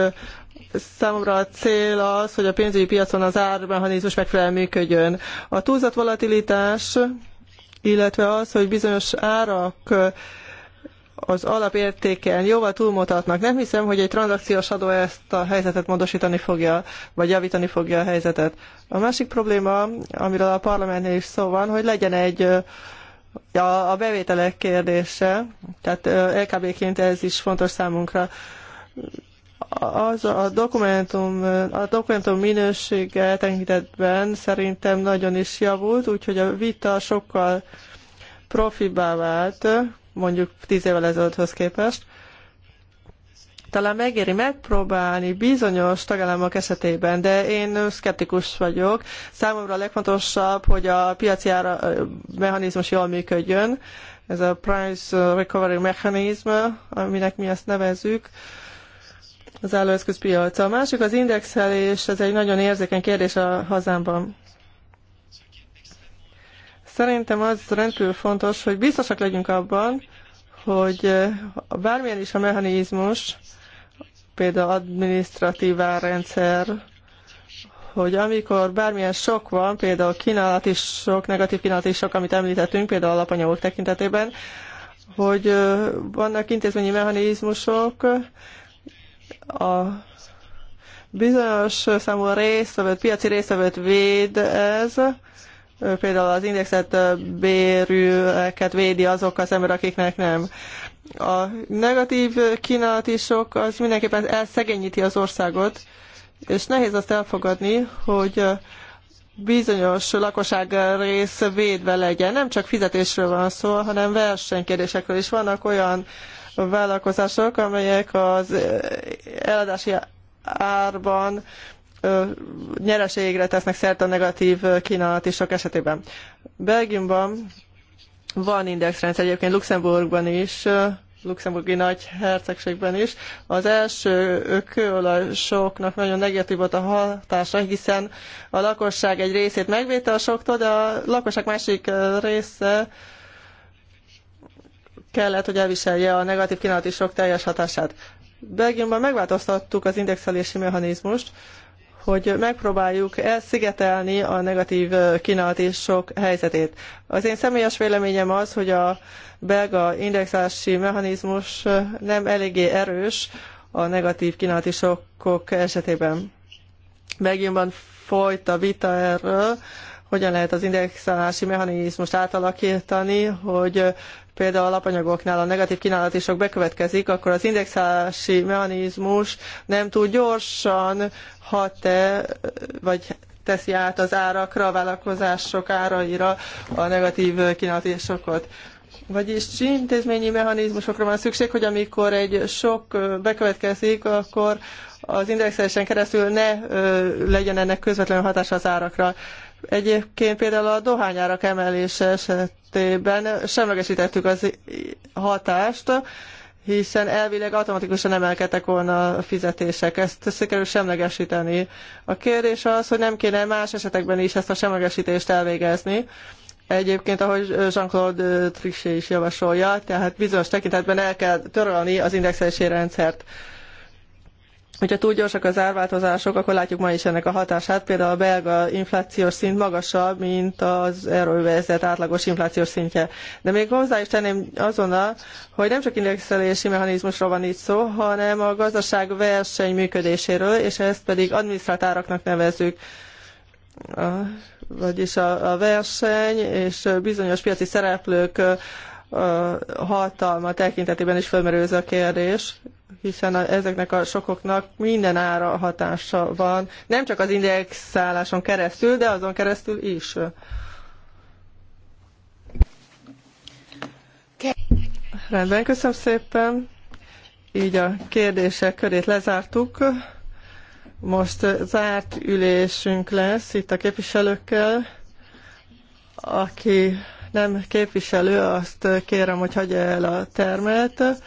C: számomra a cél az, hogy a pénzügyi piacon az ármechanizmus megfelelően működjön. A túlzott volatilitás, illetve az, hogy bizonyos árak az alapértéken jóval túlmutatnak. Nem hiszem, hogy egy tranzakciós adó ezt a helyzetet módosítani fogja, vagy javítani fogja a helyzetet. A másik probléma, amiről a parlamentnél is szó van, hogy legyen egy a, a bevételek kérdése, tehát LKB-ként ez is fontos számunkra. Az a dokumentum, a dokumentum minősége tekintetben szerintem nagyon is javult, úgyhogy a vita sokkal profibá vált, mondjuk tíz évvel ezelőtthöz képest, talán megéri megpróbálni bizonyos tagállamok esetében, de én szkeptikus vagyok. Számomra a legfontosabb, hogy a piaci ára mechanizmus jól működjön. Ez a Price Recovery Mechanism, aminek mi ezt nevezzük, az állóeszközpiaca. A másik az indexelés, ez egy nagyon érzékeny kérdés a hazámban. Szerintem az rendkívül fontos, hogy biztosak legyünk abban, hogy bármilyen is a mechanizmus, például adminisztratív rendszer, hogy amikor bármilyen sok van, például kínálat is sok, negatív is sok, amit említettünk, például alapanyagok tekintetében, hogy vannak intézményi mechanizmusok, a bizonyos számú résztvevőt, piaci résztvevőt véd ez, például az indexet bérűeket védi azokkal ember, akiknek nem. A negatív is sok az mindenképpen elszegényíti az országot, és nehéz azt elfogadni, hogy bizonyos lakosság rész védve legyen. Nem csak fizetésről van szó, hanem versenykérdésekről is. Vannak olyan vállalkozások, amelyek az eladási árban nyereségre tesznek szert a negatív sok esetében. Belgiumban van indexrendszer, egyébként Luxemburgban is, luxemburgi nagy hercegségben is. Az első kőolajsoknak nagyon negatív volt a hatása, hiszen a lakosság egy részét megvédte a soktól, de a lakosság másik része kellett, hogy elviselje a negatív kínálati sok teljes hatását. Belgiumban megváltoztattuk az indexelési mechanizmust, hogy megpróbáljuk elszigetelni a negatív kínálati helyzetét. Az én személyes véleményem az, hogy a belga indexálási mechanizmus nem eléggé erős a negatív kínálati esetében. Belgiumban folyt a vita erről, hogyan lehet az indexálási mechanizmust átalakítani, hogy például alapanyagoknál a negatív kínálat is sok bekövetkezik, akkor az indexálási mechanizmus nem túl gyorsan hat-e, vagy teszi át az árakra, a vállalkozások áraira a negatív kínálati sokkot. Vagyis intézményi mechanizmusokra van szükség, hogy amikor egy sok bekövetkezik, akkor az indexelésen keresztül ne legyen ennek közvetlen hatása az árakra. Egyébként például a dohányárak emelése esetében semlegesítettük az hatást, hiszen elvileg automatikusan emelkedtek volna a fizetések. Ezt sikerül semlegesíteni. A kérdés az, hogy nem kéne más esetekben is ezt a semlegesítést elvégezni. Egyébként, ahogy Jean-Claude Trichet is javasolja, tehát bizonyos tekintetben el kell törölni az indexelési rendszert. Hogyha túl gyorsak az árváltozások, akkor látjuk ma is ennek a hatását. Például a belga inflációs szint magasabb, mint az euróvezet átlagos inflációs szintje. De még hozzá is tenném azonnal, hogy nem csak indexelési mechanizmusról van itt szó, hanem a gazdaság verseny működéséről, és ezt pedig adminisztrált áraknak nevezzük. A, vagyis a, a verseny és bizonyos piaci szereplők hatalma tekintetében is felmerül ez a kérdés, hiszen a, ezeknek a sokoknak minden ára hatása van, nem csak az indexáláson keresztül, de azon keresztül is. Rendben, köszönöm szépen. Így a kérdések körét lezártuk. Most zárt ülésünk lesz itt a képviselőkkel, aki nem képviselő, azt kérem, hogy hagyja el a termet.